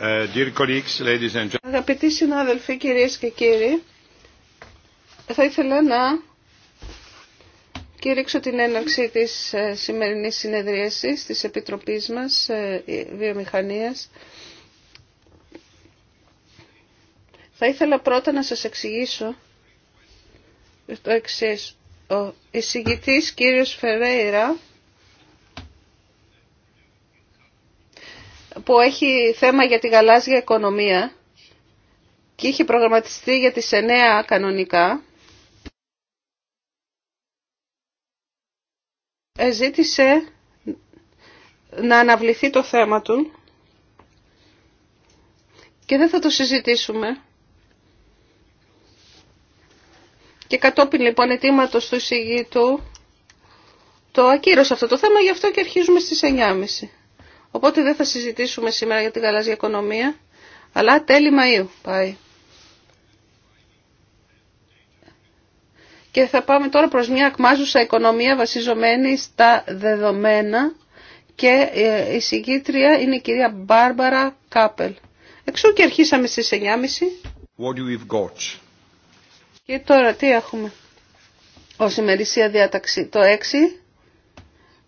Uh, Αγαπητοί συνάδελφοι, κυρίες και κύριοι, θα ήθελα να κήρυξω την έναρξη της ε, σημερινής συνεδρίασης της Επιτροπής μας ε, Βιομηχανίας. Θα ήθελα πρώτα να σας εξηγήσω το εξής. Ο εισηγητής κύριος Φερέιρα που έχει θέμα για τη γαλάζια οικονομία και είχε προγραμματιστεί για τις 9 κανονικά, ε, ζήτησε να αναβληθεί το θέμα του και δεν θα το συζητήσουμε. Και κατόπιν λοιπόν αιτήματος του εισηγήτου το ακύρωσε αυτό το θέμα, γι' αυτό και αρχίζουμε στις 9.30. Οπότε δεν θα συζητήσουμε σήμερα για την γαλάζια οικονομία, αλλά τέλη Μαΐου πάει. Και θα πάμε τώρα προς μια ακμάζουσα οικονομία βασιζομένη στα δεδομένα και ε, η συγκίτρια είναι η κυρία Μπάρμπαρα Κάπελ. Εξού και αρχίσαμε στις 9.30. Και τώρα τι έχουμε Ο ημερησία διάταξη το 6,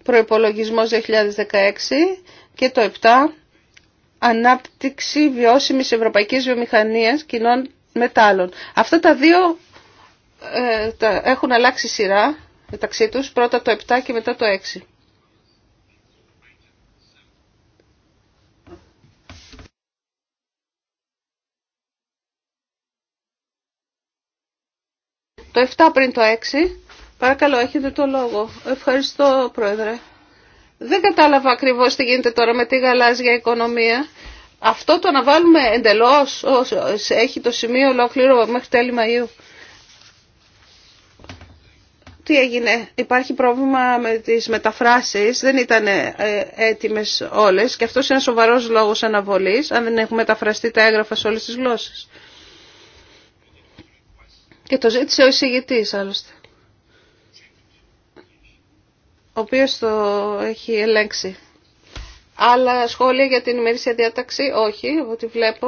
προϋπολογισμός 2016, και το 7 ανάπτυξη βιώσιμης ευρωπαϊκής βιομηχανίας κοινών μετάλλων. Αυτά τα δύο ε, τα έχουν αλλάξει σειρά μεταξύ τους, πρώτα το 7 και μετά το 6. Το 7 πριν το 6. Παρακαλώ, έχετε το λόγο. Ευχαριστώ, Πρόεδρε. Δεν κατάλαβα ακριβώς τι γίνεται τώρα με τη γαλάζια οικονομία. Αυτό το να βάλουμε εντελώς, έχει το σημείο ολόκληρο μέχρι τέλη Μαΐου. Τι έγινε, υπάρχει πρόβλημα με τις μεταφράσεις, δεν ήταν ε, έτοιμες όλες και αυτό είναι ένα σοβαρός λόγος αναβολής, αν δεν έχουν μεταφραστεί τα έγγραφα σε όλες τις γλώσσες. Και το ζήτησε ο εισηγητής άλλωστε ο οποίος το έχει ελέγξει. Άλλα σχόλια για την ημερήσια διάταξη, όχι, από ό,τι βλέπω.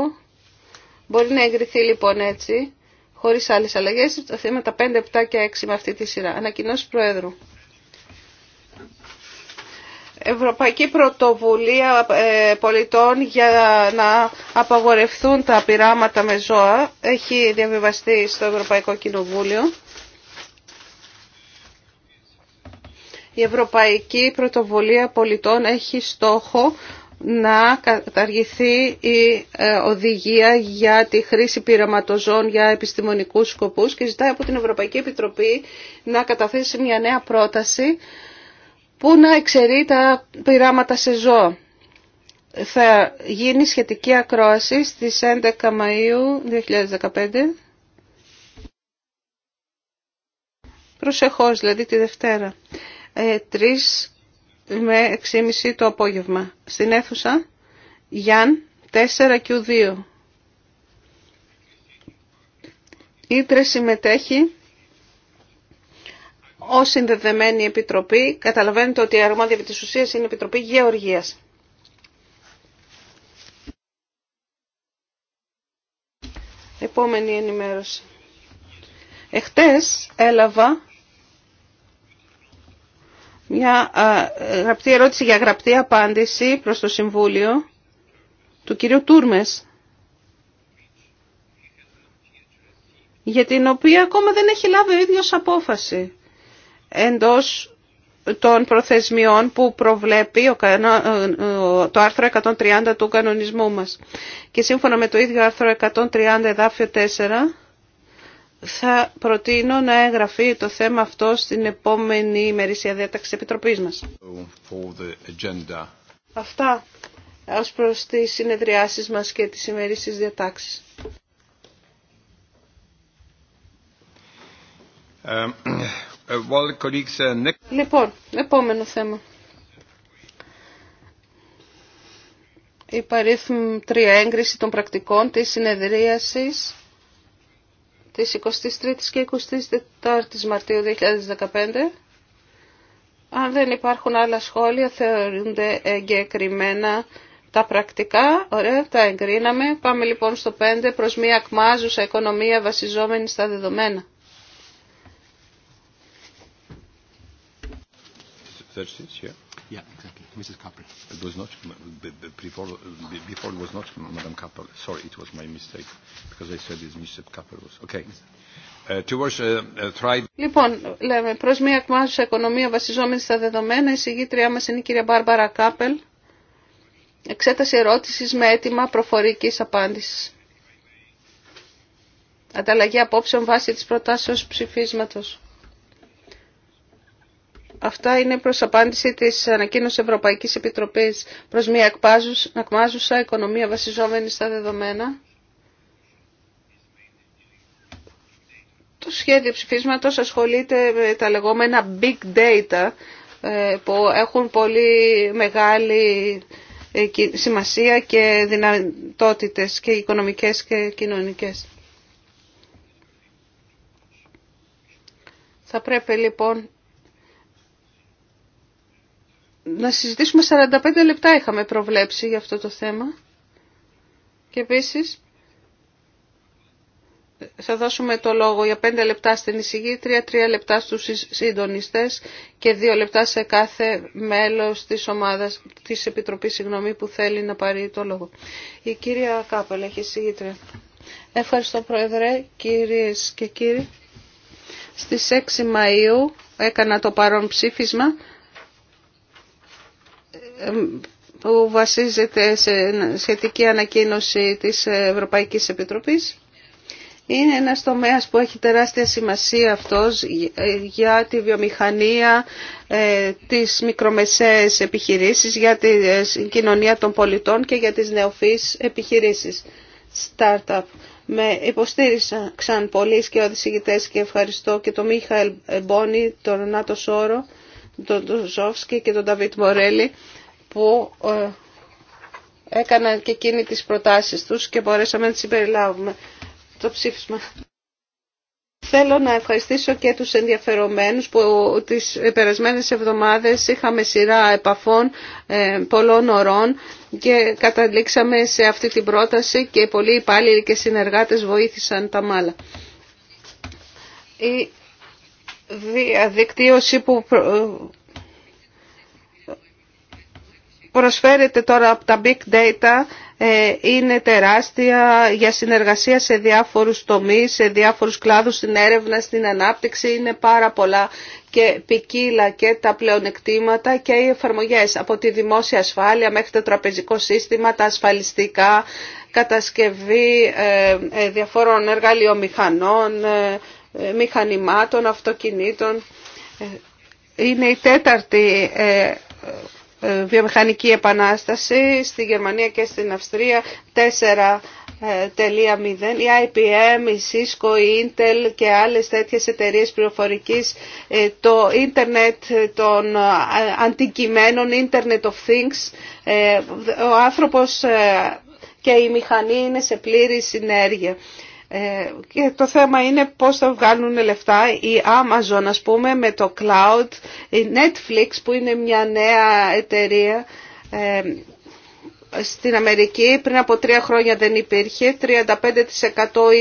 Μπορεί να εγκριθεί λοιπόν έτσι, χωρίς άλλες αλλαγές, τα θέματα 5, 7 και 6 με αυτή τη σειρά. Ανακοινώσεις Προέδρου. Ευρωπαϊκή Πρωτοβουλία ε, Πολιτών για να απαγορευθούν τα πειράματα με ζώα έχει διαβιβαστεί στο Ευρωπαϊκό Κοινοβούλιο. Η Ευρωπαϊκή Πρωτοβολία Πολιτών έχει στόχο να καταργηθεί η ε, οδηγία για τη χρήση πειραματοζών για επιστημονικούς σκοπούς και ζητάει από την Ευρωπαϊκή Επιτροπή να καταθέσει μια νέα πρόταση που να εξαιρεί τα πειράματα σε ζώα. Θα γίνει σχετική ακρόαση στις 11 Μαΐου 2015. Προσεχώς, δηλαδή τη Δευτέρα. 3 ε, με 6.30 το απόγευμα. Στην αίθουσα Γιάν 4Q2. Ήτρε συμμετέχει ω συνδεδεμένη επιτροπή. Καταλαβαίνετε ότι η αρμόδια επί της είναι η Επιτροπή Γεωργίας. Επόμενη ενημέρωση. Εχθές έλαβα μια γραπτή ερώτηση για γραπτή απάντηση προς το Συμβούλιο του κυρίου Τούρμες, για την οποία ακόμα δεν έχει λάβει ο ίδιος απόφαση εντός των προθεσμιών που προβλέπει το άρθρο 130 του κανονισμού μας. Και σύμφωνα με το ίδιο άρθρο 130 εδάφιο 4, θα προτείνω να εγγραφεί το θέμα αυτό στην επόμενη ημερήσια διάταξη της Επιτροπής μας. Αυτά ως προς τις συνεδριάσεις μας και τις ημερήσεις διατάξεις. Um, uh, λοιπόν, επόμενο θέμα. Υπαρίθμ τρία έγκριση των πρακτικών της συνεδρίασης της 23ης και 24ης Μαρτίου 2015. Αν δεν υπάρχουν άλλα σχόλια, θεωρούνται εγκεκριμένα τα πρακτικά. Ωραία, τα εγκρίναμε. Πάμε λοιπόν στο 5 προς μια ακμάζουσα οικονομία βασιζόμενη στα δεδομένα. Yeah, exactly. Mrs. Kappel. It was not before. Before it was not Madam Kappel. Sorry, it was my mistake because I said it's Mrs. Kappel. Was okay. Uh, towards uh, uh, thrive. Λοιπόν, λέμε προς μια εκμάθηση οικονομία βασιζόμενη στα δεδομένα. Η συγγήτριά μας είναι η κυρία Μπάρμπαρα Κάπελ. Εξέταση ερώτησης με αίτημα προφορικής απάντησης. Ανταλλαγή απόψεων βάσει της προτάσεως ψηφίσματος. Αυτά είναι προς απάντηση της ανακοίνωσης Ευρωπαϊκής Επιτροπής προς μια ακμάζουσα οικονομία βασιζόμενη στα δεδομένα. Το σχέδιο ψηφίσματος ασχολείται με τα λεγόμενα big data ε, που έχουν πολύ μεγάλη ε, σημασία και δυνατότητες και οικονομικές και κοινωνικές. Θα πρέπει λοιπόν να συζητήσουμε 45 λεπτά είχαμε προβλέψει για αυτό το θέμα. Και επίσης θα δώσουμε το λόγο για 5 λεπτά στην εισηγήτρια, 3 λεπτά στους συντονιστές και 2 λεπτά σε κάθε μέλος της ομάδας της Επιτροπής συγγνώμη, που θέλει να πάρει το λόγο. Η κυρία Κάπελ έχει εισηγήτρια. Ευχαριστώ Πρόεδρε, κυρίες και κύριοι. Στις 6 Μαΐου έκανα το παρόν ψήφισμα που βασίζεται σε σχετική ανακοίνωση της Ευρωπαϊκής Επιτροπής. Είναι ένας τομέας που έχει τεράστια σημασία αυτός για τη βιομηχανία, ε, τις μικρομεσαίες επιχειρήσεις, για ε, την κοινωνία των πολιτών και για τις νεοφύς επιχειρήσεις. Startup. Με υποστήριξαν πολλοί σκιώδεις και ευχαριστώ και τον Μίχαελ Μπόνι, τον Νάτο Σόρο, τον Ζόφσκι και τον Νταβίτ Μορέλη που ε, έκαναν και εκείνοι τις προτάσεις τους και μπορέσαμε να τις συμπεριλάβουμε το ψήφισμα. Θέλω να ευχαριστήσω και τους ενδιαφερομένους που τις περασμένες εβδομάδες είχαμε σειρά επαφών ε, πολλών ωρών και καταλήξαμε σε αυτή την πρόταση και πολλοί υπάλληλοι και συνεργάτες βοήθησαν τα μάλα. Η διαδικτύωση που προσφέρεται τώρα από τα big data ε, είναι τεράστια για συνεργασία σε διάφορους τομείς, σε διάφορους κλάδους, στην έρευνα, στην ανάπτυξη. Είναι πάρα πολλά και ποικίλα και τα πλεονεκτήματα και οι εφαρμογές από τη δημόσια ασφάλεια μέχρι το τραπεζικό σύστημα, τα ασφαλιστικά, κατασκευή ε, ε, διαφόρων εργαλειομηχανών, μηχανημάτων, αυτοκινήτων. Είναι η τέταρτη ε, βιομηχανική επανάσταση στη Γερμανία και στην Αυστρία 4.0, ε, η IPM, η Cisco, η Intel και άλλες τέτοιες εταιρείες πληροφορικής, ε, το ίντερνετ των αντικειμένων, Internet of Things, ο άνθρωπος και η μηχανή είναι σε πλήρη συνέργεια. Ε, και το θέμα είναι πώς θα βγάλουν λεφτά η Amazon ας πούμε με το cloud, η Netflix που είναι μια νέα εταιρεία ε, στην Αμερική πριν από τρία χρόνια δεν υπήρχε, 35%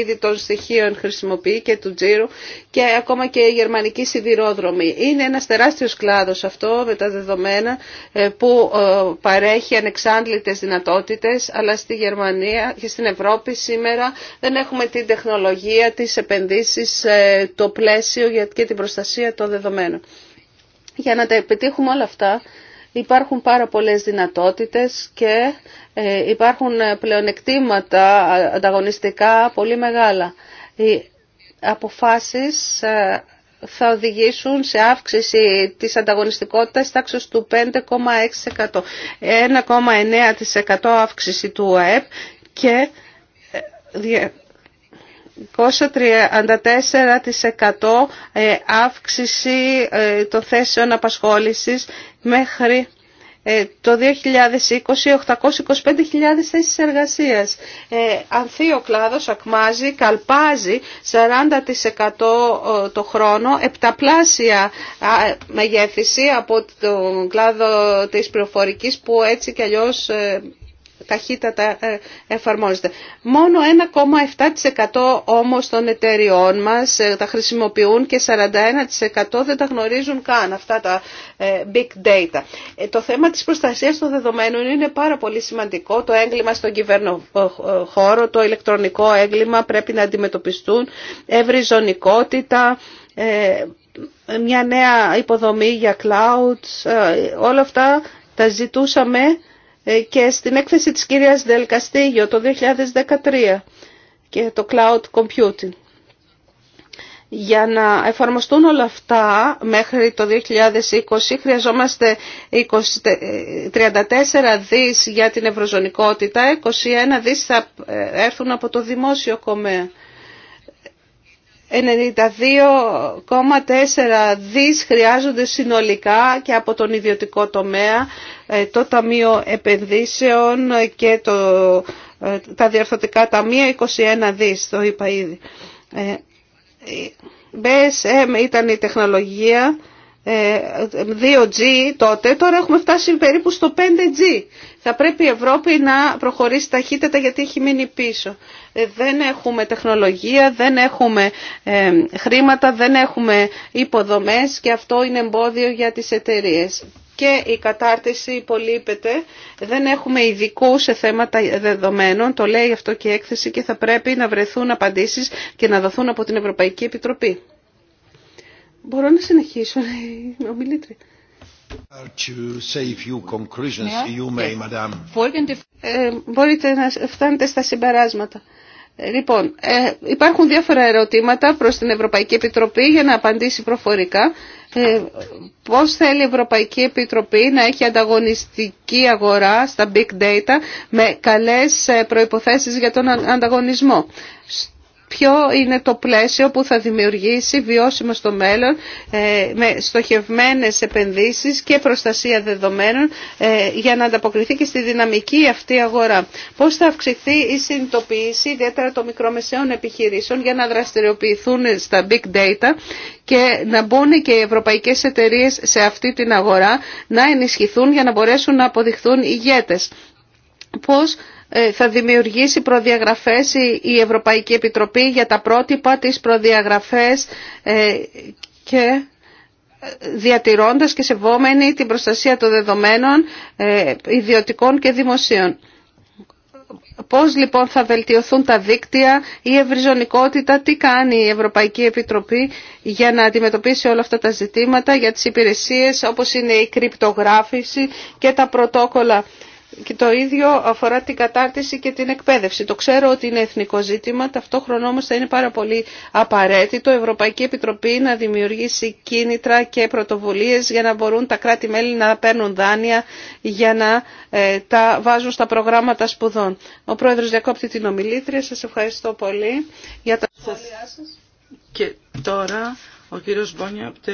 ήδη των στοιχείων χρησιμοποιεί και του τζίρου και ακόμα και η γερμανική σιδηρόδρομη. Είναι ένας τεράστιος κλάδος αυτό με τα δεδομένα ε, που ε, παρέχει ανεξάντλητες δυνατότητες αλλά στη Γερμανία και στην Ευρώπη σήμερα δεν έχουμε την τεχνολογία, της επενδύσεις, ε, το πλαίσιο και την προστασία των δεδομένων. Για να τα επιτύχουμε όλα αυτά Υπάρχουν πάρα πολλές δυνατότητες και ε, υπάρχουν ε, πλεονεκτήματα ανταγωνιστικά πολύ μεγάλα. Οι αποφάσεις ε, θα οδηγήσουν σε αύξηση της ανταγωνιστικότητας τάξης του 5,6%. 1,9% αύξηση του ΑΕΠ και 234% ε, αύξηση ε, των θέσεων απασχόλησης μέχρι ε, το 2020 825.000 θέσεις εργασίας. Ανθεί ο κλάδος, ακμάζει, καλπάζει 40% το χρόνο, επταπλάσια μεγέθηση από τον κλάδο της πληροφορικής που έτσι κι αλλιώς ταχύτατα ε, εφαρμόζεται. Μόνο 1,7% όμως των εταιριών μας ε, τα χρησιμοποιούν και 41% δεν τα γνωρίζουν καν αυτά τα ε, big data. Το θέμα της προστασίας των δεδομένων είναι πάρα πολύ σημαντικό. Το έγκλημα στον κυβερνοχώρο, το ηλεκτρονικό έγκλημα πρέπει να αντιμετωπιστούν, ευρυζωνικότητα, μια νέα υποδομή για cloud, όλα αυτά τα ζητούσαμε ε, και στην έκθεση της κυρίας Δελ το 2013 και το cloud computing. Για να εφαρμοστούν όλα αυτά μέχρι το 2020 χρειαζόμαστε 34 ε, δις για την ευρωζωνικότητα, 21 δις θα ε, έρθουν από το δημόσιο κομμέα. 92,4 δις χρειάζονται συνολικά και από τον ιδιωτικό τομέα ε, το Ταμείο Επενδύσεων και το, ε, τα διαρθωτικά ταμεία 21 δις, το είπα ήδη. BSM ε, ήταν η τεχνολογία 2G ε, τότε, τώρα έχουμε φτάσει περίπου στο 5G. Θα πρέπει η Ευρώπη να προχωρήσει ταχύτητα γιατί έχει μείνει πίσω. Ε, δεν έχουμε τεχνολογία, δεν έχουμε ε, χρήματα, δεν έχουμε υποδομές και αυτό είναι εμπόδιο για τις εταιρείες. Και η κατάρτιση υπολείπεται, δεν έχουμε ειδικού σε θέματα δεδομένων, το λέει αυτό και η έκθεση και θα πρέπει να βρεθούν απαντήσεις και να δοθούν από την Ευρωπαϊκή Επιτροπή. Μπορώ να συνεχίσω, λέει ο ναι. ε, μπορείτε να φτάνετε στα συμπεράσματα. Ε, λοιπόν, ε, υπάρχουν διάφορα ερωτήματα προς την Ευρωπαϊκή Επιτροπή για να απαντήσει προφορικά. Ε, πώς θέλει η Ευρωπαϊκή Επιτροπή να έχει ανταγωνιστική αγορά στα big data με καλές προϋποθέσεις για τον ανταγωνισμό ποιο είναι το πλαίσιο που θα δημιουργήσει βιώσιμο στο μέλλον ε, με στοχευμένες επενδύσεις και προστασία δεδομένων ε, για να ανταποκριθεί και στη δυναμική αυτή αγορά. Πώς θα αυξηθεί η συνειδητοποίηση ιδιαίτερα των μικρομεσαίων επιχειρήσεων για να δραστηριοποιηθούν στα big data και να μπουν και οι ευρωπαϊκές εταιρείες σε αυτή την αγορά να ενισχυθούν για να μπορέσουν να αποδειχθούν ηγέτες. Πώς ε, θα δημιουργήσει προδιαγραφές η Ευρωπαϊκή Επιτροπή για τα πρότυπα, της προδιαγραφές ε, και ε, διατηρώντας και σεβόμενη την προστασία των δεδομένων ιδιωτικών και δημοσίων. Πώς λοιπόν θα βελτιωθούν τα δίκτυα, η ευρυζωνικότητα, τι κάνει η Ευρωπαϊκή Επιτροπή για να αντιμετωπίσει όλα αυτά τα ζητήματα για τις υπηρεσίες όπως είναι η κρυπτογράφηση και τα πρωτόκολλα και το ίδιο αφορά την κατάρτιση και την εκπαίδευση. Το ξέρω ότι είναι εθνικό ζήτημα, ταυτόχρονα όμως θα είναι πάρα πολύ απαραίτητο η Ευρωπαϊκή Επιτροπή να δημιουργήσει κίνητρα και πρωτοβουλίες για να μπορούν τα κράτη-μέλη να παίρνουν δάνεια για να ε, τα βάζουν στα προγράμματα σπουδών. Ο Πρόεδρος διακόπτει την ομιλήτρια. Σας ευχαριστώ πολύ για τα σχόλιά σας. Και τώρα ο κύριος Μπόνια από το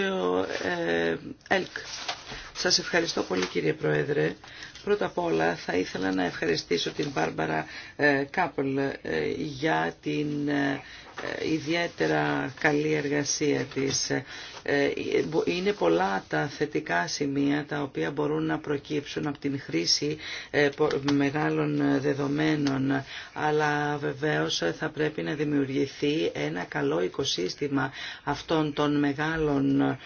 ε, ΕΛΚ. Σας ευχαριστώ πολύ κύριε Πρόεδρε. Πρώτα απ' όλα θα ήθελα να ευχαριστήσω την Μπάρμπαρα ε, Κάπολ ε, για την ε, ιδιαίτερα καλή εργασία της. Είναι πολλά τα θετικά σημεία τα οποία μπορούν να προκύψουν από την χρήση μεγάλων δεδομένων, αλλά βεβαίως θα πρέπει να δημιουργηθεί ένα καλό οικοσύστημα αυτών των μεγάλων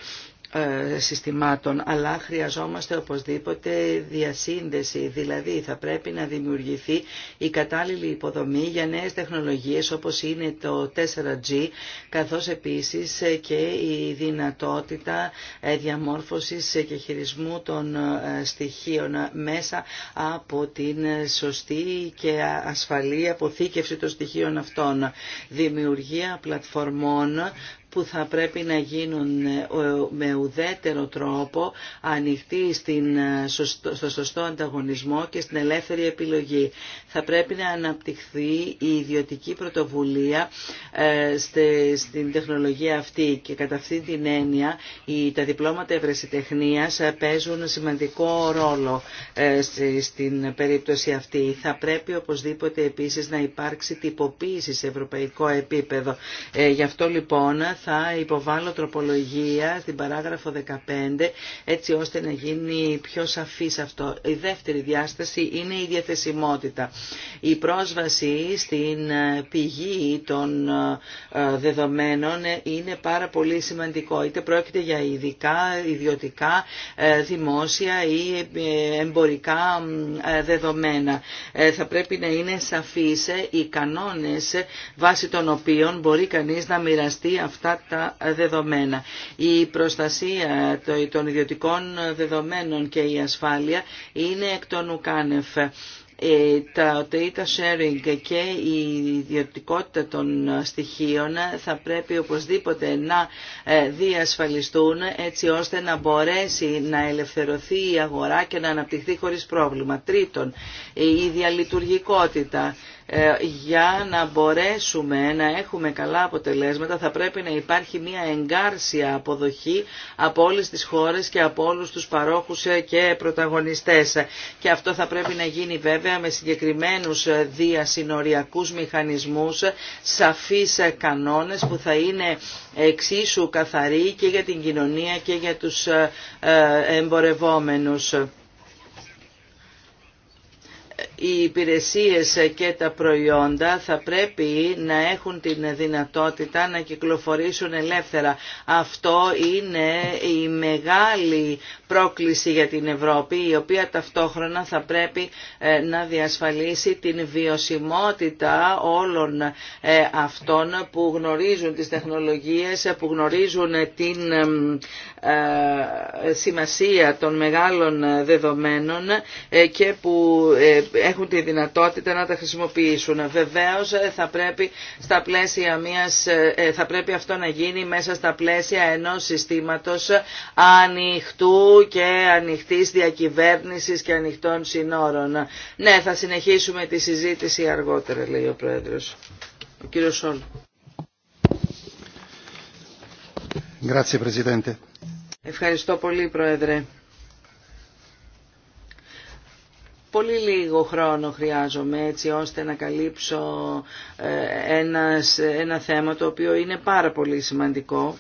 ε, συστημάτων, αλλά χρειαζόμαστε οπωσδήποτε διασύνδεση, δηλαδή θα πρέπει να δημιουργηθεί η κατάλληλη υποδομή για νέες τεχνολογίες όπως είναι το 4G, καθώς επίσης ε, και η δυνατότητα ε, διαμόρφωσης και χειρισμού των στοιχείων μέσα από την σωστή και ασφαλή αποθήκευση των στοιχείων αυτών. Δημιουργία πλατφορμών που θα πρέπει να γίνουν ε, με ουδέτερο τρόπο ανοιχτοί ε, στο σωστό ανταγωνισμό και στην ελεύθερη επιλογή. Θα πρέπει να αναπτυχθεί η ιδιωτική πρωτοβουλία ε, στην τεχνολογία αυτή και κατά αυτή την έννοια τα διπλώματα ευρεσιτεχνίας παίζουν σημαντικό ρόλο στην περίπτωση αυτή. Θα πρέπει οπωσδήποτε επίσης να υπάρξει τυποποίηση σε ευρωπαϊκό επίπεδο. Γι' αυτό λοιπόν θα υποβάλω τροπολογία στην παράγραφο 15 έτσι ώστε να γίνει πιο σαφής αυτό. Η δεύτερη διάσταση είναι η διαθεσιμότητα. Η πρόσβαση στην ε, πηγή των ε, δεδομένων είναι πάρα πολύ σημαντικό. Είτε πρόκειται για ειδικά, ιδιωτικά, ε, δημόσια ή εμπορικά δεδομένα. Θα πρέπει να είναι σαφείς οι κανόνες βάσει των οποίων μπορεί κανείς να μοιραστεί αυτά τα δεδομένα. Η προστασία των ιδιωτικών δεδομένων και η ασφάλεια είναι εκ των ουκάνευ ε, τα data sharing και η ιδιωτικότητα των στοιχείων θα πρέπει οπωσδήποτε να ε, διασφαλιστούν έτσι ώστε να μπορέσει να ελευθερωθεί η αγορά και να αναπτυχθεί χωρίς πρόβλημα. Τρίτον, η διαλειτουργικότητα. Ε, για να μπορέσουμε να έχουμε καλά αποτελέσματα θα πρέπει να υπάρχει μια εγκάρσια αποδοχή από όλες τις χώρες και από όλους τους παρόχους ε, και πρωταγωνιστές. Και αυτό θα πρέπει να γίνει βέβαια με συγκεκριμένους ε, διασυνοριακούς μηχανισμούς, σαφείς κανόνες που θα είναι εξίσου καθαροί και για την κοινωνία και για τους εμπορευόμενους οι υπηρεσίες και τα προϊόντα θα πρέπει να έχουν την δυνατότητα να κυκλοφορήσουν ελεύθερα. Αυτό είναι η μεγάλη πρόκληση για την Ευρώπη η οποία ταυτόχρονα θα πρέπει ε, να διασφαλίσει την βιωσιμότητα όλων ε, αυτών που γνωρίζουν τις τεχνολογίες, που γνωρίζουν ε, την σημασία των μεγάλων δεδομένων και που έχουν τη δυνατότητα να τα χρησιμοποιήσουν. Βεβαίως θα πρέπει, στα πλαίσια μιας, θα πρέπει αυτό να γίνει μέσα στα πλαίσια ενός συστήματος ανοιχτού και ανοιχτής διακυβέρνησης και ανοιχτών συνόρων. Ναι, θα συνεχίσουμε τη συζήτηση αργότερα, λέει ο Πρόεδρος. Ο κύριος Σόλ. Ευχαριστώ πολύ, Πρόεδρε. Πολύ λίγο χρόνο χρειάζομαι έτσι ώστε να καλύψω ε, ένα θέμα το οποίο είναι πάρα πολύ σημαντικό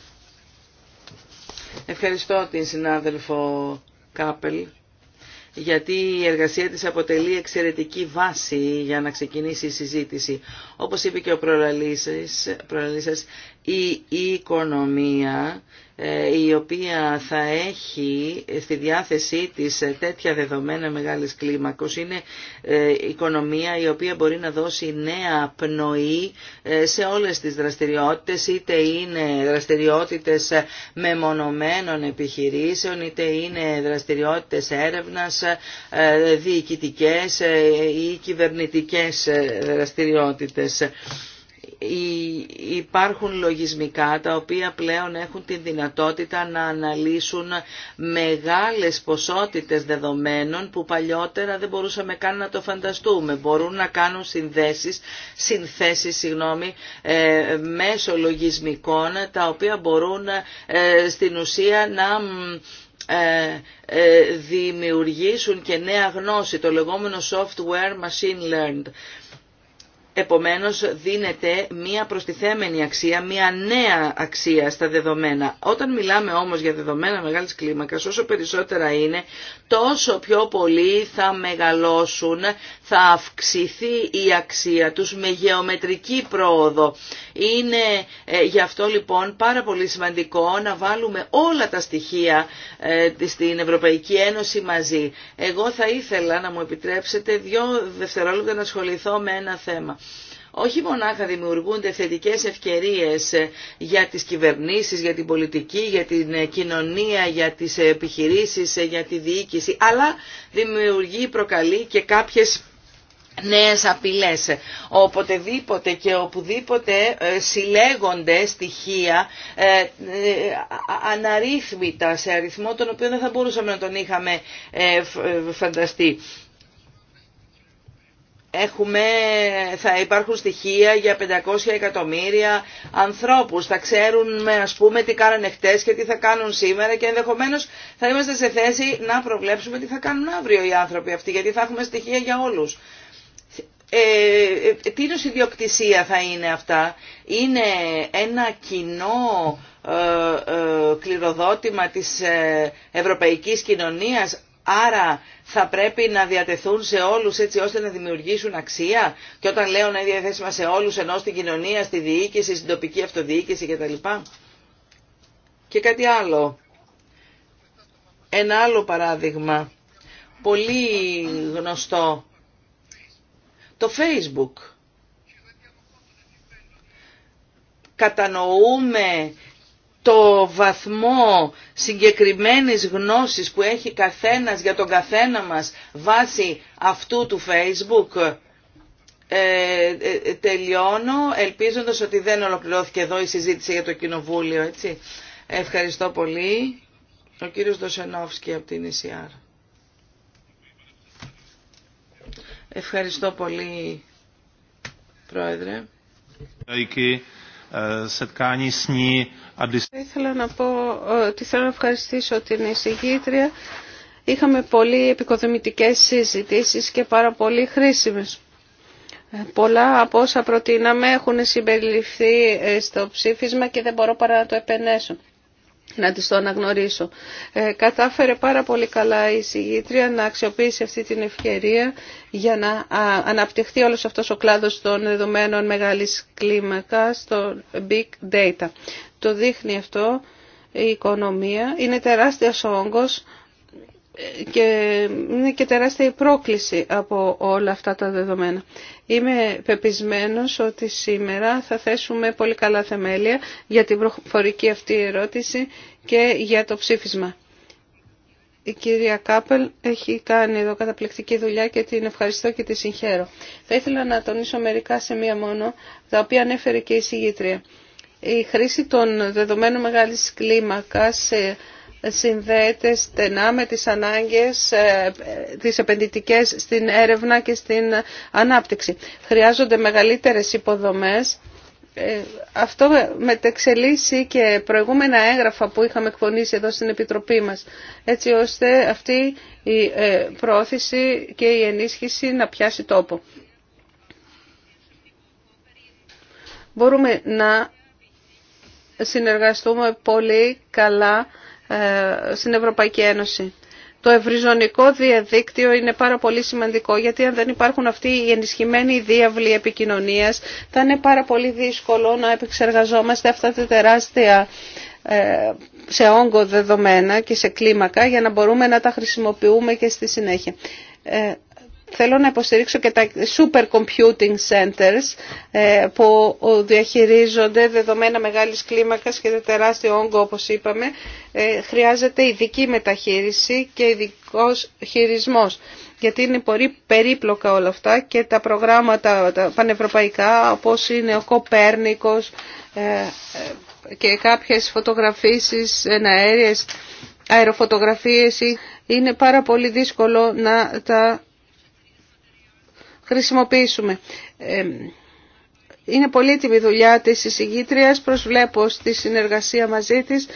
Ευχαριστώ την συνάδελφο Κάπελ γιατί η εργασία της αποτελεί εξαιρετική βάση για να ξεκινήσει η συζήτηση. Όπως είπε και ο προλαλής σας, η οικονομία ε, η οποία θα έχει στη διάθεσή της τέτοια δεδομένα μεγάλης κλίμακος είναι ε, οικονομία η οποία μπορεί να δώσει νέα πνοή ε, σε όλες τις δραστηριότητες είτε είναι δραστηριότητες μεμονωμένων επιχειρήσεων είτε είναι δραστηριότητες έρευνας διοικητικές ή κυβερνητικές δραστηριότητες υπάρχουν λογισμικά τα οποία πλέον έχουν την δυνατότητα να αναλύσουν μεγάλες ποσότητες δεδομένων που παλιότερα δεν μπορούσαμε καν να το φανταστούμε. Μπορούν να κάνουν συνδέσεις, συνθέσεις συγγνώμη, ε, μέσω λογισμικών τα οποία μπορούν ε, στην ουσία να ε, δημιουργήσουν και νέα γνώση, το λεγόμενο software machine learned. Επομένως δίνεται μία προστιθέμενη αξία, μία νέα αξία στα δεδομένα. Όταν μιλάμε όμως για δεδομένα μεγάλης κλίμακας, όσο περισσότερα είναι, τόσο πιο πολύ θα μεγαλώσουν, θα αυξηθεί η αξία τους με γεωμετρική πρόοδο. Είναι ε, γι' αυτό λοιπόν πάρα πολύ σημαντικό να βάλουμε όλα τα στοιχεία ε, στην Ευρωπαϊκή Ένωση μαζί. Εγώ θα ήθελα να μου επιτρέψετε δύο δευτερόλεπτα να ασχοληθώ με ένα θέμα όχι μονάχα δημιουργούνται θετικές ευκαιρίες ε, για τις κυβερνήσεις, για την πολιτική, για την κοινωνία, για τις επιχειρήσεις, για τη διοίκηση, αλλά δημιουργεί, προκαλεί και κάποιες νέες απειλές. Οποτεδήποτε και οπουδήποτε ε, συλλέγονται στοιχεία ε, ε, αναρρύθμιτα σε αριθμό τον οποίο δεν θα μπορούσαμε να τον είχαμε φανταστεί. Έχουμε, θα υπάρχουν στοιχεία για 500 εκατομμύρια ανθρώπους. Θα ξέρουν ας πούμε τι κάνανε χτες και τι θα κάνουν σήμερα και ενδεχομένως θα είμαστε σε θέση να προβλέψουμε τι θα κάνουν αύριο οι άνθρωποι αυτοί γιατί θα έχουμε στοιχεία για όλους. Ε, ε, τι νοσηδιοκτησία ιδιοκτησία θα είναι αυτά. Είναι ένα κοινό ε, κληροδότημα της ευρωπαϊκής κοινωνίας, άρα θα πρέπει να διατεθούν σε όλους έτσι ώστε να δημιουργήσουν αξία και όταν λέω να είναι διαθέσιμα σε όλους ενώ στην κοινωνία, στη διοίκηση, στην τοπική αυτοδιοίκηση κτλ. Και κάτι άλλο. Ένα άλλο παράδειγμα, πολύ γνωστό το Facebook. Κατανοούμε το βαθμό συγκεκριμένης γνώσης που έχει καθένας για τον καθένα μας βάσει αυτού του Facebook. Ε, ε, τελειώνω ελπίζοντας ότι δεν ολοκληρώθηκε εδώ η συζήτηση για το Κοινοβούλιο. Έτσι. Ευχαριστώ πολύ. Ο κύριος Δοσενόφσκι από την ΕΣΥΑΡ. Ευχαριστώ πολύ, Πρόεδρε. Ε, Θα ήθελα να πω ε, ότι θέλω να ευχαριστήσω την εισηγήτρια. Είχαμε πολύ επικοδομητικές συζητήσεις και πάρα πολύ χρήσιμες. Ε, πολλά από όσα προτείναμε έχουν συμπεριληφθεί στο ψήφισμα και δεν μπορώ παρά να το επενέσω να τις το αναγνωρίσω. Ε, κατάφερε πάρα πολύ καλά η συγγήτρια να αξιοποιήσει αυτή την ευκαιρία για να αναπτυχθεί όλος αυτός ο κλάδος των δεδομένων μεγάλης κλίμακας, το big data. Το δείχνει αυτό η οικονομία. Είναι τεράστιος ο όγκος και είναι και τεράστια η πρόκληση από όλα αυτά τα δεδομένα. Είμαι πεπισμένος ότι σήμερα θα θέσουμε πολύ καλά θεμέλια για την προφορική αυτή ερώτηση και για το ψήφισμα. Η κυρία Κάπελ έχει κάνει εδώ καταπληκτική δουλειά και την ευχαριστώ και τη συγχαίρω. Θα ήθελα να τονίσω μερικά μία μόνο, τα οποία ανέφερε και η συγγήτρια. Η χρήση των δεδομένων μεγάλης κλίμακας συνδέεται στενά με τις ανάγκες, ε, τις επενδυτικές στην έρευνα και στην ανάπτυξη. Χρειάζονται μεγαλύτερες υποδομές. Ε, αυτό μετεξελίσσει και προηγούμενα έγγραφα που είχαμε εκπονήσει εδώ στην Επιτροπή μας, έτσι ώστε αυτή η ε, πρόθεση και η ενίσχυση να πιάσει τόπο. Μπορούμε να συνεργαστούμε πολύ καλά ε, στην Ευρωπαϊκή Ένωση. Το ευρυζωνικό διαδίκτυο είναι πάρα πολύ σημαντικό γιατί αν δεν υπάρχουν αυτοί οι ενισχυμένοι διάβλοι επικοινωνίας θα είναι πάρα πολύ δύσκολο να επεξεργαζόμαστε αυτά τα τεράστια ε, σε όγκο δεδομένα και σε κλίμακα για να μπορούμε να τα χρησιμοποιούμε και στη συνέχεια. Ε, Θέλω να υποστηρίξω και τα super computing centers ε, που διαχειρίζονται δεδομένα μεγάλης κλίμακας και τεράστιο όγκο όπως είπαμε. Ε, χρειάζεται ειδική μεταχείριση και ειδικό χειρισμός γιατί είναι πολύ περίπλοκα όλα αυτά και τα προγράμματα τα πανευρωπαϊκά όπως είναι ο Κοπέρνικος ε, και κάποιες φωτογραφίσεις εναέριες αεροφωτογραφίες είναι πάρα πολύ δύσκολο να τα χρησιμοποιήσουμε. Ε, είναι πολύτιμη δουλειά της εισηγήτριας, προσβλέπω στη συνεργασία μαζί της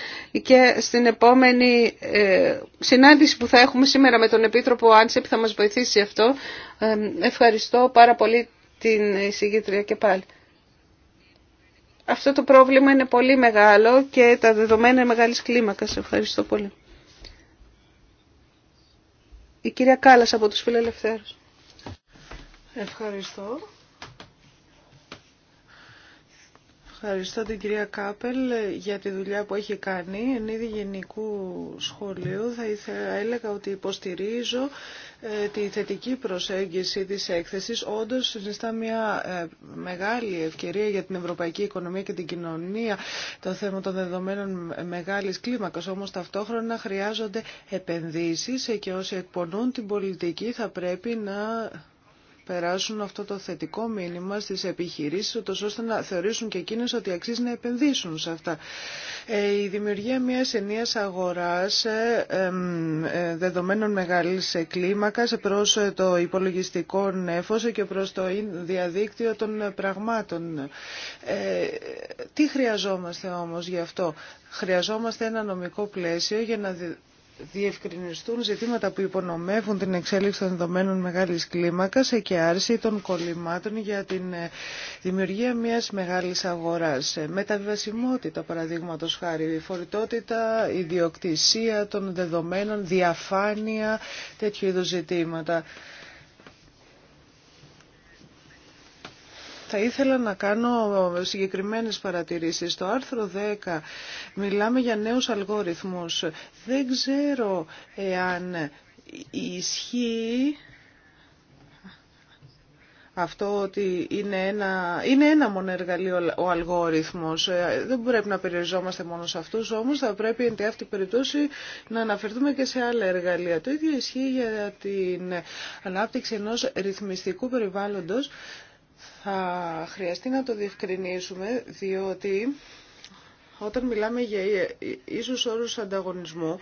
και στην επόμενη ε, συνάντηση που θα έχουμε σήμερα με τον Επίτροπο Άντσεπ θα μας βοηθήσει αυτό. Ε, ευχαριστώ πάρα πολύ την εισηγήτρια και πάλι. Αυτό το πρόβλημα είναι πολύ μεγάλο και τα δεδομένα είναι μεγάλης κλίμακας. Ευχαριστώ πολύ. Η κυρία Κάλλας από τους Φιλελευθέρους. Ευχαριστώ. Ευχαριστώ την κυρία Κάπελ για τη δουλειά που έχει κάνει. Εν είδη γενικού σχολείου θα ήθελα, έλεγα ότι υποστηρίζω ε, τη θετική προσέγγιση της έκθεσης. Όντως συνιστά μια ε, μεγάλη ευκαιρία για την ευρωπαϊκή οικονομία και την κοινωνία το θέμα των δεδομένων μεγάλης κλίμακας. Όμως ταυτόχρονα χρειάζονται επενδύσεις και όσοι εκπονούν την πολιτική θα πρέπει να περάσουν αυτό το θετικό μήνυμα στις επιχειρήσεις, ώστε να θεωρήσουν και εκείνες ότι αξίζει να επενδύσουν σε αυτά. Ε, η δημιουργία μιας ενίας αγοράς ε, ε, δεδομένων μεγάλης κλίμακας προς το υπολογιστικό νέφος και προς το διαδίκτυο των πραγμάτων. τι χρειαζόμαστε όμως γι' αυτό. Χρειαζόμαστε ένα νομικό πλαίσιο για να διευκρινιστούν ζητήματα που υπονομεύουν την εξέλιξη των δεδομένων μεγάλης κλίμακας και άρση των κολλημάτων για την ε, δημιουργία μιας μεγάλης αγοράς. Ε, μεταβιβασιμότητα παραδείγματος χάρη, φορητότητα, ιδιοκτησία των δεδομένων, διαφάνεια, τέτοιου είδους ζητήματα. Θα ήθελα να κάνω συγκεκριμένες παρατηρήσεις. Στο άρθρο 10 μιλάμε για νέους αλγόριθμους. Δεν ξέρω εάν ισχύει αυτό ότι είναι ένα, είναι ένα μόνο εργαλείο ο αλγόριθμος. Ε, δεν πρέπει να περιοριζόμαστε μόνο σε αυτούς, όμως θα πρέπει εν αυτή περιπτώσει να αναφερθούμε και σε άλλα εργαλεία. Το ίδιο ισχύει για την ανάπτυξη ενός ρυθμιστικού περιβάλλοντος θα χρειαστεί να το διευκρινίσουμε διότι όταν μιλάμε για ίσους όρους ανταγωνισμού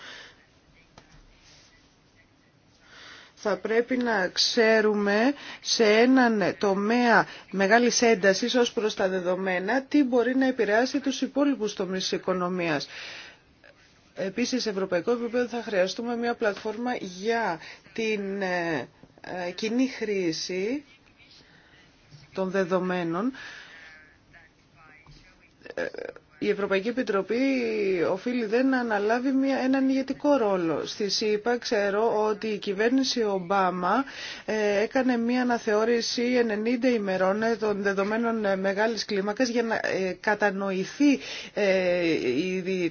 θα πρέπει να ξέρουμε σε έναν τομέα μεγάλης έντασης ως προς τα δεδομένα τι μπορεί να επηρεάσει τους υπόλοιπους τομείς της οικονομίας. Επίσης, σε ευρωπαϊκό επίπεδο θα χρειαστούμε μια πλατφόρμα για την ε, ε, κοινή χρήση των δεδομένων. Ε, η Ευρωπαϊκή Επιτροπή οφείλει δεν να αναλάβει μια, έναν ηγετικό ρόλο. Στη ΣΥΠΑ ξέρω ότι η κυβέρνηση Ομπάμα ε, έκανε μια αναθεώρηση 90 ημερών ε, των δεδομένων μεγάλης κλίμακας για να κατανοηθεί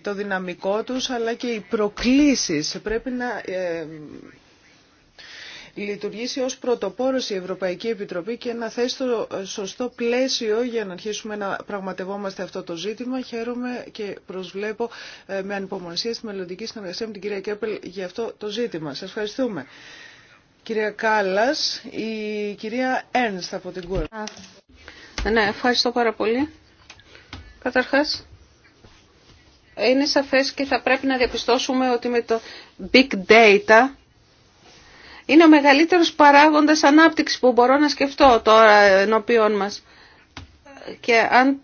το δυναμικό τους αλλά και οι προκλήσεις. Πρέπει να λειτουργήσει ως πρωτοπόρος η Ευρωπαϊκή Επιτροπή και να θέσει το σωστό πλαίσιο για να αρχίσουμε να πραγματευόμαστε αυτό το ζήτημα. Χαίρομαι και προσβλέπω ε, με ανυπομονησία στη μελλοντική συνεργασία με την κυρία Κέπελ για αυτό το ζήτημα. Σας ευχαριστούμε. Κυρία Κάλλας, η κυρία Έρνστ από την κούρα. Ναι, ευχαριστώ πάρα πολύ. Καταρχάς, είναι σαφές και θα πρέπει να διαπιστώσουμε ότι με το big data είναι ο μεγαλύτερος παράγοντας ανάπτυξης που μπορώ να σκεφτώ τώρα ενώπιον μας. Και αν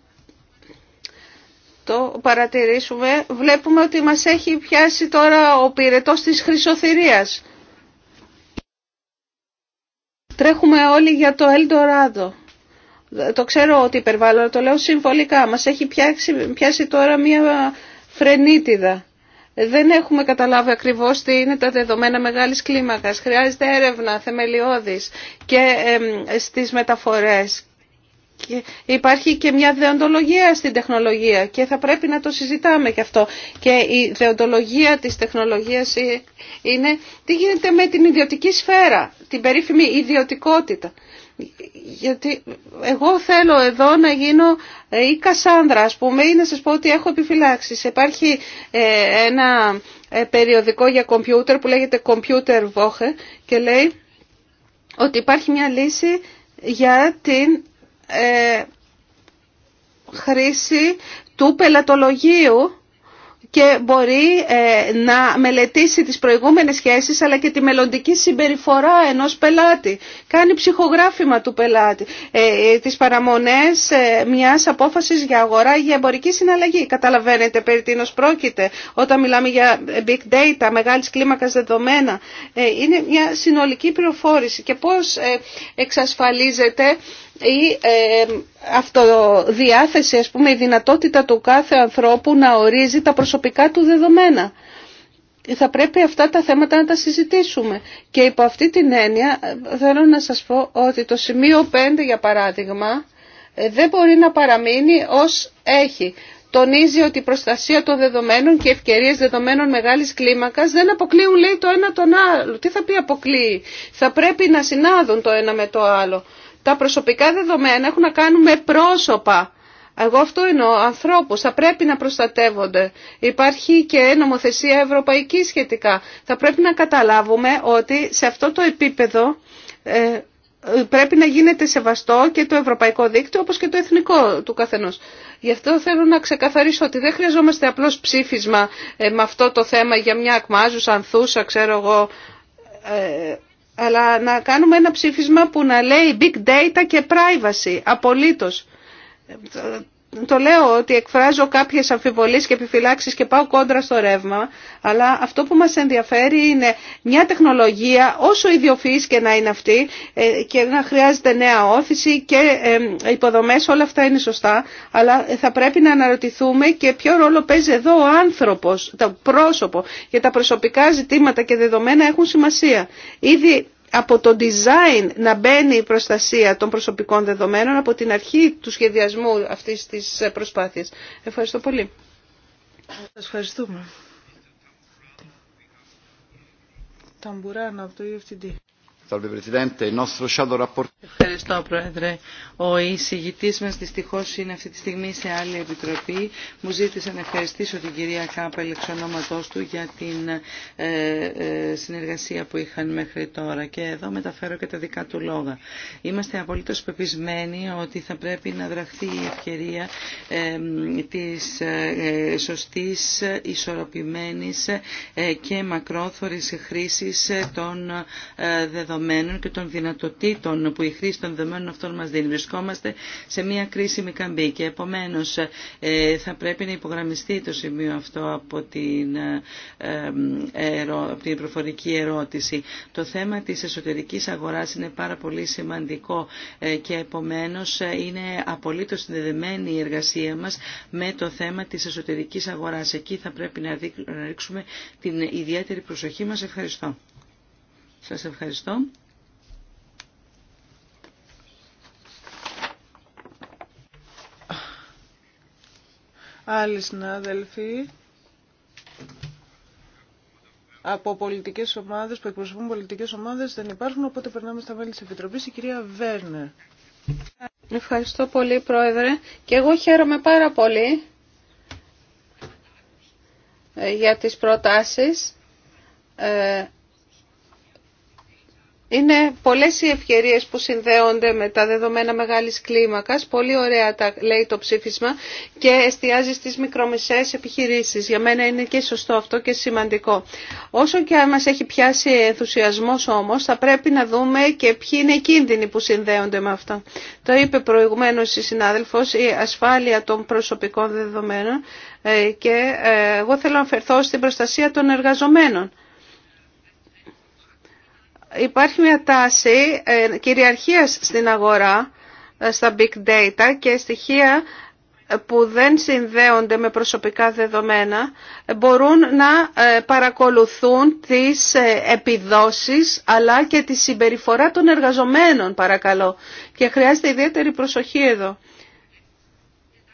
το παρατηρήσουμε, βλέπουμε ότι μας έχει πιάσει τώρα ο πυρετός της χρυσοθυρίας. Τρέχουμε όλοι για το Ελντοράδο. Το ξέρω ότι υπερβάλλω, το λέω συμβολικά. Μας έχει πιάσει, πιάσει τώρα μία φρενίτιδα δεν έχουμε καταλάβει ακριβώς τι είναι τα δεδομένα μεγάλης κλίμακας. Χρειάζεται έρευνα θεμελιώδης και στις μεταφορές. Και υπάρχει και μια δεοντολογία στην τεχνολογία και θα πρέπει να το συζητάμε και αυτό. Και η δεοντολογία της τεχνολογίας ε, είναι τι γίνεται με την ιδιωτική σφαίρα, την περίφημη ιδιωτικότητα γιατί εγώ θέλω εδώ να γίνω ε, η Κασάνδρα, ας πούμε, ή να σας πω ότι έχω επιφυλάξει. Υπάρχει ε, ένα ε, περιοδικό για κομπιούτερ που λέγεται Computer Woche και λέει ότι υπάρχει μια λύση για την χρήση του πελατολογίου και μπορεί ε, να μελετήσει τις προηγούμενες σχέσεις αλλά και τη μελλοντική συμπεριφορά ενός πελάτη. Κάνει ψυχογράφημα του πελάτη, ε, ε, τις παραμονές μιας απόφασης για αγορά ή για εμπορική συναλλαγή. Καταλαβαίνετε περί τίνος πρόκειται όταν μιλάμε για big data, μεγάλης κλίμακας δεδομένα. Είναι μια συνολική πληροφόρηση και πώς εξασφαλίζεται η ε, αυτοδιάθεση, ας πούμε, η δυνατότητα του κάθε ανθρώπου να ορίζει τα προσωπικά του δεδομένα. Θα πρέπει αυτά τα θέματα να τα συζητήσουμε. Και υπό αυτή την έννοια ε, θέλω να σας πω ότι το σημείο 5, για παράδειγμα, ε, δεν μπορεί να παραμείνει ως έχει. Τονίζει ότι η προστασία των δεδομένων και ευκαιρίες δεδομένων μεγάλης κλίμακας δεν αποκλείουν, λέει, το ένα τον άλλο. Τι θα πει αποκλείει. Θα πρέπει να συνάδουν το ένα με το άλλο. Τα προσωπικά δεδομένα έχουν να κάνουν με πρόσωπα. Εγώ αυτό εννοώ, ανθρώπου, θα πρέπει να προστατεύονται. Υπάρχει και νομοθεσία ευρωπαϊκή σχετικά. Θα πρέπει να καταλάβουμε ότι σε αυτό το επίπεδο ε, πρέπει να γίνεται σεβαστό και το ευρωπαϊκό δίκτυο όπως και το εθνικό του καθενός. Γι' αυτό θέλω να ξεκαθαρίσω ότι δεν χρειαζόμαστε απλώς ψήφισμα ε, με αυτό το θέμα για μια ακμάζουσα, ανθούσα, ξέρω εγώ, ε, αλλά να κάνουμε ένα ψήφισμα που να λέει big data και privacy, απολύτως το λέω ότι εκφράζω κάποιες αμφιβολίες και επιφυλάξεις και πάω κόντρα στο ρεύμα, αλλά αυτό που μας ενδιαφέρει είναι μια τεχνολογία, όσο ιδιοφυής και να είναι αυτή, ε, και να χρειάζεται νέα όθηση και υποδομές, όλα αυτά είναι σωστά, αλλά θα πρέπει να αναρωτηθούμε και ποιο ρόλο παίζει εδώ ο άνθρωπος, το πρόσωπο, για τα προσωπικά ζητήματα και δεδομένα έχουν σημασία. Ήδη από το design να μπαίνει η προστασία των προσωπικών δεδομένων από την αρχή του σχεδιασμού αυτής της προσπάθειας. Ευχαριστώ πολύ. Σας ευχαριστούμε. Ταμπουράνα από το e Ευχαριστώ, Πρόεδρε. Ο εισηγητή μα δυστυχώ είναι αυτή τη στιγμή σε άλλη επιτροπή. Μου ζήτησε να ευχαριστήσω την κυρία Κάπελ εξ ονόματό του για την ε, ε, συνεργασία που είχαν μέχρι τώρα. Και εδώ μεταφέρω και τα δικά του λόγα. Είμαστε απολύτω πεπισμένοι ότι θα πρέπει να δραχθεί η ευκαιρία ε, τη σωστή, ισορροπημένη και μακρόθωρη χρήση των δεδομένων δεδομένων και των δυνατοτήτων που η χρήση των δεδομένων αυτών μας δίνει. Βρισκόμαστε σε μια κρίσιμη καμπή και επομένως ε, θα πρέπει να υπογραμμιστεί το σημείο αυτό από την, ε, ε, από την προφορική ερώτηση. Το θέμα της εσωτερικής αγοράς είναι πάρα πολύ σημαντικό και επομένως είναι απολύτως συνδεδεμένη η εργασία μας με το θέμα της εσωτερικής αγοράς. Εκεί θα πρέπει να ρίξουμε την ιδιαίτερη προσοχή μας. Ευχαριστώ. Σας ευχαριστώ. Άλλοι συνάδελφοι από πολιτικές ομάδες που εκπροσωπούν πολιτικές ομάδες δεν υπάρχουν, οπότε περνάμε στα μέλη της Επιτροπής. Η κυρία Βέρνερ. Ευχαριστώ πολύ, Πρόεδρε. Και εγώ χαίρομαι πάρα πολύ ε, για τις προτάσεις ε, είναι πολλές οι ευκαιρίες που συνδέονται με τα δεδομένα μεγάλης κλίμακας. Πολύ ωραία τα λέει το ψήφισμα και εστιάζει στις μικρομεσαίες επιχειρήσεις. Για μένα είναι και σωστό αυτό και σημαντικό. Όσο και αν μας έχει πιάσει ενθουσιασμός όμως, θα πρέπει να δούμε και ποιοι είναι οι κίνδυνοι που συνδέονται με αυτό. Το είπε προηγουμένως η συνάδελφος, η ασφάλεια των προσωπικών δεδομένων ε, και ε, εγώ θέλω να αφαιρθώ στην προστασία των εργαζομένων. Υπάρχει μια τάση ε, κυριαρχίας στην αγορά, ε, στα big data και στοιχεία ε, που δεν συνδέονται με προσωπικά δεδομένα μπορούν να παρακολουθούν τις επιδόσεις αλλά και τη συμπεριφορά των εργαζομένων παρακαλώ και χρειάζεται ιδιαίτερη προσοχή εδώ.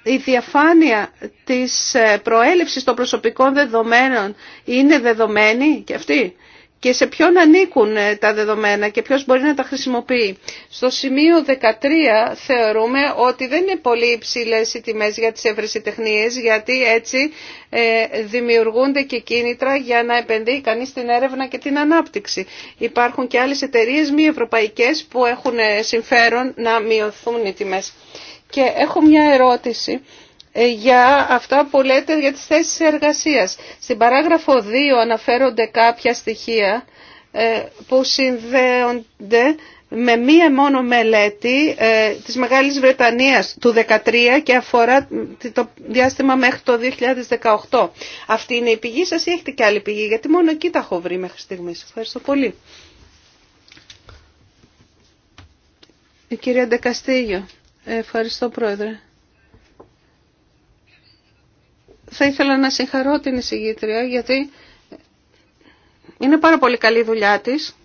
Η διαφάνεια της προέλευσης των προσωπικών δεδομένων είναι δεδομένη και αυτή και σε ποιον ανήκουν ε, τα δεδομένα και ποιος μπορεί να τα χρησιμοποιεί. Στο σημείο 13 θεωρούμε ότι δεν είναι πολύ υψηλέ οι τιμές για τις ευρεσιτεχνίες γιατί έτσι ε, δημιουργούνται και κίνητρα για να επενδύει κανείς την έρευνα και την ανάπτυξη. Υπάρχουν και άλλες εταιρείε μη ευρωπαϊκές που έχουν ε, συμφέρον να μειωθούν οι τιμές. Και έχω μια ερώτηση ε, για αυτά που λέτε για τις θέσεις εργασίας. Στην παράγραφο 2 αναφέρονται κάποια στοιχεία ε, που συνδέονται με μία μόνο μελέτη ε, της Μεγάλης Βρετανίας του 2013 και αφορά το διάστημα μέχρι το 2018. Αυτή είναι η πηγή σας ή έχετε και άλλη πηγή, γιατί μόνο εκεί τα έχω βρει μέχρι στιγμής. Ευχαριστώ πολύ. Η ε, κυρία Ντεκαστήγιο. Ευχαριστώ πρόεδρε θα ήθελα να συγχαρώ την εισηγήτρια γιατί είναι πάρα πολύ καλή η δουλειά της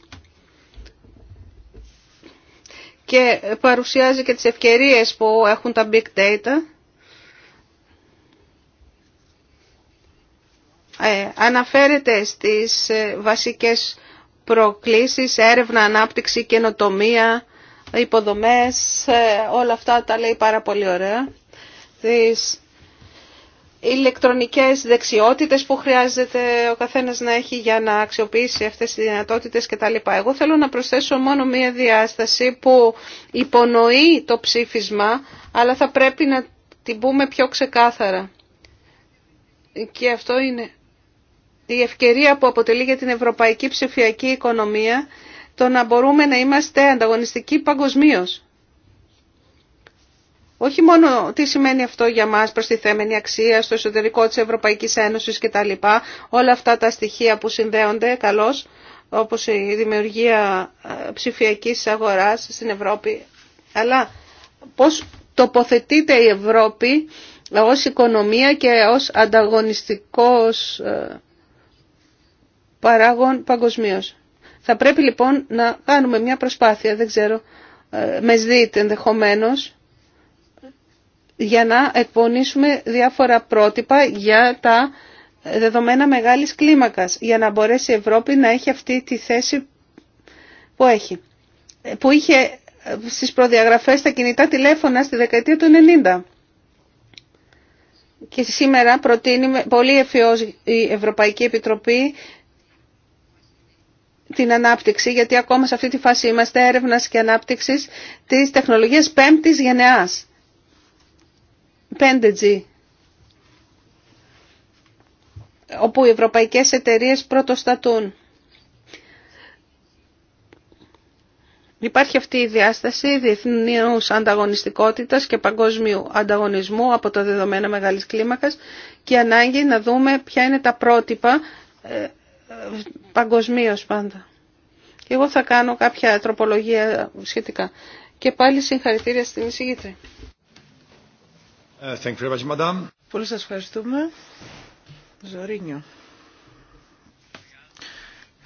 και παρουσιάζει και τις ευκαιρίες που έχουν τα big data. Ε, αναφέρεται στις ε, βασικές προκλήσεις, έρευνα, ανάπτυξη, καινοτομία, υποδομές, ε, όλα αυτά τα λέει πάρα πολύ ωραία. Τις ηλεκτρονικές δεξιότητες που χρειάζεται ο καθένας να έχει για να αξιοποιήσει αυτές τις δυνατότητες κτλ. Εγώ θέλω να προσθέσω μόνο μία διάσταση που υπονοεί το ψήφισμα, αλλά θα πρέπει να την πούμε πιο ξεκάθαρα. Και αυτό είναι η ευκαιρία που αποτελεί για την ευρωπαϊκή ψηφιακή οικονομία το να μπορούμε να είμαστε ανταγωνιστικοί παγκοσμίω. Όχι μόνο τι σημαίνει αυτό για μας θέμενη αξία στο εσωτερικό της Ευρωπαϊκής Ένωσης κτλ. Όλα αυτά τα στοιχεία που συνδέονται καλώς, όπως η δημιουργία ε, ψηφιακής αγοράς στην Ευρώπη, αλλά πώς τοποθετείται η Ευρώπη ως οικονομία και ως ανταγωνιστικός ε, παράγων παγκοσμίω. Θα πρέπει λοιπόν να κάνουμε μια προσπάθεια, δεν ξέρω, ε, με σδίτ ενδεχομένως, για να εκπονήσουμε διάφορα πρότυπα για τα δεδομένα μεγάλης κλίμακας, για να μπορέσει η Ευρώπη να έχει αυτή τη θέση που έχει. Που είχε ε, στις προδιαγραφές τα κινητά τηλέφωνα στη δεκαετία του 90. Και σήμερα προτείνει πολύ ευφυώς η Ευρωπαϊκή Επιτροπή την ανάπτυξη, γιατί ακόμα σε αυτή τη φάση είμαστε έρευνας και ανάπτυξης της τεχνολογίας πέμπτης γενεάς. 5G όπου οι ευρωπαϊκές εταιρείες πρωτοστατούν. Υπάρχει αυτή η διάσταση διεθνούς ανταγωνιστικότητας και παγκόσμιου ανταγωνισμού από τα δεδομένα μεγάλης κλίμακας και ανάγκη να δούμε ποια είναι τα πρότυπα ε, παγκοσμίω πάντα. Και εγώ θα κάνω κάποια τροπολογία σχετικά. Και πάλι συγχαρητήρια στην εισηγήτρια. Ε, Πολύ σας ευχαριστούμε. Ζωρίνιο.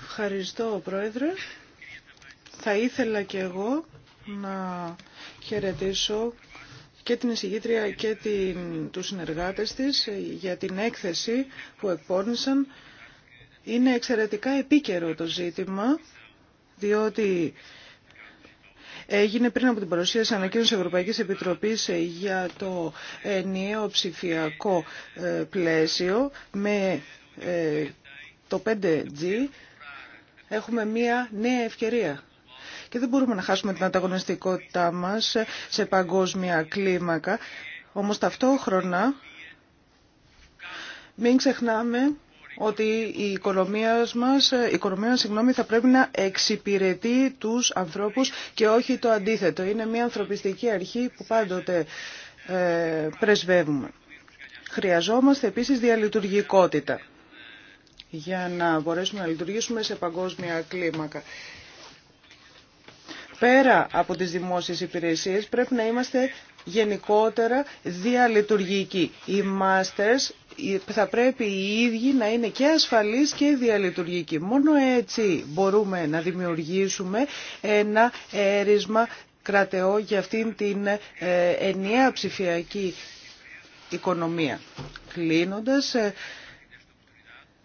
Ευχαριστώ, Πρόεδρε. Θα ήθελα και εγώ να χαιρετήσω και την εισηγήτρια και την, τους συνεργάτες της για την έκθεση που εκπώνησαν. Είναι εξαιρετικά επίκαιρο το ζήτημα, διότι έγινε πριν από την παρουσίαση ανακοίνωση Ευρωπαϊκής Επιτροπής ε, για το ενιαίο ψηφιακό ε, πλαίσιο με ε, το 5G έχουμε μία νέα ευκαιρία και δεν μπορούμε να χάσουμε την ανταγωνιστικότητά μας σε παγκόσμια κλίμακα. Όμως ταυτόχρονα μην ξεχνάμε ότι η οικονομία μας, ε, η οικονομία, συγγνώμη, θα πρέπει να εξυπηρετεί τους ανθρώπους και όχι το αντίθετο. Είναι μια ανθρωπιστική αρχή που πάντοτε ε, πρεσβεύουμε. Χρειαζόμαστε επίσης διαλειτουργικότητα για να μπορέσουμε να λειτουργήσουμε σε παγκόσμια κλίμακα. Πέρα από τις δημόσιες υπηρεσίες πρέπει να είμαστε γενικότερα διαλειτουργικοί. Οι θα πρέπει οι ίδιοι να είναι και ασφαλείς και διαλειτουργικοί. Μόνο έτσι μπορούμε να δημιουργήσουμε ένα έρισμα κρατεό για αυτήν την ε, ενιαία ψηφιακή οικονομία. Κλείνοντας, ε,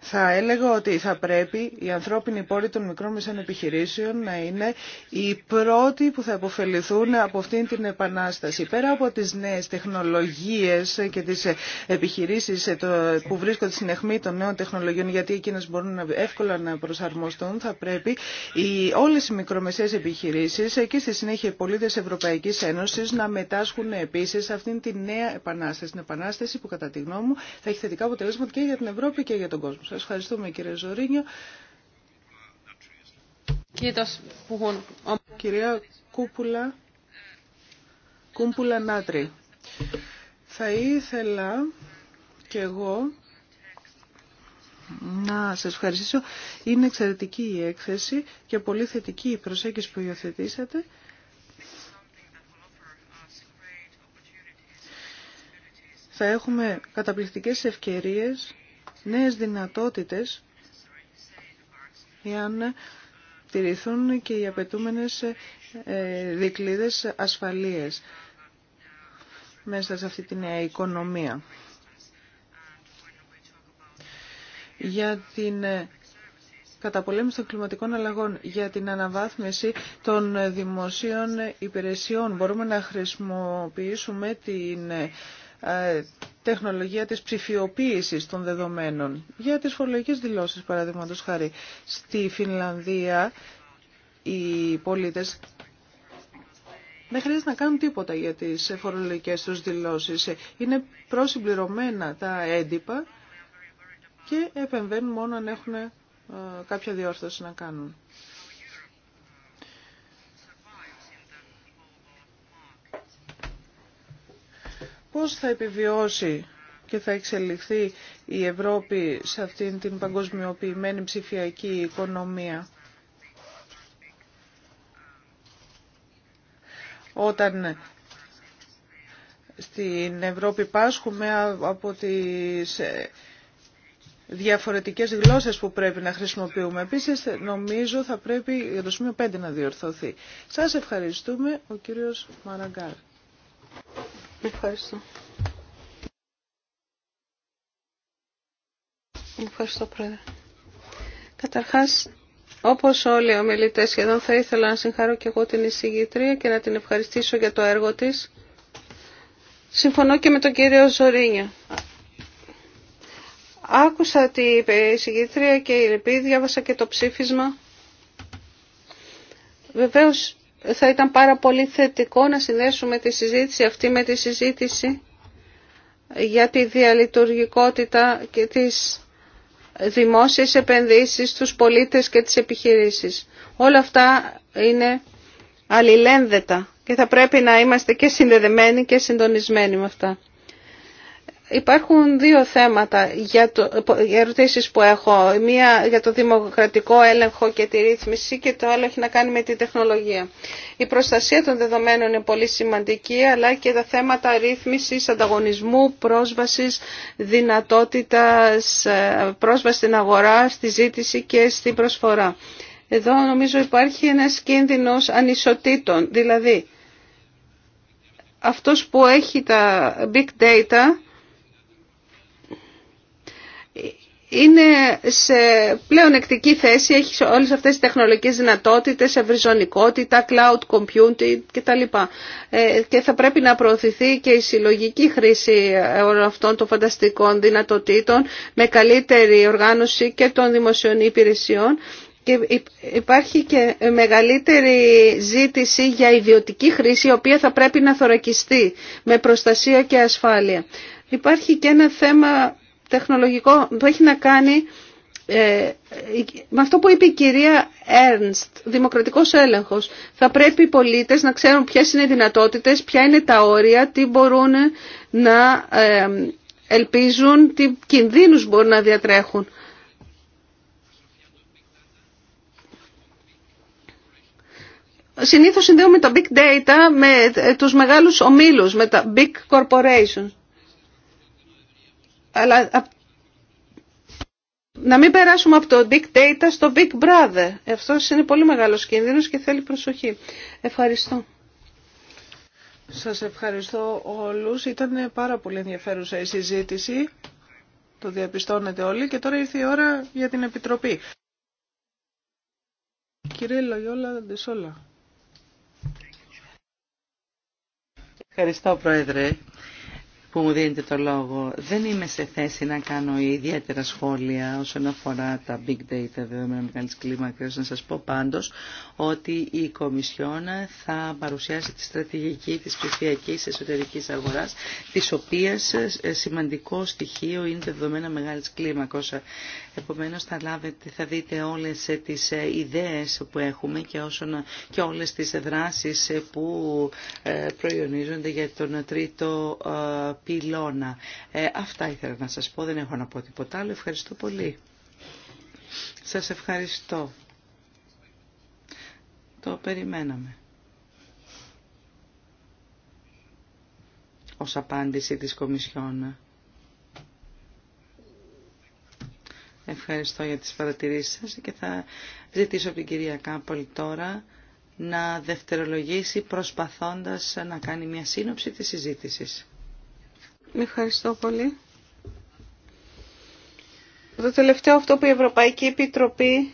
θα έλεγα ότι θα πρέπει οι ανθρώπινοι πόροι των μικρών επιχειρήσεων να είναι οι πρώτοι που θα υποφεληθούν από αυτήν την επανάσταση. Πέρα από τις νέες τεχνολογίες και τις επιχειρήσεις που βρίσκονται στην αιχμή των νέων τεχνολογιών, γιατί εκείνες μπορούν εύκολα να προσαρμοστούν, θα πρέπει οι, όλες οι μικρομεσαίες επιχειρήσεις και στη συνέχεια οι πολίτες Ευρωπαϊκής Ένωσης να μετάσχουν επίσης σε αυτήν την νέα επανάσταση. Την επανάσταση που κατά τη γνώμη μου θα έχει θετικά αποτελέσματα και για την Ευρώπη και για τον κόσμο. Σας ευχαριστούμε κύριε Ζωρίνιο. Κυρία Κούπουλα, Κούμπουλα Νάτρη, θα ήθελα και εγώ να σας ευχαριστήσω. Είναι εξαιρετική η έκθεση και πολύ θετική η προσέγγιση που υιοθετήσατε. Θα έχουμε καταπληκτικές ευκαιρίες νέες δυνατότητες εάν τηρηθούν και οι απαιτούμενες ε, ε, δικλείδες ασφαλείες μέσα σε αυτή τη νέα οικονομία. Για την ε, καταπολέμηση των κλιματικών αλλαγών, για την αναβάθμιση των δημοσίων υπηρεσιών, μπορούμε να χρησιμοποιήσουμε την τεχνολογία της ψηφιοποίησης των δεδομένων. Για τις φορολογικές δηλώσεις, παραδείγματος χάρη, στη Φινλανδία οι πολίτες δεν χρειάζεται να κάνουν τίποτα για τις φορολογικές τους δηλώσεις. Είναι προσυμπληρωμένα τα έντυπα και επεμβαίνουν μόνο αν έχουν ε, κάποια διόρθωση να κάνουν. πώς θα επιβιώσει και θα εξελιχθεί η Ευρώπη σε αυτήν την παγκοσμιοποιημένη ψηφιακή οικονομία. Όταν στην Ευρώπη πάσχουμε από τις διαφορετικές γλώσσες που πρέπει να χρησιμοποιούμε. Επίσης, νομίζω θα πρέπει το σημείο 5 να διορθωθεί. Σας ευχαριστούμε, ο κύριος Μαραγκάρ. Ευχαριστώ. Ευχαριστώ, Πρόεδρε. Καταρχάς, όπως όλοι οι ομιλητές σχεδόν, θα ήθελα να συγχαρώ και εγώ την εισηγήτρια και να την ευχαριστήσω για το έργο της. Συμφωνώ και με τον κύριο Ζωρίνια. Άκουσα τι είπε η εισηγήτρια και η Λυπή, διάβασα και το ψήφισμα. Βεβαίως θα ήταν πάρα πολύ θετικό να συνδέσουμε τη συζήτηση αυτή με τη συζήτηση για τη διαλειτουργικότητα και τις δημόσιες επενδύσεις στους πολίτες και τις επιχειρήσεις. Όλα αυτά είναι αλληλένδετα και θα πρέπει να είμαστε και συνδεδεμένοι και συντονισμένοι με αυτά. Υπάρχουν δύο θέματα για, το, ερωτήσεις που έχω. Μία για το δημοκρατικό έλεγχο και τη ρύθμιση και το άλλο έχει να κάνει με τη τεχνολογία. Η προστασία των δεδομένων είναι πολύ σημαντική, αλλά και τα θέματα ρύθμισης, ανταγωνισμού, πρόσβασης, δυνατότητας, ε, πρόσβαση στην αγορά, στη ζήτηση και στην προσφορά. Εδώ νομίζω υπάρχει ένας κίνδυνος ανισοτήτων, δηλαδή αυτός που έχει τα big data είναι σε πλέον εκτική θέση, έχει όλες αυτές τις τεχνολογικές δυνατότητες, ευρυζωνικότητα, cloud computing κτλ. Ε, και θα πρέπει να προωθηθεί και η συλλογική χρήση ε, όλων αυτών των φανταστικών δυνατοτήτων με καλύτερη οργάνωση και των δημοσίων υπηρεσιών και υπάρχει και μεγαλύτερη ζήτηση για ιδιωτική χρήση η οποία θα πρέπει να θωρακιστεί με προστασία και ασφάλεια. Υπάρχει και ένα θέμα τεχνολογικό που έχει να κάνει ε, με αυτό που είπε η κυρία Έρνστ, δημοκρατικός έλεγχος. Θα πρέπει οι πολίτες να ξέρουν ποιες είναι οι δυνατότητες, ποια είναι τα όρια, τι μπορούν να ε, ελπίζουν, τι κινδύνους μπορούν να διατρέχουν. Συνήθως συνδέουμε τα big data με ε, τους μεγάλους ομίλους, με τα big corporations. Αλλά να μην περάσουμε από το big data στο big brother. Αυτό είναι πολύ μεγάλος κίνδυνος και θέλει προσοχή. Ευχαριστώ. Σας ευχαριστώ όλους. Ήταν πάρα πολύ ενδιαφέρουσα η συζήτηση. Το διαπιστώνετε όλοι και τώρα ήρθε η ώρα για την Επιτροπή. Κύριε Λογιόλα Ντεσόλα. Ευχαριστώ Πρόεδρε που μου δίνετε το λόγο. Δεν είμαι σε θέση να κάνω ιδιαίτερα σχόλια όσον αφορά τα big data δεδομένα μεγάλης κλίμακας. Να σας πω πάντως ότι η Κομισιόν θα παρουσιάσει τη στρατηγική της ψηφιακής εσωτερικής αγοράς, της οποίας σημαντικό στοιχείο είναι τα δεδομένα μεγάλης κλίμακος. Επομένως θα, λάβετε, θα δείτε όλες τις ιδέες που έχουμε και, όσον, και όλες τις δράσεις που ε, προϊονίζονται για τον τρίτο ε, πυλώνα. Ε, αυτά ήθελα να σας πω, δεν έχω να πω τίποτα άλλο. Ευχαριστώ πολύ. Σας ευχαριστώ. Το περιμέναμε. Ως απάντηση της Κομισιόν. Ευχαριστώ για τις παρατηρήσεις σας και θα ζητήσω από την κυρία Κάπολη τώρα να δευτερολογήσει προσπαθώντας να κάνει μια σύνοψη της συζήτησης. Ευχαριστώ πολύ. Το τελευταίο αυτό που η Ευρωπαϊκή Επιτροπή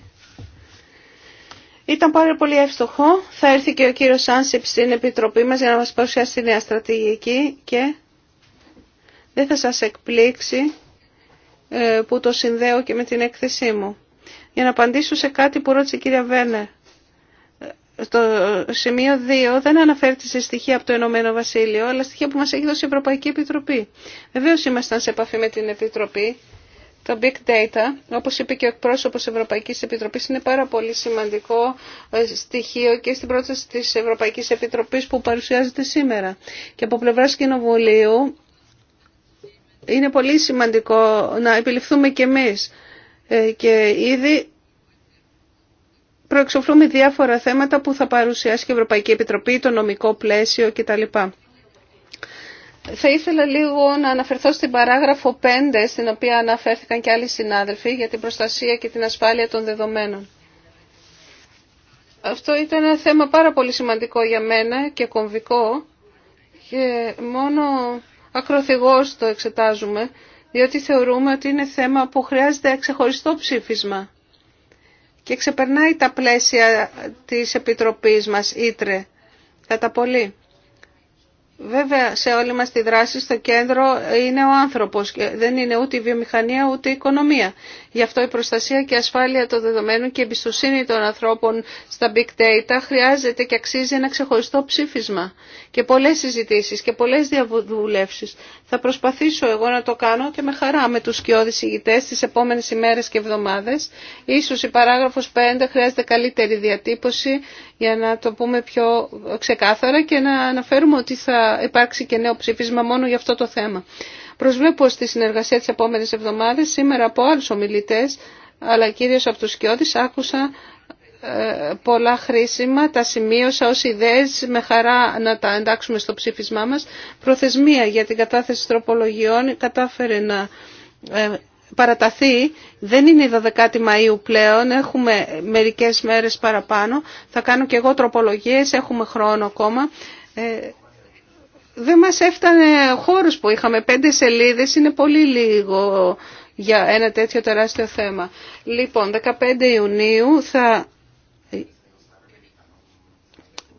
ήταν πάρα πολύ εύστοχο. Θα έρθει και ο κύριος Άνσιπ στην Επιτροπή μας για να μας παρουσιάσει τη νέα στρατηγική και δεν θα σας εκπλήξει ε, που το συνδέω και με την έκθεσή μου. Για να απαντήσω σε κάτι που ρώτησε η κυρία Βένερ στο σημείο 2 δεν αναφέρεται σε στοιχεία από το Ενωμένο Βασίλειο, αλλά στοιχεία που μας έχει δώσει η Ευρωπαϊκή Επιτροπή. Βεβαίως ήμασταν σε επαφή με την Επιτροπή. Το Big Data, όπως είπε και ο εκπρόσωπος Ευρωπαϊκής Επιτροπής, είναι πάρα πολύ σημαντικό ε, στοιχείο και στην πρόταση της Ευρωπαϊκής Επιτροπής που παρουσιάζεται σήμερα. Και από πλευράς Κοινοβουλίου είναι πολύ σημαντικό να επιληφθούμε κι εμείς. Ε, και ήδη προεξοφλούμε διάφορα θέματα που θα παρουσιάσει και η Ευρωπαϊκή Επιτροπή, το νομικό πλαίσιο κτλ. Θα ήθελα λίγο να αναφερθώ στην παράγραφο 5, στην οποία αναφέρθηκαν και άλλοι συνάδελφοι, για την προστασία και την ασφάλεια των δεδομένων. Αυτό ήταν ένα θέμα πάρα πολύ σημαντικό για μένα και κομβικό και μόνο ακροθυγώς το εξετάζουμε, διότι θεωρούμε ότι είναι θέμα που χρειάζεται ξεχωριστό ψήφισμα και ξεπερνάει τα πλαίσια της Επιτροπής μας, Ήτρε, κατά πολύ. Βέβαια, σε όλη μας τη δράση στο κέντρο είναι ο άνθρωπος, δεν είναι ούτε η βιομηχανία ούτε η οικονομία. Γι' αυτό η προστασία και ασφάλεια των δεδομένων και η εμπιστοσύνη των ανθρώπων στα big data χρειάζεται και αξίζει ένα ξεχωριστό ψήφισμα και πολλές συζητήσεις και πολλές διαβουλεύσεις. Θα προσπαθήσω εγώ να το κάνω και με χαρά με τους σκιώδεις ηγητές τις επόμενες ημέρες και εβδομάδες. Ίσως η παράγραφος 5 χρειάζεται καλύτερη διατύπωση για να το πούμε πιο ξεκάθαρα και να αναφέρουμε ότι θα υπάρξει και νέο ψήφισμα μόνο για αυτό το θέμα. Προσβλέπω στη συνεργασία τις επόμενες εβδομάδες σήμερα από άλλους ομιλητές αλλά κυρίως από τους σκιώδεις άκουσα ε, πολλά χρήσιμα. Τα σημείωσα ως ιδέες με χαρά να τα εντάξουμε στο ψήφισμά μας. Προθεσμία για την κατάθεση τροπολογιών κατάφερε να ε, παραταθεί. Δεν είναι η 12η Μαΐου πλέον, έχουμε μερικές μέρες παραπάνω. Θα κάνω και εγώ τροπολογίες, έχουμε χρόνο ακόμα. Ε, δεν μας έφτανε ο χώρος που είχαμε, πέντε σελίδες είναι πολύ λίγο για ένα τέτοιο τεράστιο θέμα. Λοιπόν, 15 Ιουνίου θα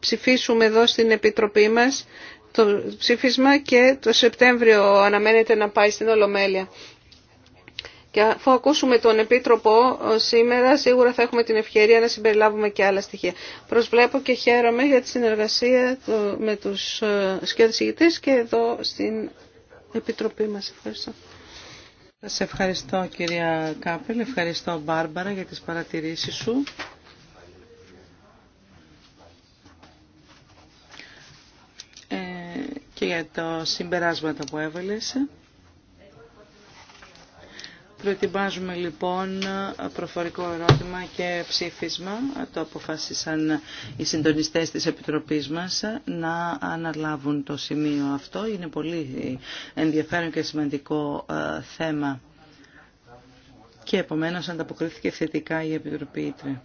ψηφίσουμε εδώ στην Επιτροπή μας το ψήφισμα και το Σεπτέμβριο αναμένεται να πάει στην Ολομέλεια. Και αφού ακούσουμε τον Επίτροπο ε, σήμερα, σίγουρα θα έχουμε την ευκαιρία να συμπεριλάβουμε και άλλα στοιχεία. Προσβλέπω και χαίρομαι για τη συνεργασία με τους ε, σκιώδης και εδώ στην Επιτροπή μας. Ευχαριστώ. Σας ευχαριστώ κυρία Κάπελ, ευχαριστώ Μπάρμπαρα για τις παρατηρήσεις σου. και για το συμπεράσματα που έβαλες. Προετοιμάζουμε λοιπόν προφορικό ερώτημα και ψήφισμα. Το αποφάσισαν οι συντονιστές της Επιτροπής μας να αναλάβουν το σημείο αυτό. Είναι πολύ ενδιαφέρον και σημαντικό ε, θέμα. Και επομένως ανταποκρίθηκε θετικά η Επιτροπή Ήτρε.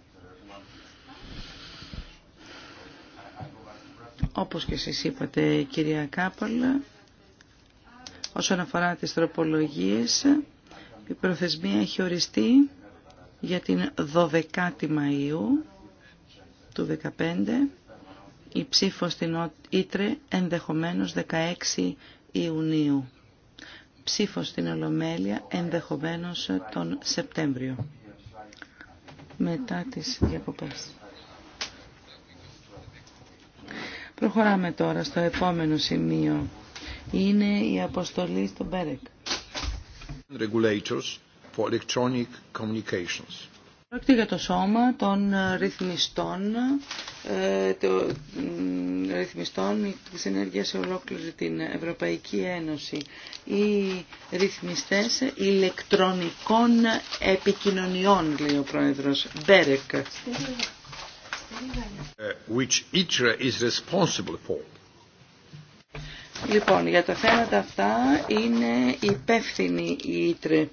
Όπως και εσείς είπατε κυρία Κάπαλα, όσον αφορά τις τροπολογίες, η προθεσμία έχει οριστεί για την 12η Μαΐου του 2015, η ψήφος στην Ήτρε ενδεχομένως 16 Ιουνίου. Ψήφος στην Ολομέλεια ενδεχομένως τον Σεπτέμβριο μετά τις διακοπές. Προχωράμε τώρα στο επόμενο σημείο. Είναι η αποστολή στο Μπέρεκ. Regulators Πρόκειται για το σώμα των ρυθμιστών, ε, το, ρυθμιστών της ενέργειας σε ολόκληρη την Ευρωπαϊκή Ένωση. Οι ρυθμιστές ηλεκτρονικών επικοινωνιών, λέει ο Πρόεδρος, Μπέρεκ. Ε, which Λοιπόν, για τα θέματα αυτά είναι υπεύθυνη η ΙΤΡΕ.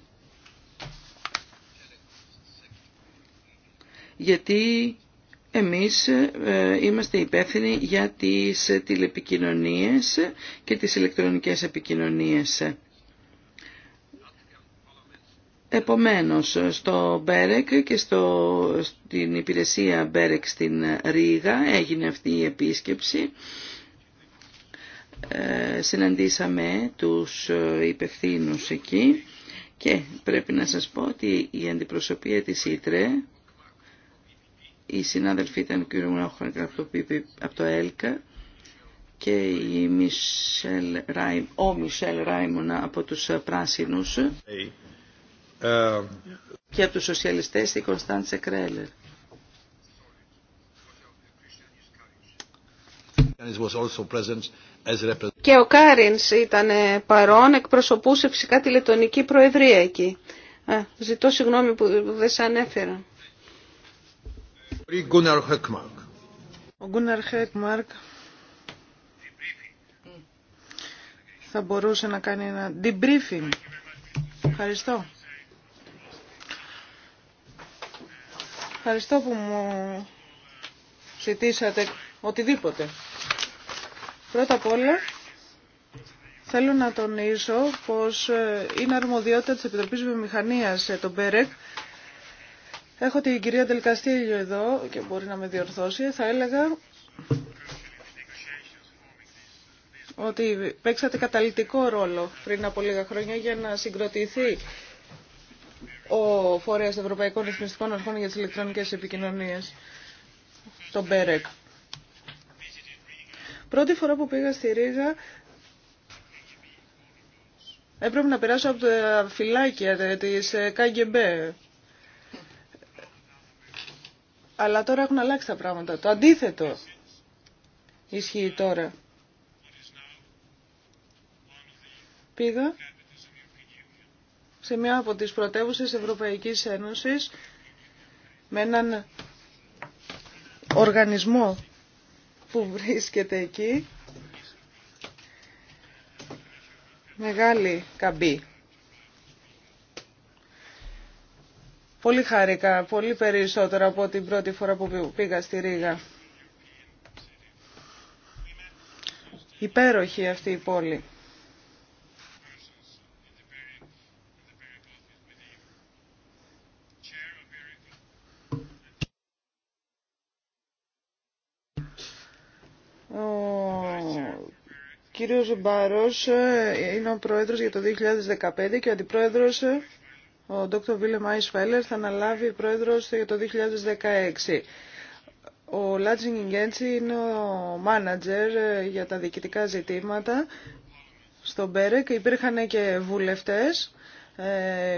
Γιατί εμείς ε, είμαστε υπεύθυνοι για τις τηλεπικοινωνίες και τις ηλεκτρονικές επικοινωνίες. Επομένως, στο Μπέρεκ και στο, στην υπηρεσία Μπέρεκ στην Ρήγα έγινε αυτή η επίσκεψη. Ε, συναντήσαμε τους υπευθύνους εκεί και πρέπει να σας πω ότι η αντιπροσωπεία της Ήτρε, η συνάδελφή ήταν ο κ. από το ΕΛΚΑ, και η Μισελ Ράι, ο Μισελ Ράιμουνα από τους Πράσινους. Ε, και από τους σοσιαλιστές η Κωνσταντσε Κρέλερ. Και ο Κάρινς ήταν παρόν, εκπροσωπούσε φυσικά τη Λετωνική Προεδρία εκεί. Ε, ζητώ συγγνώμη που δεν σε ανέφερα. Ο Γκούναρ Χέκμαρκ θα μπορούσε να κάνει ένα debriefing. Ευχαριστώ. Ευχαριστώ που μου ζητήσατε οτιδήποτε. Πρώτα απ' όλα, θέλω να τονίσω πως είναι αρμοδιότητα της Επιτροπής Βιομηχανίας, ε, το ΠΕΡΕΚ. Έχω την κυρία Τελκαστήλιο εδώ και μπορεί να με διορθώσει. Θα έλεγα ότι παίξατε καταλητικό ρόλο πριν από λίγα χρόνια για να συγκροτηθεί ο φορέας Ευρωπαϊκών Ρυθμιστικών Αρχών για τις ηλεκτρονικές επικοινωνίες, τον Μπερέκ. Πρώτη φορά που πήγα στη Ρήγα έπρεπε να περάσω από τα φυλάκια της ε, ΚΑΓΕΜΠΕ. Αλλά τώρα έχουν αλλάξει τα πράγματα. Το αντίθετο ισχύει τώρα. Πήγα σε μια από τις πρωτεύουσες Ευρωπαϊκής Ένωσης με έναν οργανισμό που βρίσκεται εκεί. Μεγάλη καμπή. Πολύ χάρηκα, πολύ περισσότερο από την πρώτη φορά που πήγα στη Ρήγα. Υπέροχη αυτή η πόλη. κύριος Μπαρός ε, είναι ο πρόεδρος για το 2015 και ο αντιπρόεδρος, ε, ο Δόκτωρ Βίλεμ Άισφέλερ, θα αναλάβει πρόεδρος για το 2016. Ο Λάτζιν Γκέντσι είναι ο μάνατζερ ε, για τα διοικητικά ζητήματα στον Μπέρεκ. Υπήρχαν και βουλευτές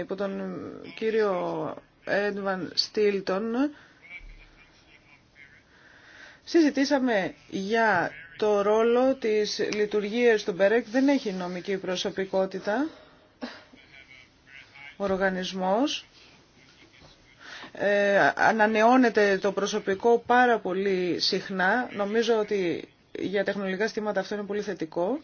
υπό τον κύριο Έντβαν Στίλτον. Συζητήσαμε για το ρόλο της λειτουργίας του Μπερέκ δεν έχει νομική προσωπικότητα. Ο οργανισμός ε, ανανεώνεται το προσωπικό πάρα πολύ συχνά. Νομίζω ότι για τεχνολογικά στήματα αυτό είναι πολύ θετικό.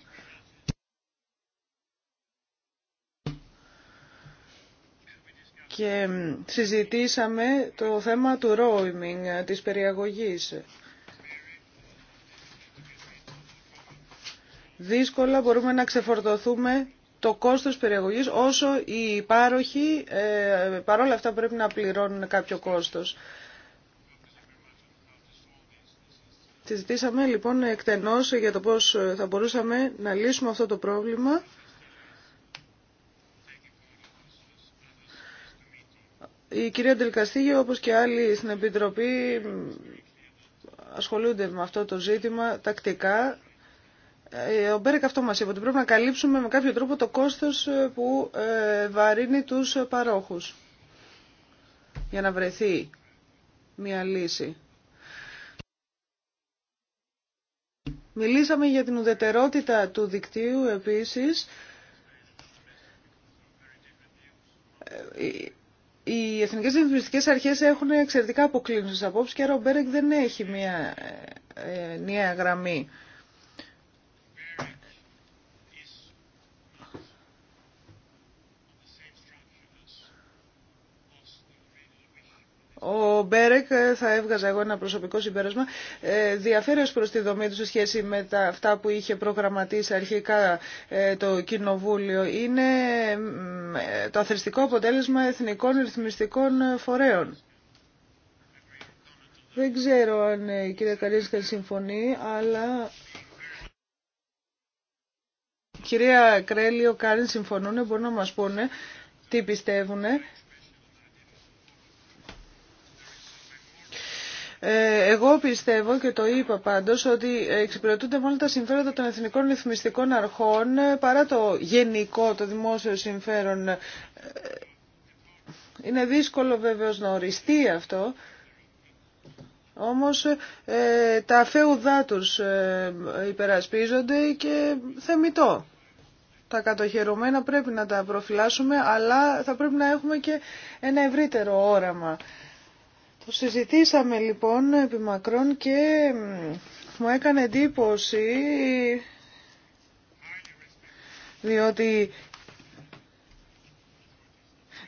Και συζητήσαμε το θέμα του roaming, ε, της περιαγωγής. δύσκολα μπορούμε να ξεφορτωθούμε το κόστος περιεγωγής όσο οι υπάροχοι ε, παρόλα αυτά πρέπει να πληρώνουν κάποιο κόστος. Συζητήσαμε λοιπόν εκτενώς για το πώς θα μπορούσαμε να λύσουμε αυτό το πρόβλημα. Η κυρία Ντελκαστήγια όπως και άλλοι στην Επιτροπή ασχολούνται με αυτό το ζήτημα τακτικά. Ε, ο Μπέρεκ αυτό μας είπε ότι πρέπει να καλύψουμε με κάποιο τρόπο το κόστος ε, που ε, βαρύνει τους παρόχους για να βρεθεί μια λύση. Μιλήσαμε για την ουδετερότητα του δικτύου επίσης. Οι εθνικές διευθυντικέ αρχές έχουν εξαιρετικά αποκλίνουσες απόψει. και ο Μπέρεκ δεν έχει μια νέα γραμμή. ο Μπέρεκ, ε, θα έβγαζα εγώ ένα προσωπικό συμπέρασμα, ε, διαφέρει ως προς τη δομή του σε σχέση με τα, αυτά που είχε προγραμματίσει αρχικά ε, το Κοινοβούλιο. Είναι το αθρηστικό αποτέλεσμα εθνικών ρυθμιστικών φορέων. Δεν ξέρω αν η κυρία Καλίσκα συμφωνεί, αλλά... Κυρία Κρέλιο, Κάριν συμφωνούν, μπορούν να μας πούνε τι πιστεύουν. Ε, εγώ πιστεύω και το είπα πάντως ότι εξυπηρετούνται μόνο τα συμφέροντα των εθνικών ρυθμιστικών αρχών ε, παρά το γενικό, το δημόσιο συμφέρον. Ε, είναι δύσκολο βέβαιως να οριστεί αυτό. Όμως τα φεουδά τους υπερασπίζονται και θεμητό. Τα κατοχερωμένα πρέπει να τα προφυλάσσουμε, αλλά θα πρέπει να έχουμε και ένα ευρύτερο όραμα. Το συζητήσαμε λοιπόν επί μακρόν και μου έκανε εντύπωση διότι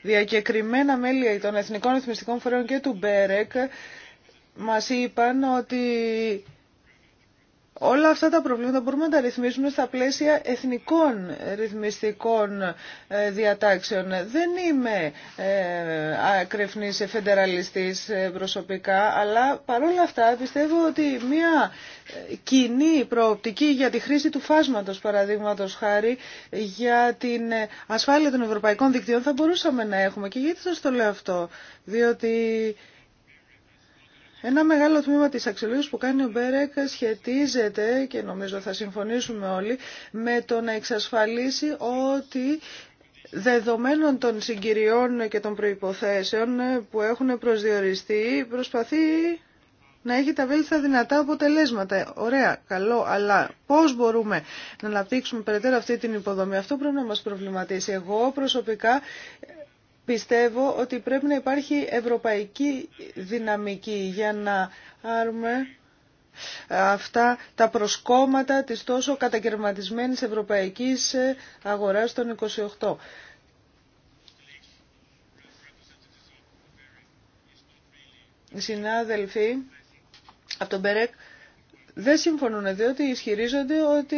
διακεκριμένα μέλη των Εθνικών Εθνιστικών Φορέων και του Μπέρεκ μας είπαν ότι Όλα αυτά τα προβλήματα μπορούμε να τα ρυθμίσουμε στα πλαίσια εθνικών ρυθμιστικών ε, διατάξεων. Δεν είμαι ε, ακρεφνής φεντεραλιστής ε, προσωπικά, αλλά παρόλα αυτά πιστεύω ότι μια κοινή προοπτική για τη χρήση του φάσματος, παραδείγματος χάρη, για την ασφάλεια των ευρωπαϊκών δικτύων θα μπορούσαμε να έχουμε. Και γιατί σας το λέω αυτό, διότι... Ένα μεγάλο τμήμα της αξιολόγησης που κάνει ο Μπέρεκ σχετίζεται και νομίζω θα συμφωνήσουμε όλοι με το να εξασφαλίσει ότι δεδομένων των συγκυριών και των προϋποθέσεων που έχουν προσδιοριστεί προσπαθεί να έχει τα βέλτιστα δυνατά αποτελέσματα. Ωραία, καλό, αλλά πώς μπορούμε να αναπτύξουμε περαιτέρω αυτή την υποδομή. Αυτό πρέπει να μας προβληματίσει. Εγώ προσωπικά Πιστεύω ότι πρέπει να υπάρχει ευρωπαϊκή δυναμική για να άρουμε αυτά τα προσκόμματα της τόσο κατακαιρματισμένης ευρωπαϊκής αγοράς των 28. Συνάδελφοι από τον Μπερέκ δεν συμφωνούν διότι ισχυρίζονται ότι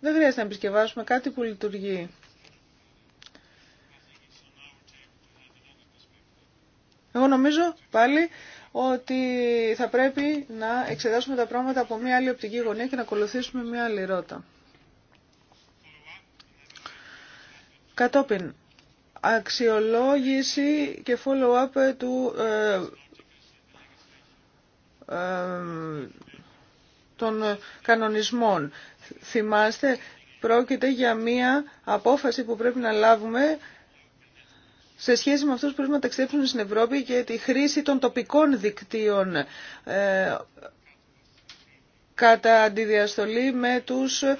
δεν χρειάζεται να επισκευάσουμε κάτι που λειτουργεί. Εγώ νομίζω πάλι ότι θα πρέπει να εξετάσουμε τα πράγματα από μια άλλη οπτική γωνία και να ακολουθήσουμε μια άλλη ρότα. Κατόπιν, αξιολόγηση και follow-up του ε, ε, των κανονισμών. Θυμάστε, πρόκειται για μία απόφαση που πρέπει να λάβουμε σε σχέση με αυτούς που πρέπει να ταξιδέψουν στην Ευρώπη και τη χρήση των τοπικών δικτύων ε, κατά αντιδιαστολή με τους ε,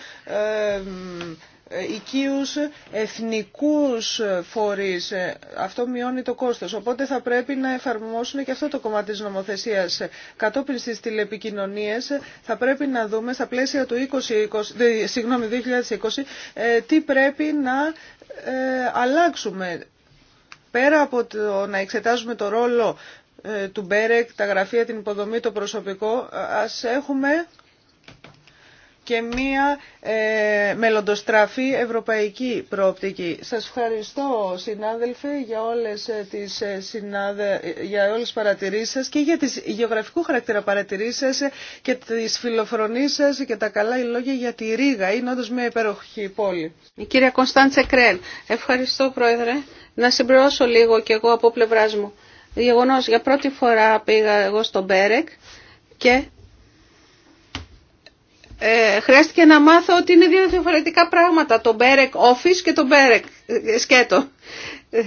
εθνικού εθνικούς φορείς. Ε, αυτό μειώνει το κόστος. Οπότε θα πρέπει να εφαρμόσουν και αυτό το κομμάτι της νομοθεσίας. Κατόπιν στις τηλεπικοινωνίες θα πρέπει να δούμε στα πλαίσια του 2020, συγγνώμη, 2020 ε, τι πρέπει να ε, αλλάξουμε πέρα από το να εξετάζουμε το ρόλο ε, του Μπέρεκ, τα γραφεία, την υποδομή, το προσωπικό, ε, ας έχουμε και μία ε, μελλοντοστραφή ευρωπαϊκή προοπτική. Σας ευχαριστώ συνάδελφε για όλες ε, τις, ε, συνάδε... για όλες τις παρατηρήσεις σας και για τις γεωγραφικού χαρακτήρα παρατηρήσεις σας και τις φιλοφρονίες σας και τα καλά λόγια για τη Ρήγα. Είναι όντως μια υπέροχη πόλη. Η κυρία Κωνσταντσε Κρέλ. Ευχαριστώ πρόεδρε. Να συμπληρώσω λίγο και εγώ από πλευράς μου. Γεγονός, για πρώτη φορά πήγα εγώ στο Μπέρεκ και ε, χρειάστηκε να μάθω ότι είναι δύο διαφορετικά πράγματα, το BEREC Office και το BEREC ε, σκέτο. Ε,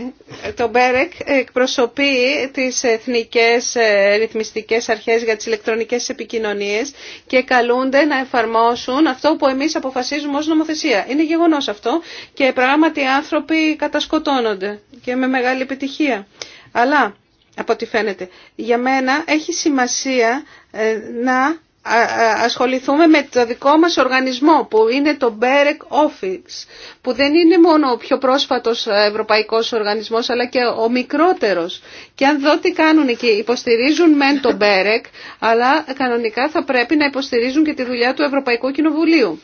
το BEREC εκπροσωπεί τις εθνικές ε, ρυθμιστικές αρχές για τις ηλεκτρονικές επικοινωνίες και καλούνται να εφαρμόσουν αυτό που εμείς αποφασίζουμε ως νομοθεσία. Είναι γεγονός αυτό και πράγματι οι άνθρωποι κατασκοτώνονται και με μεγάλη επιτυχία. Αλλά, από ό,τι φαίνεται, για μένα έχει σημασία να ασχοληθούμε με το δικό μας οργανισμό που είναι το BEREC Office που δεν είναι μόνο ο πιο πρόσφατος ευρωπαϊκός οργανισμός αλλά και ο μικρότερος και αν δω τι κάνουν εκεί υποστηρίζουν μεν το BEREC αλλά κανονικά θα πρέπει να υποστηρίζουν και τη δουλειά του Ευρωπαϊκού Κοινοβουλίου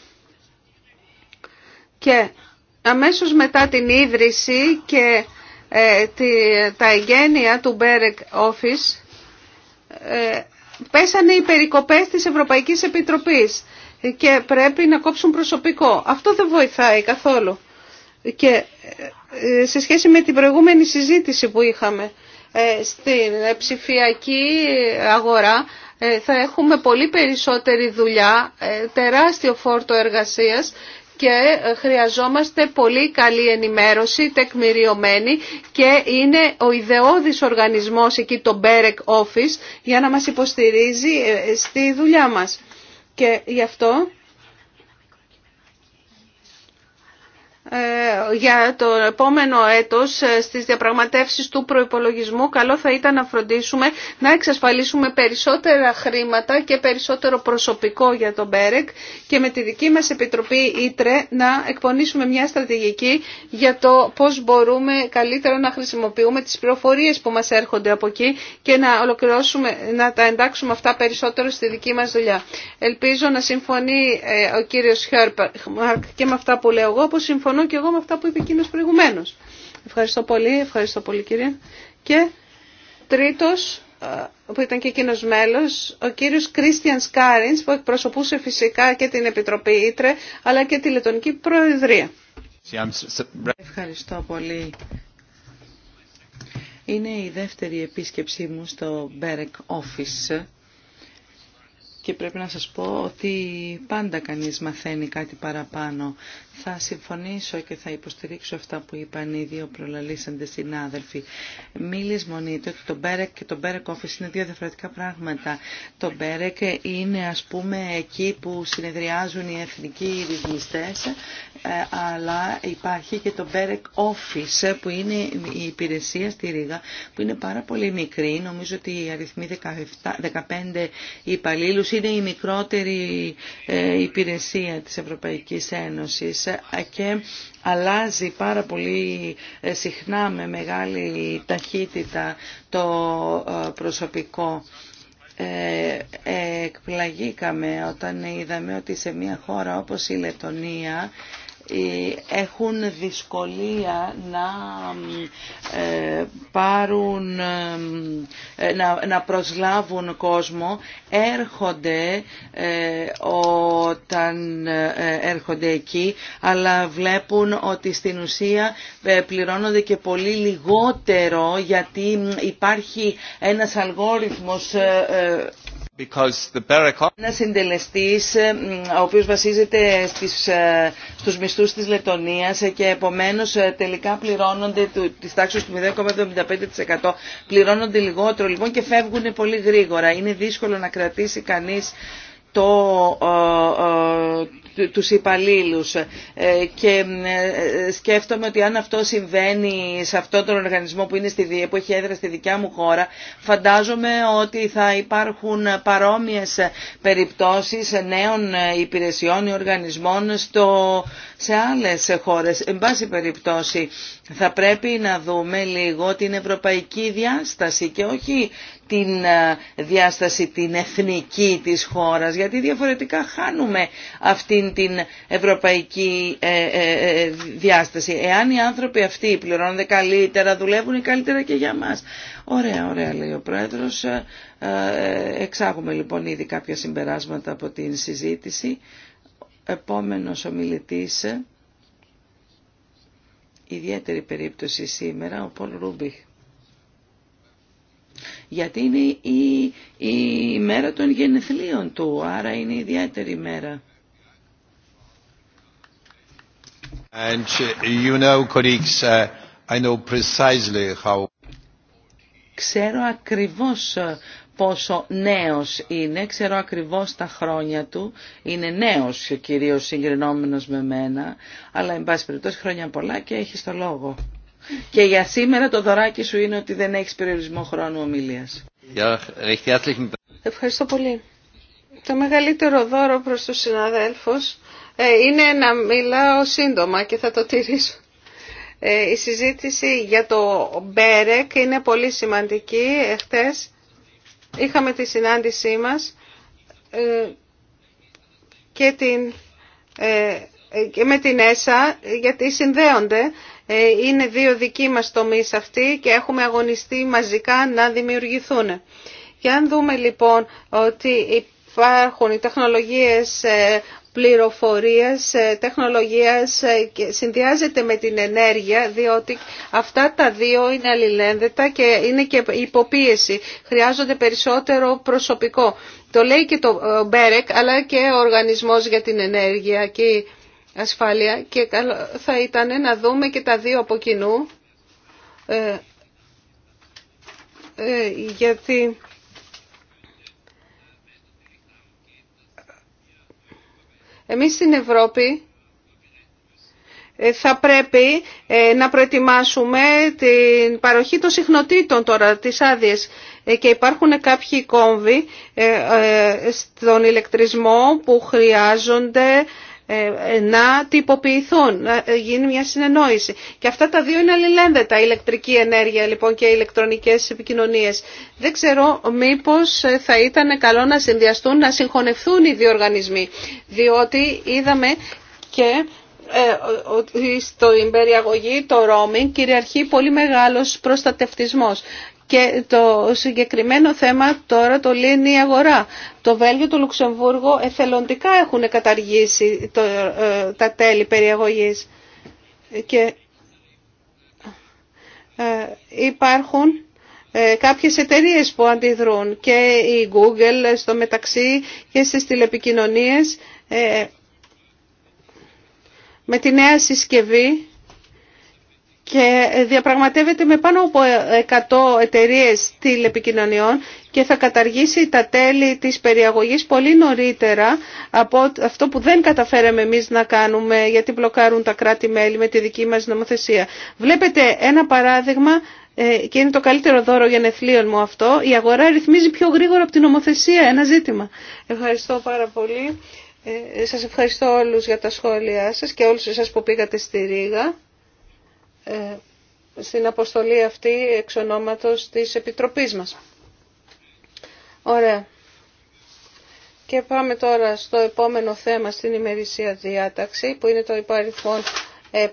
και αμέσως μετά την ίδρυση και ε, τη τα εγγένεια του BEREC Office ε, πέσανε οι περικοπές της Ευρωπαϊκής Επιτροπής και πρέπει να κόψουν προσωπικό. Αυτό δεν βοηθάει καθόλου. Και ε, σε σχέση με την προηγούμενη συζήτηση που είχαμε ε, στην ψηφιακή αγορά ε, θα έχουμε πολύ περισσότερη δουλειά, τεράστιο φόρτο εργασίας και ε, χρειαζόμαστε πολύ καλή ενημέρωση, τεκμηριωμένη και είναι ο ιδεώδης οργανισμός εκεί το BEREC Office για να μας υποστηρίζει ε, στη δουλειά μας. Και γι' αυτό Ε, για το επόμενο έτος ε, στις διαπραγματεύσεις του προϋπολογισμού καλό θα ήταν να φροντίσουμε να εξασφαλίσουμε περισσότερα χρήματα και περισσότερο προσωπικό για τον ΠΕΡΕΚ και με τη δική μας Επιτροπή Ήτρε να εκπονήσουμε μια στρατηγική για το πώς μπορούμε καλύτερα να χρησιμοποιούμε τις πληροφορίες που μας έρχονται από εκεί και να ολοκληρώσουμε, να τα εντάξουμε αυτά περισσότερο στη δική μας δουλειά. Ελπίζω να συμφωνεί ε, ο κύριος Χέρπερ και με αυτά που λέω εγώ που συμφωνώ και εγώ με αυτά που είπε εκείνο προηγουμένω. Ευχαριστώ πολύ, ευχαριστώ πολύ κύριε. Και τρίτος, ε, που ήταν και εκείνο μέλος, ο κύριος Κρίστιαν Σκάρινς, που εκπροσωπούσε φυσικά και την Επιτροπή Ήτρε, αλλά και τη Λετωνική Προεδρία. Ευχαριστώ πολύ. Είναι η δεύτερη επίσκεψή μου στο Berek Office και πρέπει να σας πω ότι πάντα κανείς μαθαίνει κάτι παραπάνω. Θα συμφωνήσω και θα υποστηρίξω αυτά που είπαν οι δύο προλαλήσαντε συνάδελφοι. Μη λησμονείτε ότι το Μπέρεκ και το Μπέρεκ Office είναι δύο διαφορετικά πράγματα. Το Μπέρεκ είναι α πούμε εκεί που συνεδριάζουν οι εθνικοί ρυθμιστέ, ε, αλλά υπάρχει και το Μπέρεκ Office που είναι η υπηρεσία στη Ρήγα που είναι πάρα πολύ μικρή. Νομίζω ότι οι αριθμοί 17, 15 υπαλλήλου είναι η μικρότερη ε, υπηρεσία της Ευρωπαϊκής Ένωσης και αλλάζει πάρα πολύ ε, συχνά με μεγάλη ταχύτητα το ε, προσωπικό. Ε, εκπλαγήκαμε όταν είδαμε ότι σε μια χώρα όπως η Λετωνία ε, έχουν δυσκολία να ε, πάρουν, ε, να, να προσλάβουν κόσμο, έρχονται όταν έρχονται εκεί, αλλά βλέπουν ότι στην ουσία πληρώνονται και πολύ λιγότερο γιατί υπάρχει ένας αλγόριθμος ένα συντελεστή ε, ο οποίο βασίζεται ε, στου μισθού τη της ε, και επομένω τελικά πληρώνονται τη τάξη του 0,75% πληρώνονται λιγότερο λοιπόν και φεύγουν πολύ γρήγορα. Είναι δύσκολο να κρατήσει κανεί το, ε, ε, τους υπαλλήλους ε, και σκέφτομαι ότι αν αυτό συμβαίνει σε αυτόν τον οργανισμό που, είναι στη, που έχει έδρα στη δικιά μου χώρα φαντάζομαι ότι θα υπάρχουν παρόμοιες περιπτώσεις νέων υπηρεσιών ή οργανισμών στο, σε άλλες χώρες. Εν πάση περιπτώσει θα πρέπει να δούμε λίγο την ευρωπαϊκή διάσταση και όχι την ε, διάσταση την εθνική της χώρας γιατί διαφορετικά χάνουμε αυτήν την ευρωπαϊκή ε, ε, διάσταση. Εάν οι άνθρωποι αυτοί πληρώνονται καλύτερα, δουλεύουν καλύτερα και για μας. Ωραία, ωραία λέει ο Πρόεδρος. Εξάγουμε λοιπόν ήδη κάποια συμπεράσματα από την συζήτηση επόμενος ομιλητής, ιδιαίτερη περίπτωση σήμερα, ο Πολ Ρούμπιχ. Γιατί είναι η, η μέρα των γενεθλίων του, άρα είναι ιδιαίτερη μέρα. And uh, you know, colleagues, uh, Ξέρω ακριβώς πόσο νέος είναι, ξέρω ακριβώς τα χρόνια του, είναι νέος κυρίως συγκρινόμενος με μένα, αλλά εν πάση περιπτώσει χρόνια πολλά και έχει το λόγο. Και για σήμερα το δωράκι σου είναι ότι δεν έχεις περιορισμό χρόνου ομιλίας. Ευχαριστώ πολύ. Το μεγαλύτερο δώρο προς τους συναδέλφους ε, είναι να μιλάω σύντομα και θα το τηρήσω. Ε, η συζήτηση για το Μπέρεκ είναι πολύ σημαντική. Εχθές είχαμε τη συνάντησή μας ε, και, την, ε, με την ΕΣΑ γιατί συνδέονται. Ε, είναι δύο δικοί μας τομείς αυτοί και έχουμε αγωνιστεί μαζικά να δημιουργηθούν. Και αν δούμε λοιπόν ότι υπάρχουν οι τεχνολογίες πληροφορίας, ε, τεχνολογίας ε, και συνδυάζεται με την ενέργεια διότι αυτά τα δύο είναι αλληλένδετα και είναι και υποπίεση. Χρειάζονται περισσότερο προσωπικό. Το λέει και το ε, Μπέρεκ αλλά και ο Οργανισμός για την Ενέργεια και Ασφάλεια και θα ήταν να δούμε και τα δύο από κοινού γιατί Εμείς στην Ευρώπη ε, θα πρέπει ε, να προετοιμάσουμε την παροχή των συχνοτήτων τώρα, τις άδειε. Ε, και υπάρχουν κάποιοι κόμβοι στον ηλεκτρισμό που χρειάζονται ε, να τυποποιηθούν, να ε, γίνει μια συνεννόηση. Και αυτά τα δύο είναι αλληλένδετα, η ηλεκτρική ενέργεια λοιπόν και οι ηλεκτρονικές επικοινωνίες. Δεν ξέρω μήπως ε, θα ήταν καλό να συνδυαστούν, να συγχωνευτούν οι δύο οργανισμοί, διότι είδαμε και ότι στο περιαγωγή το roaming κυριαρχεί πολύ μεγάλος προστατευτισμός. Και το συγκεκριμένο θέμα τώρα το λύνει η αγορά. Το Βέλγιο, το Λουξεμβούργο εθελοντικά έχουν καταργήσει ε, τα τέλη περιαγωγής. Και ε, υπάρχουν ε, κάποιες εταιρείες που αντιδρούν και η Google στο μεταξύ και στις τηλεπικοινωνίες ε, με τη νέα συσκευή και διαπραγματεύεται με πάνω από 100 εταιρείες τηλεπικοινωνιών και θα καταργήσει τα τέλη της περιαγωγής πολύ νωρίτερα από αυτό που δεν καταφέραμε εμείς να κάνουμε γιατί μπλοκάρουν τα κράτη-μέλη με τη δική μας νομοθεσία. Βλέπετε ένα παράδειγμα ε, και είναι το καλύτερο δώρο για νεθλίων μου αυτό. Η αγορά ρυθμίζει πιο γρήγορα από την νομοθεσία ένα ζήτημα. Ευχαριστώ πάρα πολύ. Ε, σας ευχαριστώ όλους για τα σχόλιά σας και όλους εσάς που πήγατε στη Ρήγα. Ε, στην αποστολή αυτή εξ ονόματος της Επιτροπής μας. Ωραία. Και πάμε τώρα στο επόμενο θέμα στην ημερησία διάταξη που είναι το υπαριθμόν 7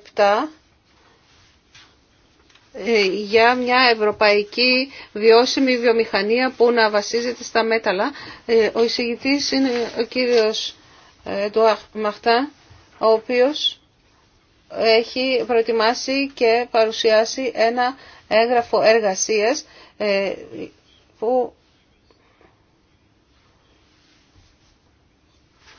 ε, για μια ευρωπαϊκή βιώσιμη βιομηχανία που να βασίζεται στα μέταλλα. Ε, ο εισηγητής είναι ο κύριος Ντουάχ Μαχτά, ο οποίος έχει προετοιμάσει και παρουσιάσει ένα έγγραφο εργασίας ε, που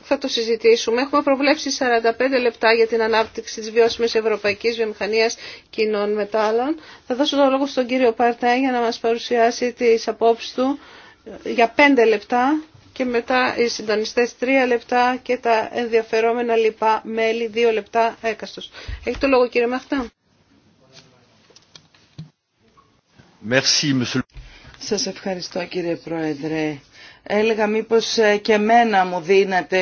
θα το συζητήσουμε. Έχουμε προβλέψει 45 λεπτά για την ανάπτυξη της βιώσιμης ευρωπαϊκής βιομηχανίας κοινών μετάλλων. Θα δώσω το λόγο στον κύριο Παρτέ για να μας παρουσιάσει τις απόψεις του για 5 λεπτά και μετά οι συντονιστές τρία λεπτά και τα ενδιαφερόμενα λοιπά μέλη δύο λεπτά έκαστος. Έχει το λόγο κύριε Μαχτά. Merci, Σας ευχαριστώ κύριε Πρόεδρε. Έλεγα μήπως ε, και μένα μου δίνατε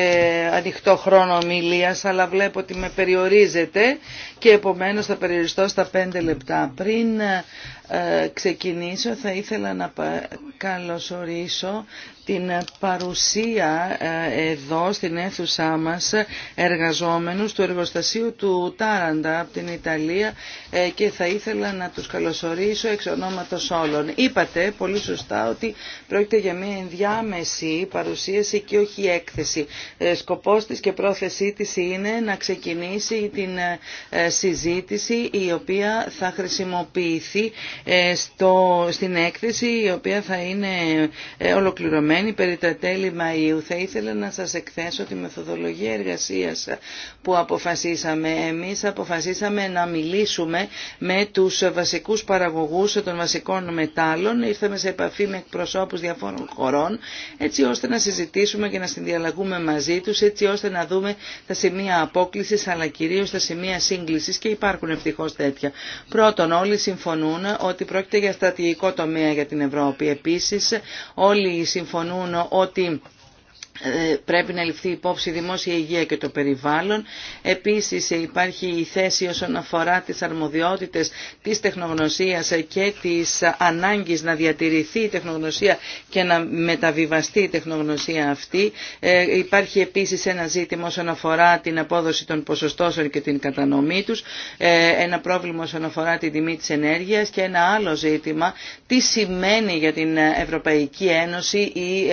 ανοιχτό χρόνο ομιλίας, αλλά βλέπω ότι με περιορίζετε και επομένως θα περιοριστώ στα πέντε λεπτά. Πριν ε, ε, ξεκινήσω θα ήθελα να καλωσορίσω την παρουσία εδώ στην αίθουσά μας εργαζόμενους του εργοστασίου του Τάραντα από την Ιταλία και θα ήθελα να τους καλωσορίσω εξ ονόματος όλων. Είπατε πολύ σωστά ότι πρόκειται για μια ενδιάμεση άμεση παρουσίαση και όχι έκθεση. Ε, σκοπός της και πρόθεσή της είναι να ξεκινήσει την ε, ε, συζήτηση η οποία θα χρησιμοποιηθεί στο, στην έκθεση η οποία θα είναι ολοκληρωμένη περί τα τέλη Μαΐου. Θα ήθελα να σας εκθέσω τη μεθοδολογία εργασίας που αποφασίσαμε. Εμείς αποφασίσαμε να μιλήσουμε με τους βασικούς παραγωγούς των βασικών μετάλλων. Ήρθαμε σε επαφή με εκπροσώπους διαφόρων χωρών έτσι ώστε να συζητήσουμε και να συνδιαλλαγούμε μαζί τους, έτσι ώστε να δούμε τα σημεία απόκλησης αλλά κυρίως τα σημεία σύγκλησης και υπάρχουν ευτυχώς τέτοια. Πρώτον, όλοι συμφωνούν ότι πρόκειται για στρατηγικό τομέα για την Ευρώπη. Επίσης, όλοι συμφωνούν ότι ε, πρέπει να ληφθεί υπόψη η δημόσια υγεία και το περιβάλλον. Επίσης υπάρχει η θέση όσον αφορά τις αρμοδιότητες της τεχνογνωσίας και της ανάγκης να διατηρηθεί η τεχνογνωσία και να μεταβιβαστεί η τεχνογνωσία αυτή. Ε, υπάρχει επίσης ένα ζήτημα όσον αφορά την απόδοση των ποσοστώσεων και την κατανομή τους, ε, ένα πρόβλημα όσον αφορά την τιμή της ενέργειας και ένα άλλο ζήτημα τι σημαίνει για την Ευρωπαϊκή Ένωση η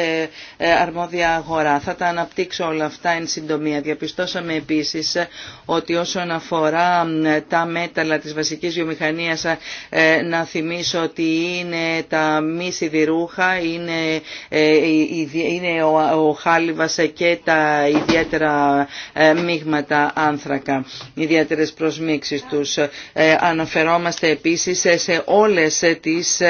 αρμόδια αγορά θα τα αναπτύξω όλα αυτά εν συντομία. Διαπιστώσαμε επίσης ε, ότι όσον αφορά ε, τα μέταλλα της βασικής βιομηχανίας ε, να θυμίσω ότι είναι τα μη σιδηρούχα, είναι, είναι ο, ο και τα ιδιαίτερα μείγματα άνθρακα, ιδιαίτερες προσμίξεις τους. Αναφερόμαστε επίσης σε όλες τις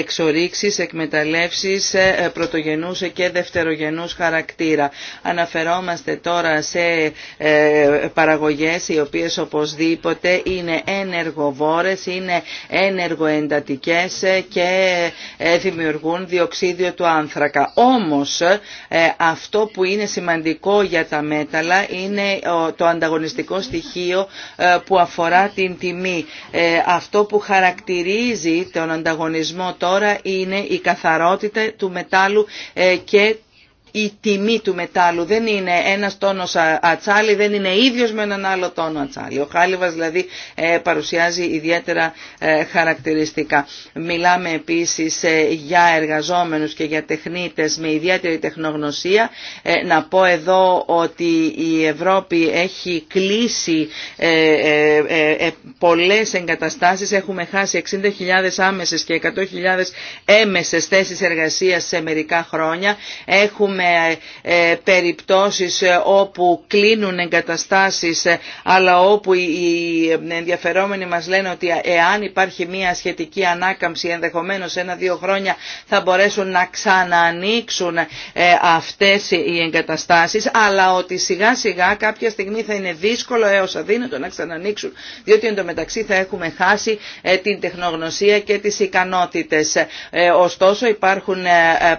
εξορίξεις, εκμεταλλεύσεις πρωτογενούς και δευτερογενούς χαρακτήρα. Αναφερόμαστε τώρα σε ε, παραγωγές οι οποίες οπωσδήποτε είναι ενεργοβόρες, είναι ενεργοεντατικές και ε, δημιουργούν διοξίδιο του άνθρακα. Όμως ε, αυτό που είναι σημαντικό για τα μέταλλα είναι το ανταγωνιστικό στοιχείο που αφορά την τιμή. Αυτό που χαρακτηρίζει τον ανταγωνισμό τώρα είναι η καθαρότητα του μετάλλου και η τιμή του μετάλλου. Δεν είναι ένας τόνος ατσάλι, δεν είναι ίδιος με έναν άλλο τόνο ατσάλι. Ο χάλιβας δηλαδή ε, παρουσιάζει ιδιαίτερα ε, χαρακτηριστικά. Μιλάμε επίσης ε, για εργαζόμενους και για τεχνίτες με ιδιαίτερη τεχνογνωσία. Να πω εδώ ότι η Ευρώπη έχει κλείσει πολλές εγκαταστάσεις. Έχουμε χάσει 60.000 άμεσες και 100.000 έμεσες θέσεις εργασίας σε μερικά χρόνια. Έχουμε με ε, περιπτώσεις ε, όπου κλείνουν εγκαταστάσεις ε, αλλά όπου οι ενδιαφερόμενοι μας λένε ότι εάν υπάρχει μια σχετική ανάκαμψη ενδεχομένως ένα-δύο χρόνια θα μπορέσουν να ξαναανοίξουν αυτές οι εγκαταστάσεις αλλά ότι σιγά σιγά κάποια στιγμή θα είναι δύσκολο έως αδύνατο να ξανανοίξουν διότι εντωμεταξύ θα έχουμε χάσει την τεχνογνωσία και τις ικανότητες. Ωστόσο υπάρχουν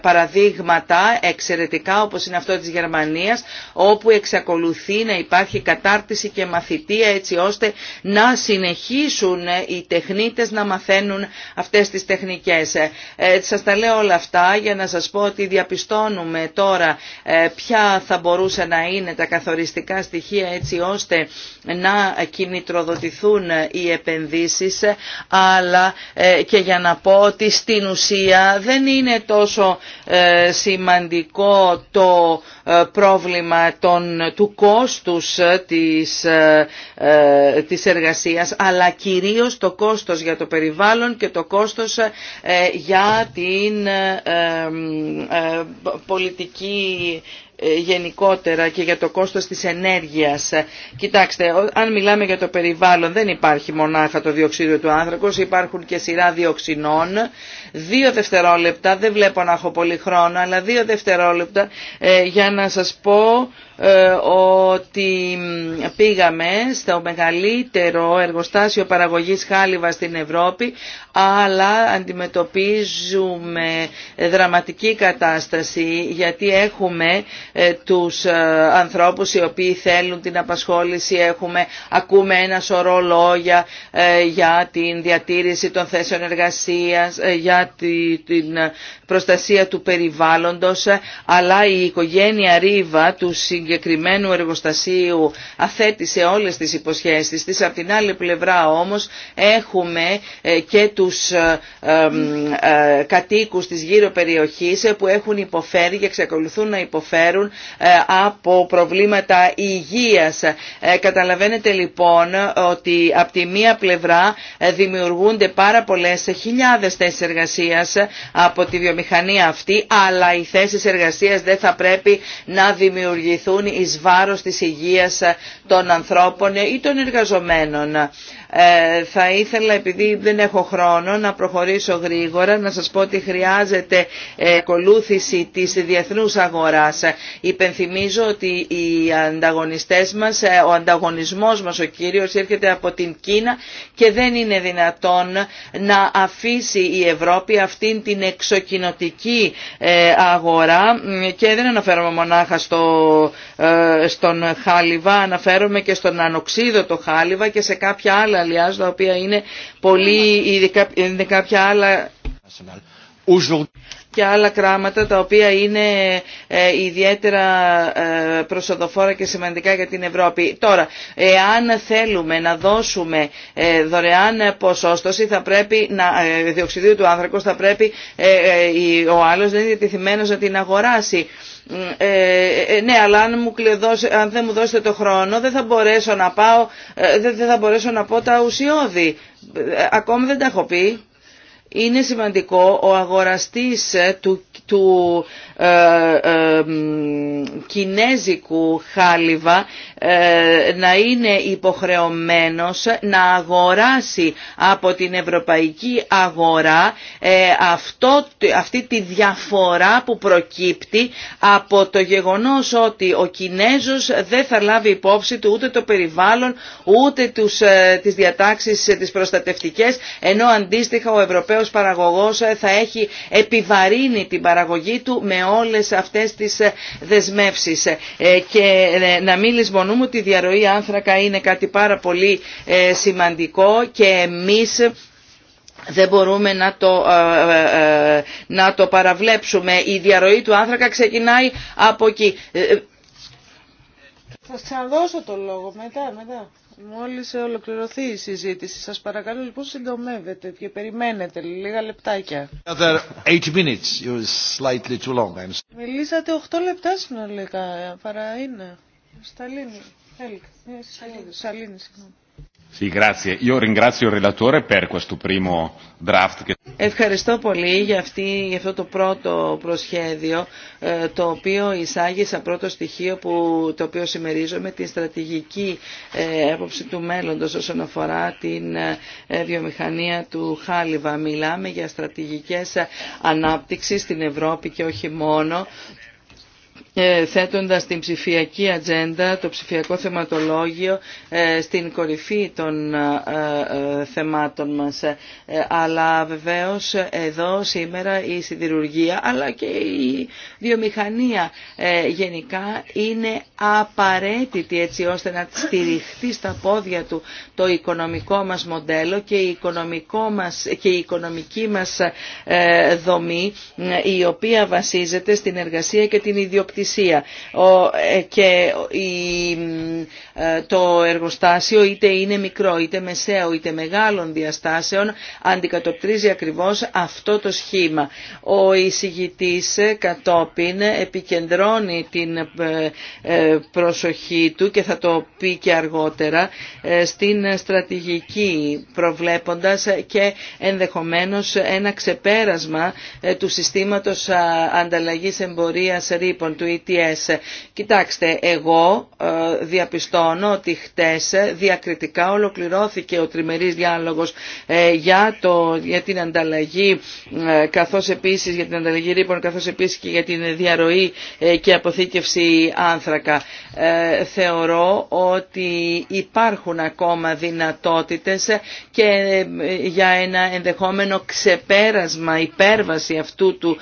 παραδείγματα εξαιρετικά Όπω όπως είναι αυτό της Γερμανίας όπου εξακολουθεί να υπάρχει κατάρτιση και μαθητεία έτσι ώστε να συνεχίσουν οι τεχνίτες να μαθαίνουν αυτές τις τεχνικές. Ε, σας τα λέω όλα αυτά για να σας πω ότι διαπιστώνουμε τώρα ε, ποια θα μπορούσε να είναι τα καθοριστικά στοιχεία έτσι ώστε να κινητροδοτηθούν οι επενδύσεις αλλά ε, και για να πω ότι στην ουσία δεν είναι τόσο ε, σημαντικό το ε, πρόβλημα των, του κόστους της, της εργασίας αλλά κυρίως το κόστος για το περιβάλλον και το κόστος για την πολιτική ε, γενικότερα και για το κόστος της ενέργειας. Ε, κοιτάξτε, αν μιλάμε για το περιβάλλον δεν υπάρχει μονάχα το διοξίδιο του άνθρακος, υπάρχουν και σειρά διοξινών. Δύο δευτερόλεπτα, δεν βλέπω να έχω πολύ χρόνο, αλλά δύο δευτερόλεπτα ε, για να σας πω ε, ότι πήγαμε στο μεγαλύτερο εργοστάσιο παραγωγής χάλιβα στην Ευρώπη αλλά αντιμετωπίζουμε δραματική κατάσταση γιατί έχουμε ε, τους ε, ανθρώπους οι οποίοι θέλουν την απασχόληση έχουμε, ακούμε ένα σωρό λόγια για την διατήρηση των θέσεων εργασίας για την προστασία του περιβάλλοντος αλλά η οικογένεια Ρίβα του συγκεκριμένου εργοστασίου αθέτησε όλες τις υποσχέσεις της. Από την άλλη πλευρά όμως έχουμε ε, και τους ε, ε, κατοίκους της γύρω περιοχής που έχουν υποφέρει και εξακολουθούν να υποφέρουν από προβλήματα υγείας. Καταλαβαίνετε λοιπόν ότι από τη μία πλευρά δημιουργούνται πάρα πολλές χιλιάδες θέσεις εργασίας από τη βιομηχανία αυτή, αλλά οι θέσεις εργασίας δεν θα πρέπει να δημιουργηθούν υλοποιηθούν εις βάρος της υγείας των ανθρώπων ή των εργαζομένων. Ε, θα ήθελα επειδή δεν έχω χρόνο να προχωρήσω γρήγορα να σας πω ότι χρειάζεται ε, ακολούθηση της διεθνούς αγοράς. Υπενθυμίζω ότι οι ανταγωνιστές μας, ε, ο ανταγωνισμός μας ο κύριος έρχεται από την Κίνα και δεν είναι δυνατόν να αφήσει η Ευρώπη αυτήν την εξοκοινοτική αγορά και δεν αναφέρομαι μονάχα στο, στον χάλιβα, αναφέρομαι και στον ανοξίδωτο χάλιβα και σε κάποια άλλα τα οποία είναι πολύ, κάποια άλλα και άλλα κράματα τα οποία είναι ε, ιδιαίτερα ε, προσοδοφόρα και σημαντικά για την Ευρώπη. Τώρα, εάν θέλουμε να δώσουμε ε, δωρεάν ποσόστοση θα πρέπει να, διοξιδίου του άνθρακος θα πρέπει ο άλλος να είναι διατηθειμένος να την αγοράσει. Ε, ε, ε, ναι αλλά αν, δεν μου δώσετε το χρόνο δεν θα μπορέσω να πάω, δεν θα μπορέσω να πω τα ουσιώδη. Ακόμη δεν τα έχω πει είναι σημαντικό ο αγοραστής ε, του, του ε, ε, κινέζικου χάλιβα να είναι υποχρεωμένος να αγοράσει από την ευρωπαϊκή αγορά αυτό, αυτή τη διαφορά που προκύπτει από το γεγονός ότι ο Κινέζος δεν θα λάβει υπόψη του ούτε το περιβάλλον ούτε τους, τις διατάξεις τις προστατευτικές ενώ αντίστοιχα ο Ευρωπαίος Ευρωπαίος παραγωγός ε, θα έχει επιβαρύνει την παραγωγή του με όλες αυτές τις ε, δεσμεύσεις. Ε, και να μην λησμονούμε ότι η διαρροή άνθρακα είναι κάτι πάρα πολύ σημαντικό και εμείς δεν μπορούμε να το, να το παραβλέψουμε. Η διαρροή του άνθρακα ξεκινάει από εκεί. Θα σας ξαναδώσω το λόγο μετά, μετά. Μόλις ολοκληρωθεί η συζήτηση. Σας παρακαλώ λοιπόν συντομεύετε και περιμένετε λίγα λεπτάκια. Μιλήσατε 8 λεπτά συνολικά, ε, παρά είναι. Σταλίνη. Ε, Σαλίνη, συγγνώμη. Ευχαριστώ πολύ για, αυτή, για αυτό το πρώτο προσχέδιο ε, το οποίο εισάγει σαν πρώτο στοιχείο που, το οποίο συμμερίζομαι την στρατηγική έποψη ε, του μέλλοντος όσον αφορά την ε, βιομηχανία του Χάλιβα. Μιλάμε για στρατηγικές ανάπτυξη στην Ευρώπη και όχι μόνο ε, θέτοντας την ψηφιακή ατζέντα, το ψηφιακό θεματολόγιο ε, στην κορυφή των ε, θεμάτων μας. Αλλά βεβαίως εδώ σήμερα η σιδηρουργία αλλά και η βιομηχανία γενικά είναι απαραίτητη έτσι ώστε να στηριχθεί στα πόδια του το οικονομικό μας μοντέλο και η, οικονομικό μας, και η οικονομική μας δομή η οποία βασίζεται στην εργασία και την ιδιοκτησία ιδιοκτησία ε, και ε, το εργοστάσιο είτε είναι μικρό είτε μεσαίο είτε μεγάλων διαστάσεων αντικατοπτρίζει ακριβώς αυτό το σχήμα. Ο εισηγητής ε, κατόπιν επικεντρώνει την προσοχή του και θα το πει και αργότερα στην στρατηγική προβλέποντας και ενδεχομένως ένα ξεπέρασμα του συστήματος ανταλλαγής εμπορίας ρήπων του ETS. Κοιτάξτε, εγώ ε, διαπιστώνω ότι χτες διακριτικά ολοκληρώθηκε ο τριμερής διάλογος ε, για, το, για την ανταλλαγή ε, καθώς επίσης για την ανταλλαγή ρήπων καθώς επίσης και για την διαρροή και αποθήκευση άνθρακα. Θεωρώ ότι υπάρχουν ακόμα δυνατότητες και για ένα ενδεχόμενο ξεπέρασμα, υπέρβαση αυτού του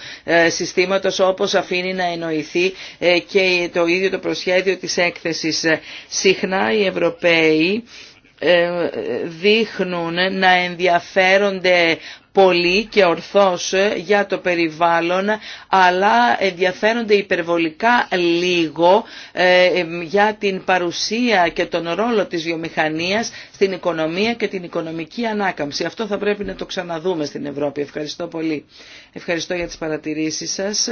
συστήματος όπως αφήνει να εννοηθεί ε, και το ίδιο το προσχέδιο της έκθεσης. Συχνά οι Ευρωπαίοι ε, δείχνουν να ενδιαφέρονται πολύ και ορθώς για το περιβάλλον, αλλά ενδιαφέρονται υπερβολικά λίγο ε, για την παρουσία και τον ρόλο της βιομηχανίας στην οικονομία και την οικονομική ανάκαμψη. Αυτό θα πρέπει να το ξαναδούμε στην Ευρώπη. Ευχαριστώ πολύ. Ευχαριστώ για τις παρατηρήσεις σας.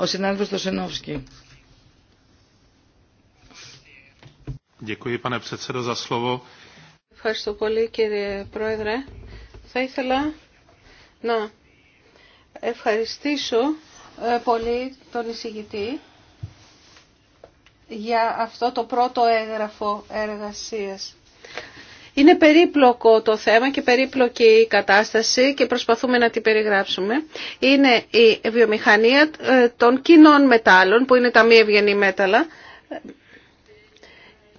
Ο συνάδελφος Τοσενόφσκι. Ευχαριστώ πολύ κύριε Πρόεδρε. Θα ήθελα να ευχαριστήσω ε, πολύ τον εισηγητή για αυτό το πρώτο έγγραφο εργασίας. Είναι περίπλοκο το θέμα και περίπλοκη η κατάσταση και προσπαθούμε να την περιγράψουμε. Είναι η βιομηχανία ε, των κοινών μετάλλων που είναι τα μη ευγενή μέταλλα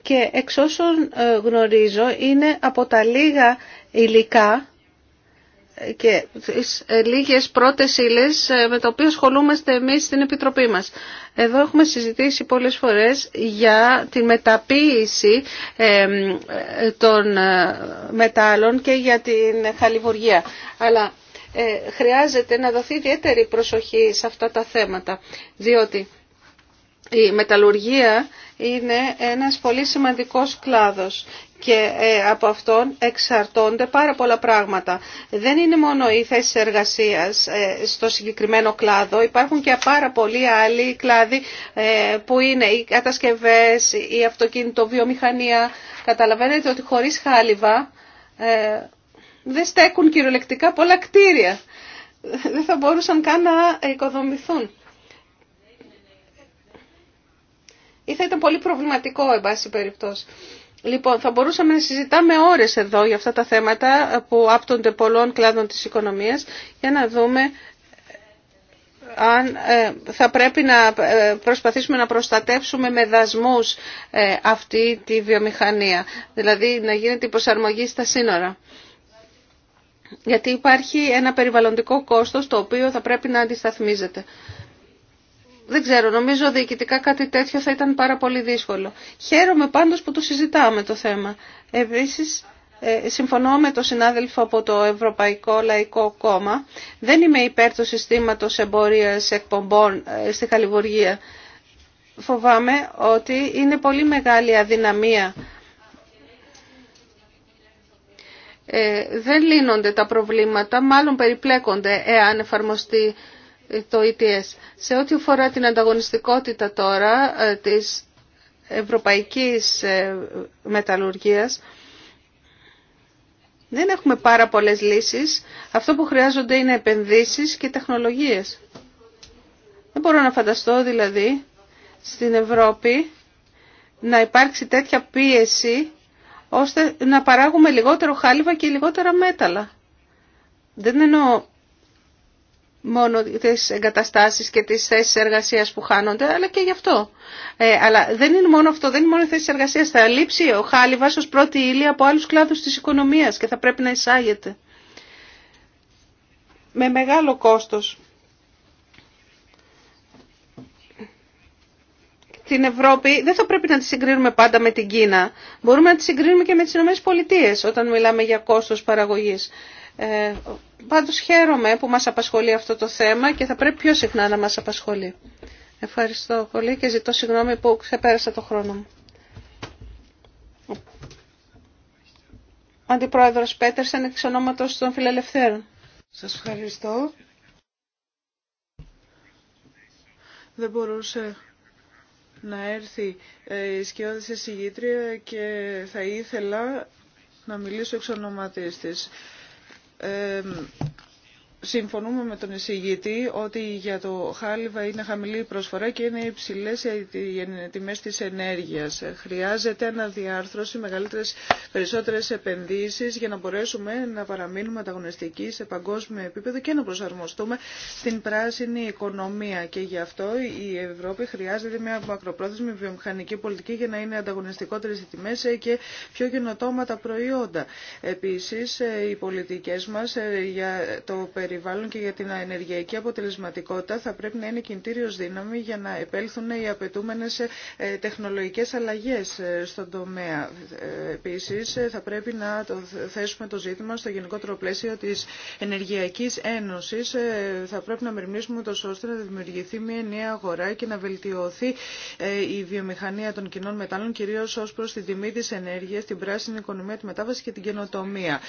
και εξ όσων ε, γνωρίζω είναι από τα λίγα υλικά και τις ε, λίγες πρώτες ύλε ε, με τα οποία ασχολούμαστε εμείς στην Επιτροπή μας. Εδώ έχουμε συζητήσει πολλές φορές για τη μεταποίηση ε, των μετάλλων και για την χαλιβουργία. Αλλά χρειάζεται να δοθεί ιδιαίτερη προσοχή σε αυτά τα θέματα, διότι η μεταλλουργία είναι ένας πολύ σημαντικός κλάδος και ε, από αυτόν εξαρτώνται πάρα πολλά πράγματα. Δεν είναι μόνο οι θέσει εργασίας ε, στο συγκεκριμένο κλάδο, υπάρχουν και πάρα πολλοί άλλοι κλάδοι ε, που είναι οι κατασκευές, η αυτοκίνητο-βιομηχανία. Καταλαβαίνετε ότι χωρίς χάλιβα δεν στέκουν κυριολεκτικά πολλά κτίρια. Δεν θα μπορούσαν καν να οικοδομηθούν. ή θα ήταν πολύ προβληματικό, εν πάση περιπτώσει. Λοιπόν, θα μπορούσαμε να συζητάμε ώρες εδώ για αυτά τα θέματα που άπτονται πολλών κλάδων της οικονομίας για να δούμε αν ε, θα πρέπει να ε, προσπαθήσουμε να προστατεύσουμε με δασμούς ε, αυτή τη βιομηχανία. Δηλαδή να γίνεται η προσαρμογή στα σύνορα. Γιατί υπάρχει ένα περιβαλλοντικό κόστος το οποίο θα πρέπει να αντισταθμίζεται. Δεν ξέρω, νομίζω διοικητικά κάτι τέτοιο θα ήταν πάρα πολύ δύσκολο. Χαίρομαι πάντως που το συζητάμε το θέμα. Επίσης, ε, συμφωνώ με τον συνάδελφο από το Ευρωπαϊκό Λαϊκό Κόμμα. Δεν είμαι υπέρ του συστήματος εμπορίας εκπομπών ε, στη Χαλιβουργία. Φοβάμαι ότι είναι πολύ μεγάλη αδυναμία. Ε, δεν λύνονται τα προβλήματα, μάλλον περιπλέκονται εάν εφαρμοστεί το e Σε ό,τι αφορά την ανταγωνιστικότητα τώρα ε, της ευρωπαϊκής ε, μεταλλουργίας, δεν έχουμε πάρα πολλές λύσεις. Αυτό που χρειάζονται είναι επενδύσεις και τεχνολογίες. Δεν μπορώ να φανταστώ δηλαδή στην Ευρώπη να υπάρξει τέτοια πίεση ώστε να παράγουμε λιγότερο χάλιβα και λιγότερα μέταλλα. Δεν εννοώ μόνο τις εγκαταστάσεις και τις θέσεις εργασίας που χάνονται, αλλά και γι' αυτό. Ε, αλλά δεν είναι μόνο αυτό, δεν είναι μόνο οι θέσεις εργασίας. Θα λείψει ο χάλιβας ως πρώτη ύλη από άλλους κλάδους της οικονομίας και θα πρέπει να εισάγεται. Με μεγάλο κόστος. Την Ευρώπη δεν θα πρέπει να τη συγκρίνουμε πάντα με την Κίνα. Μπορούμε να τη συγκρίνουμε και με τις ΗΠΑ Πολιτείες όταν μιλάμε για κόστος παραγωγής. Ε, πάντως χαίρομαι που μας απασχολεί αυτό το θέμα και θα πρέπει πιο συχνά να μας απασχολεί. Ευχαριστώ πολύ και ζητώ συγγνώμη που ξεπέρασα το χρόνο μου. Αντιπρόεδρος Πέτερσεν εξ ονόματος των Φιλελευθέρων. Σας ευχαριστώ. Δεν μπορούσε να έρθει ε, η σκιώδηση συγγήτρια και θα ήθελα να μιλήσω εξ ονοματής της εμ Συμφωνούμε με τον εισηγητή ότι για το χάλιβα είναι χαμηλή η προσφορά και είναι υψηλέ οι τιμέ τη ενέργεια. Χρειάζεται αναδιάρθρωση, μεγαλύτερε, περισσότερε επενδύσει για να μπορέσουμε να παραμείνουμε ανταγωνιστικοί σε παγκόσμιο επίπεδο και να προσαρμοστούμε στην πράσινη οικονομία. Και γι' αυτό η Ευρώπη χρειάζεται μια μακροπρόθεσμη βιομηχανική πολιτική για να είναι ανταγωνιστικότερε οι τιμέ και πιο γενοτόματα προϊόντα. Επίση, οι πολιτικέ μα ε, για το περιβάλλον και για την ενεργειακή αποτελεσματικότητα θα πρέπει να είναι κινητήριος δύναμη για να επέλθουν οι απαιτούμενε ε, τεχνολογικές αλλαγές ε, στον τομέα. Ε, επίσης θα πρέπει να το θέσουμε το ζήτημα στο γενικότερο πλαίσιο της Ενεργειακής Ένωσης. Θα πρέπει να μερμνήσουμε το ώστε να δημιουργηθεί μια νέα αγορά και να βελτιωθεί η βιομηχανία των κοινών μετάλλων, κυρίως ω προς την τιμή της ενέργειας, την πράσινη οικονομία, τη μετάβαση και την καινοτομία.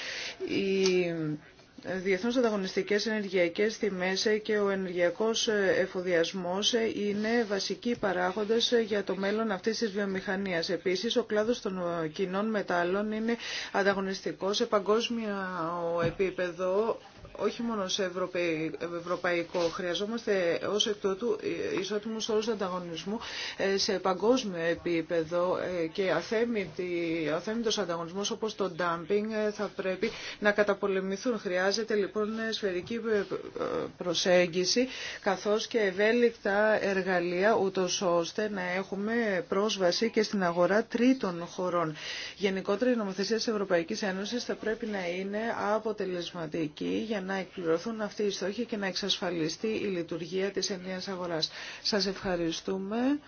Η διεθνώς ανταγωνιστικές ενεργειακές τιμές και ο ενεργειακός εφοδιασμός είναι βασικοί παράγοντες για το μέλλον αυτής της βιομηχανίας. Επίσης, ο κλάδος των κοινών μετάλλων είναι ανταγωνιστικός σε παγκόσμιο επίπεδο όχι μόνο σε ευρωπαϊκό. Χρειαζόμαστε ω εκ τούτου ισότιμου όρου ανταγωνισμού ε, σε παγκόσμιο επίπεδο ε, και αθέμητη, αθέμητος ανταγωνισμό όπως το dumping ε, θα πρέπει να καταπολεμηθούν. Χρειάζεται λοιπόν σφαιρική προσέγγιση καθώ και ευέλικτα εργαλεία ούτω ώστε να έχουμε πρόσβαση και στην αγορά τρίτων χωρών. Γενικότερα η νομοθεσία τη Ευρωπαϊκή Ένωση θα πρέπει να είναι αποτελεσματική για να εκπληρωθούν αυτοί οι στόχοι και να εξασφαλιστεί η λειτουργία της ενιαίας αγοράς. Σας ευχαριστούμε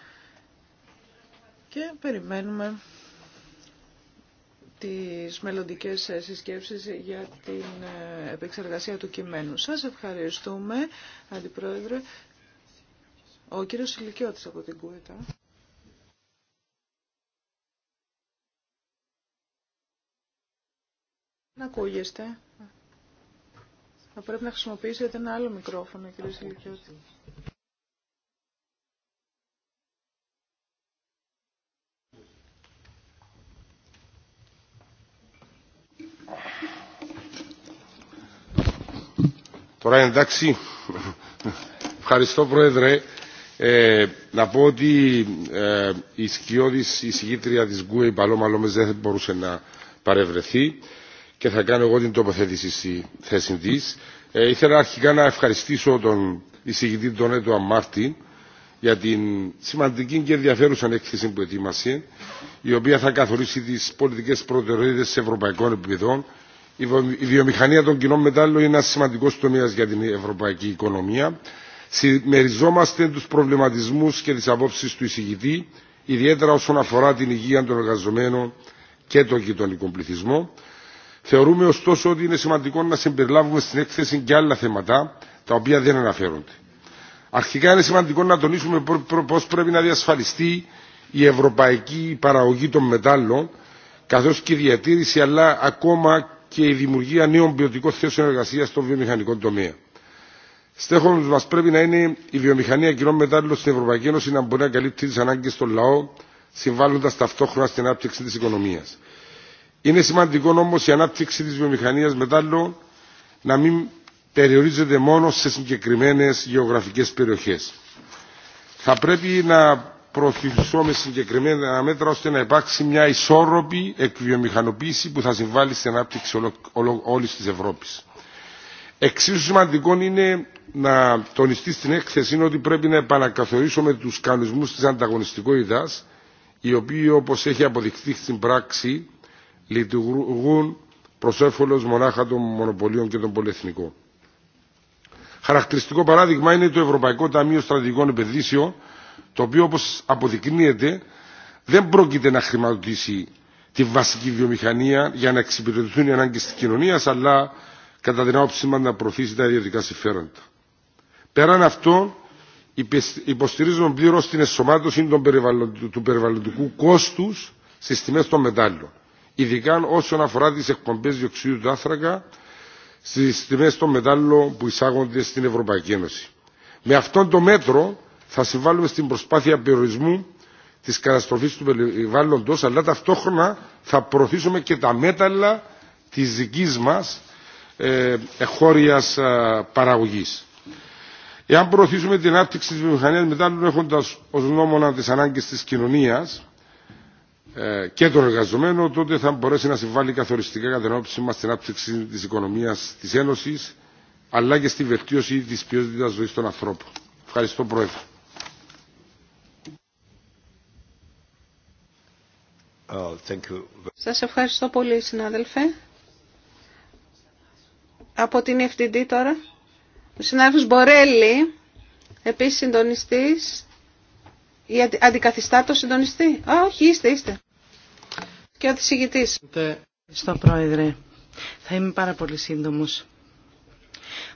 και περιμένουμε τις μελλοντικές συσκέψεις για την επεξεργασία του κειμένου. Σας ευχαριστούμε, Αντιπρόεδρε. Ο κύριος Σιλικιώτης από την ΚΟΕΤΑ. Να ακούγεστε. Θα πρέπει να χρησιμοποιήσετε ένα άλλο μικρόφωνο, κύριε Σιλικιώτη. Τώρα εντάξει, ευχαριστώ Πρόεδρε. Ε, να πω ότι ε, η σκιώδης εισηγήτρια της ΓΚΟΕ, η Παλώμα δεν μπορούσε να παρευρεθεί και θα κάνω εγώ την τοποθέτηση στη θέση τη. Ε, ήθελα αρχικά να ευχαριστήσω τον εισηγητή τον Έντουα Μάρτιν για την σημαντική και ενδιαφέρουσα έκθεση που ετοίμασε, η οποία θα καθορίσει τι πολιτικέ προτεραιότητε σε ευρωπαϊκό επίπεδο. Η βιομηχανία των κοινών μετάλλων είναι ένα σημαντικό τομέα για την ευρωπαϊκή οικονομία. Συμμεριζόμαστε του προβληματισμού και τι απόψει του εισηγητή, ιδιαίτερα όσον αφορά την υγεία των εργαζομένων και τον γειτονικό πληθυσμό. Θεωρούμε ωστόσο ότι είναι σημαντικό να συμπεριλάβουμε στην έκθεση και άλλα θέματα τα οποία δεν αναφέρονται. Αρχικά είναι σημαντικό να τονίσουμε πώ πρέπει να διασφαλιστεί η ευρωπαϊκή παραγωγή των μετάλλων καθώ και η διατήρηση αλλά ακόμα και η δημιουργία νέων ποιοτικών θέσεων εργασία στον βιομηχανικό τομέα. Στέχον μα πρέπει να είναι η βιομηχανία κοινών μετάλλων στην Ευρωπαϊκή Ένωση να μπορεί να καλύπτει τι ανάγκε των λαών, συμβάλλοντα ταυτόχρονα στην ανάπτυξη τη οικονομία. Είναι σημαντικό όμω η ανάπτυξη τη βιομηχανία μετάλλων να μην περιορίζεται μόνο σε συγκεκριμένε γεωγραφικέ περιοχέ. Θα πρέπει να προωθηθούμε συγκεκριμένα μέτρα ώστε να υπάρξει μια ισόρροπη εκβιομηχανοποίηση που θα συμβάλλει στην ανάπτυξη όλη τη Ευρώπη. Εξίσου σημαντικό είναι να τονιστεί στην έκθεση ότι πρέπει να επανακαθορίσουμε του κανονισμού τη ανταγωνιστικότητα, οι οποίοι όπω έχει αποδειχθεί στην πράξη λειτουργούν προ όφελο μονάχα των μονοπωλίων και των πολυεθνικών. Χαρακτηριστικό παράδειγμα είναι το Ευρωπαϊκό Ταμείο Στρατηγικών Επενδύσεων, το οποίο όπω αποδεικνύεται δεν πρόκειται να χρηματοδοτήσει τη βασική βιομηχανία για να εξυπηρετηθούν οι ανάγκε τη κοινωνία, αλλά κατά την άποψή μα να προωθήσει τα ιδιωτικά συμφέροντα. Πέραν αυτό, υποστηρίζουμε πλήρω την εσωμάτωση του περιβαλλοντικού κόστου στι τιμέ των μετάλλων ειδικά όσον αφορά τι εκπομπέ διοξιδίου του άνθρακα στι τιμέ των μετάλλων που εισάγονται στην Ευρωπαϊκή Ένωση. Με αυτόν το μέτρο θα συμβάλλουμε στην προσπάθεια περιορισμού τη καταστροφή του περιβάλλοντο, αλλά ταυτόχρονα θα προωθήσουμε και τα μέταλλα τη δική μα ε, εχώρια ε, παραγωγή. Εάν προωθήσουμε την άπτυξη τη βιομηχανία μετάλλων έχοντα ω νόμονα τι ανάγκε τη κοινωνία, ε, και τον εργαζομένο, τότε θα μπορέσει να συμβάλλει καθοριστικά κατά την μα στην άπτυξη τη οικονομία τη Ένωση, αλλά και στη βελτίωση τη ποιότητα ζωή των ανθρώπων. Ευχαριστώ, Πρόεδρε. Oh, ευχαριστώ πολύ, συνάδελφε. Από την FTD τώρα, ο συνάδελφος Μπορέλη, επίση συντονιστής, ή αντικαθιστά το συντονιστή. Α, όχι, είστε, είστε και ο Ευχαριστώ, Πρόεδρε. Θα είμαι πάρα πολύ σύντομος.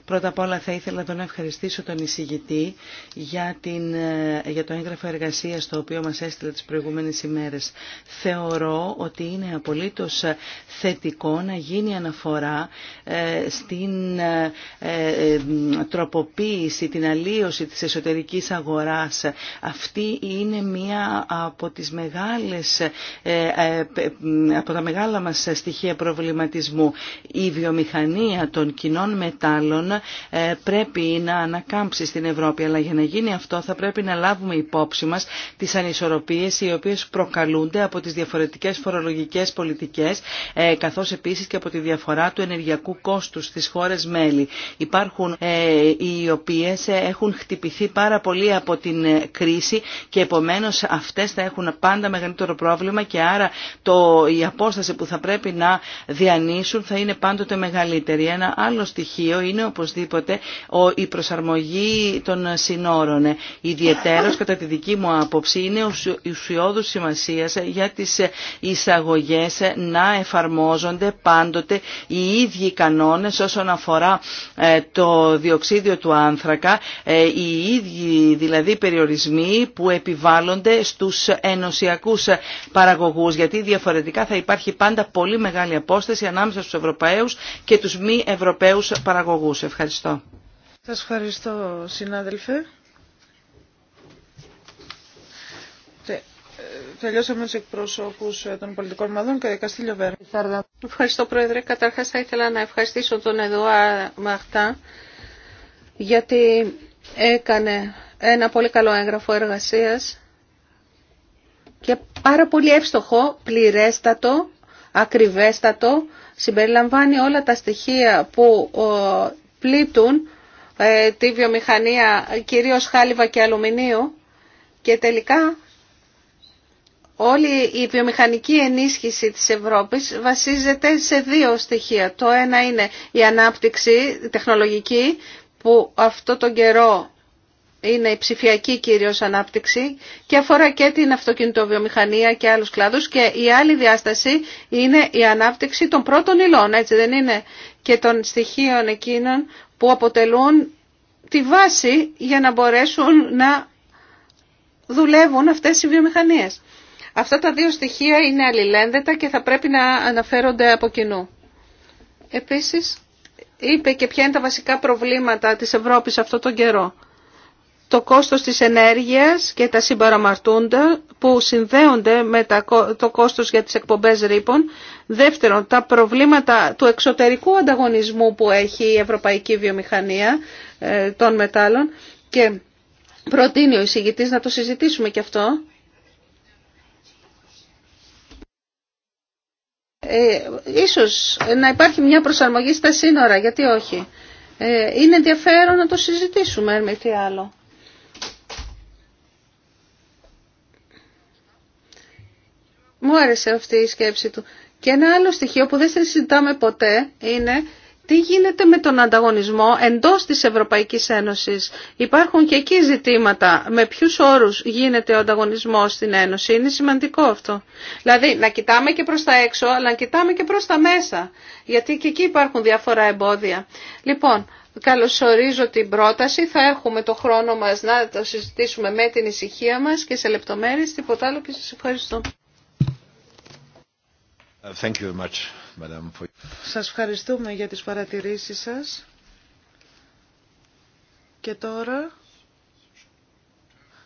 Πρώτα απ' όλα θα ήθελα τον ευχαριστήσω τον εισηγητή ε, για, το έγγραφο εργασίας το οποίο μας έστειλε τις προηγούμενες ημέρες. Θεωρώ ότι είναι απολύτως ε, θετικό να γίνει αναφορά ε, στην τροποποίηση, την αλλίωση της εσωτερικής αγοράς. Αυτή είναι μία από τις μεγάλες, από τα μεγάλα μας στοιχεία προβληματισμού. Η βιομηχανία των κοινών μετάλλων ε, πρέπει να ανακάμψει στην Ευρώπη. Αλλά για να γίνει αυτό θα πρέπει να λάβουμε υπόψη μας τις ανισορροπίες οι οποίες προκαλούνται από τις διαφορετικές φορολογικές πολιτικές ε, καθώς επίσης και από τη διαφορά του ενεργειακού κόστου στις χώρες μέλη. Υπάρχουν ε, οι οποίες έχουν χτυπηθεί πάρα πολύ από την κρίση και επομένως αυτές θα έχουν πάντα μεγαλύτερο πρόβλημα και άρα το, η απόσταση που θα πρέπει να διανύσουν θα είναι πάντοτε μεγαλύτερη. Ένα άλλο στοιχείο είναι οπωσδήποτε η προσαρμογή των συνόρων. Ιδιαιτέρως κατά τη δική μου άποψη είναι ουσιώδους σημασία για τις εισαγωγές να εφαρμόζονται πάντοτε οι ίδιοι κανόνες όσον αφορά ε, το διοξίδιο του άνθρακα, ε, οι ίδιοι δηλαδή περιορισμοί που επιβάλλονται στους ενωσιακούς παραγωγούς, γιατί διαφορετικά θα υπάρχει πάντα πολύ μεγάλη απόσταση ανάμεσα στους Ευρωπαίους και τους μη Ευρωπαίους παραγωγούς. Ευχαριστώ. Σας ευχαριστώ συνάδελφε. Ε, τελειώσαμε του εκπροσώπου ε, των πολιτικών ομάδων και Καστήλιο Βέρα. Ευχαριστώ, Πρόεδρε. Καταρχά, θα ήθελα να ευχαριστήσω τον Εδωά Μαχτά, γιατί έκανε ένα πολύ καλό έγγραφο εργασία και πάρα πολύ εύστοχο, πληρέστατο, ακριβέστατο, συμπεριλαμβάνει όλα τα στοιχεία που πλήττουν ε, τη βιομηχανία κυρίως χάλιβα και αλουμινίου και τελικά όλη η βιομηχανική ενίσχυση της Ευρώπης βασίζεται σε δύο στοιχεία. Το ένα είναι η ανάπτυξη τεχνολογική που αυτό τον καιρό είναι η ψηφιακή κυρίως ανάπτυξη και αφορά και την αυτοκινητοβιομηχανία και άλλους κλάδους και η άλλη διάσταση είναι η ανάπτυξη των πρώτων υλών, έτσι δεν είναι, και των στοιχείων εκείνων που αποτελούν τη βάση για να μπορέσουν να δουλεύουν αυτές οι βιομηχανίες. Αυτά τα δύο στοιχεία είναι αλληλένδετα και θα πρέπει να αναφέρονται από κοινού. Επίσης, είπε και ποια είναι τα βασικά προβλήματα της Ευρώπης αυτό τον καιρό το κόστος της ενέργειας και τα συμπαραμαρτούντα που συνδέονται με το κόστος για τις εκπομπές ρήπων. Δεύτερον, τα προβλήματα του εξωτερικού ανταγωνισμού που έχει η ευρωπαϊκή βιομηχανία ε, των μετάλλων και προτείνει ο εισηγητής να το συζητήσουμε και αυτό. Ε, ίσως να υπάρχει μια προσαρμογή στα σύνορα, γιατί όχι. Ε, είναι ενδιαφέρον να το συζητήσουμε, με τι άλλο. Μου άρεσε αυτή η σκέψη του. Και ένα άλλο στοιχείο που δεν συζητάμε ποτέ είναι τι γίνεται με τον ανταγωνισμό εντός της Ευρωπαϊκής Ένωσης. Υπάρχουν και εκεί ζητήματα με ποιους όρους γίνεται ο ανταγωνισμός στην Ένωση. Είναι σημαντικό αυτό. Δηλαδή να κοιτάμε και προς τα έξω, αλλά να κοιτάμε και προς τα μέσα. Γιατί και εκεί υπάρχουν διάφορα εμπόδια. Λοιπόν, καλωσορίζω την πρόταση. Θα έχουμε το χρόνο μας να το συζητήσουμε με την ησυχία μας και σε λεπτομέρειες. Τίποτα άλλο και σας ευχαριστώ. Σας ευχαριστούμε για τις παρατηρήσεις σας. Και τώρα,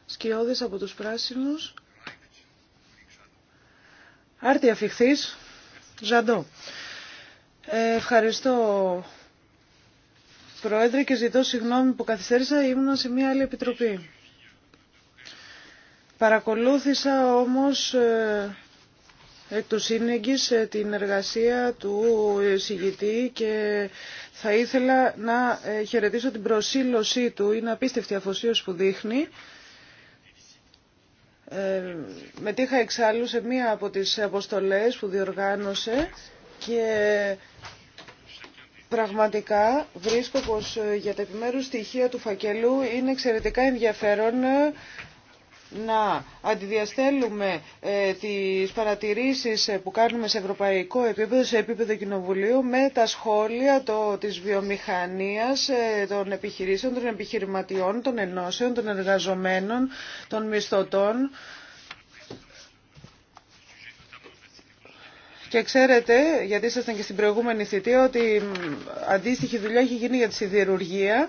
σκιώδης από τους πράσινους. Άρτια φιχθής, Ζαντό. Ε, ευχαριστώ, Πρόεδρε, και ζητώ συγγνώμη που καθυστέρησα, ήμουν σε μια άλλη επιτροπή. Παρακολούθησα όμως... Ε, εκ του σύνεγγυς ε, την εργασία του συγητή και θα ήθελα να ε, χαιρετήσω την προσήλωσή του. Είναι απίστευτη αφοσίωση που δείχνει. Ε, μετήχα εξάλλου σε μία από τις αποστολές που διοργάνωσε και πραγματικά βρίσκω πως ε, για τα επιμέρους στοιχεία του φακελού είναι εξαιρετικά ενδιαφέρον να αντιδιαστέλουμε ε, τις παρατηρήσεις ε, που κάνουμε σε ευρωπαϊκό επίπεδο, σε επίπεδο κοινοβουλίου, με τα σχόλια το, της βιομηχανίας, ε, των επιχειρήσεων, των επιχειρηματιών, των ενώσεων, των εργαζομένων, των μισθωτών. Και ξέρετε, γιατί ήσασταν και στην προηγούμενη θητεία, ότι αντίστοιχη δουλειά έχει γίνει για τη σιδηρουργία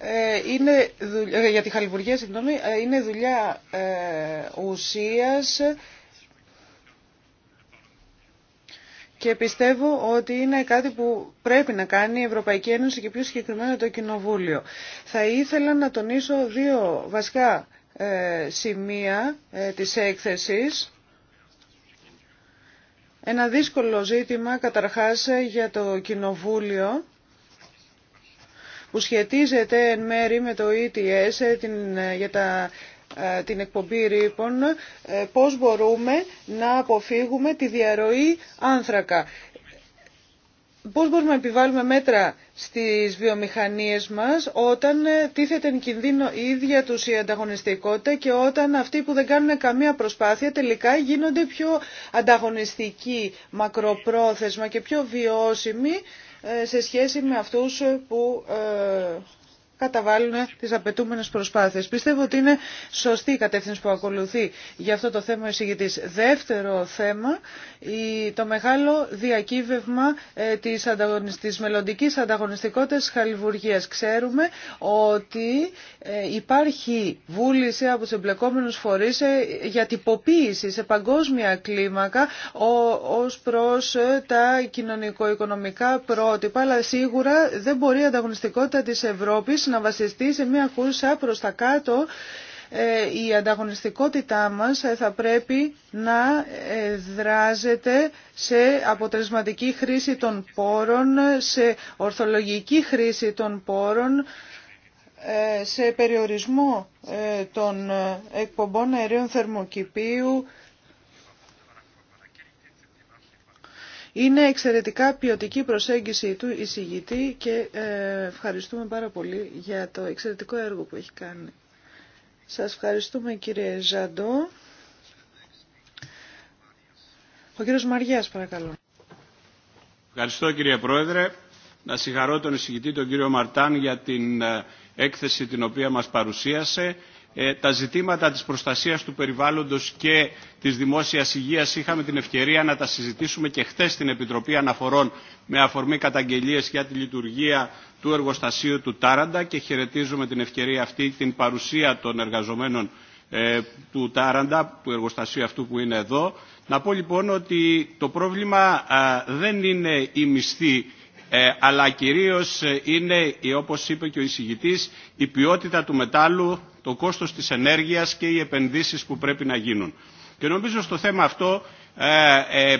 ε, είναι δουλειά, για τη χαλιβουργία, συγγνώμη, ε, είναι δουλειά ε, ουσίας και πιστεύω ότι είναι κάτι που πρέπει να κάνει η Ευρωπαϊκή Ένωση και πιο συγκεκριμένα το Κοινοβούλιο. Θα ήθελα να τονίσω δύο βασικά ε, σημεία ε, της έκθεσης. Ένα δύσκολο ζήτημα καταρχάς για το Κοινοβούλιο που σχετίζεται εν μέρη με το ETS ε, την, ε, για τα ε, την εκπομπή ρήπων, πώς μπορούμε να αποφύγουμε τη διαρροή άνθρακα. Πώς μπορούμε να επιβάλλουμε μέτρα στις βιομηχανίες μας όταν τίθεται εν κινδύνο η ίδια τους η ανταγωνιστικότητα και όταν αυτοί που δεν κάνουν καμία προσπάθεια τελικά γίνονται πιο ανταγωνιστικοί, μακροπρόθεσμα και πιο βιώσιμοι ε, σε σχέση με αυτούς που ε, καταβάλουν τις απαιτούμενε προσπάθειες. Πιστεύω ότι είναι σωστή η κατεύθυνση που ακολουθεί για αυτό το θέμα ο εισηγητή. Δεύτερο θέμα, το μεγάλο διακύβευμα ε, της, μελλοντική ανταγωνιστικότητα μελλοντικής ανταγωνιστικότητας Ξέρουμε ότι ε, υπάρχει βούληση από του εμπλεκόμενου φορείς ε, για τυποποίηση σε παγκόσμια κλίμακα ως προς τα κοινωνικο-οικονομικά πρότυπα, αλλά σίγουρα δεν μπορεί η ανταγωνιστικότητα τη Ευρώπη να βασιστεί σε μια κούρσα προς τα κάτω ε, η ανταγωνιστικότητά μας ε, θα πρέπει να ε, δράζεται σε αποτελεσματική χρήση των πόρων, σε ορθολογική χρήση των πόρων, σε περιορισμό των εκπομπών αερίων θερμοκηπίου, Είναι εξαιρετικά ποιοτική προσέγγιση του εισηγητή και ε, ευχαριστούμε πάρα πολύ για το εξαιρετικό έργο που έχει κάνει. Σας ευχαριστούμε κύριε Ζαντό. Ο κύριος Μαριάς παρακαλώ. Ευχαριστώ κύριε Πρόεδρε. Να συγχαρώ τον εισηγητή τον κύριο Μαρτάν για την ε, έκθεση την οποία μας παρουσίασε. Ε, τα ζητήματα της προστασίας του περιβάλλοντος και της δημόσιας υγείας είχαμε την ευκαιρία να τα συζητήσουμε και χθες στην Επιτροπή Αναφορών με αφορμή καταγγελίες για τη λειτουργία του εργοστασίου του Τάραντα και χαιρετίζουμε την ευκαιρία αυτή την παρουσία των εργαζομένων ε, του Τάραντα, του εργοστασίου αυτού που είναι εδώ. Να πω λοιπόν ότι το πρόβλημα δεν είναι η μισθή ε, αλλά κυρίως ε, είναι, ε, όπως είπε και ο εισηγητής, η ποιότητα του μετάλλου, το κόστος της ενέργειας και οι επενδύσεις που πρέπει να γίνουν. Και νομίζω στο θέμα αυτό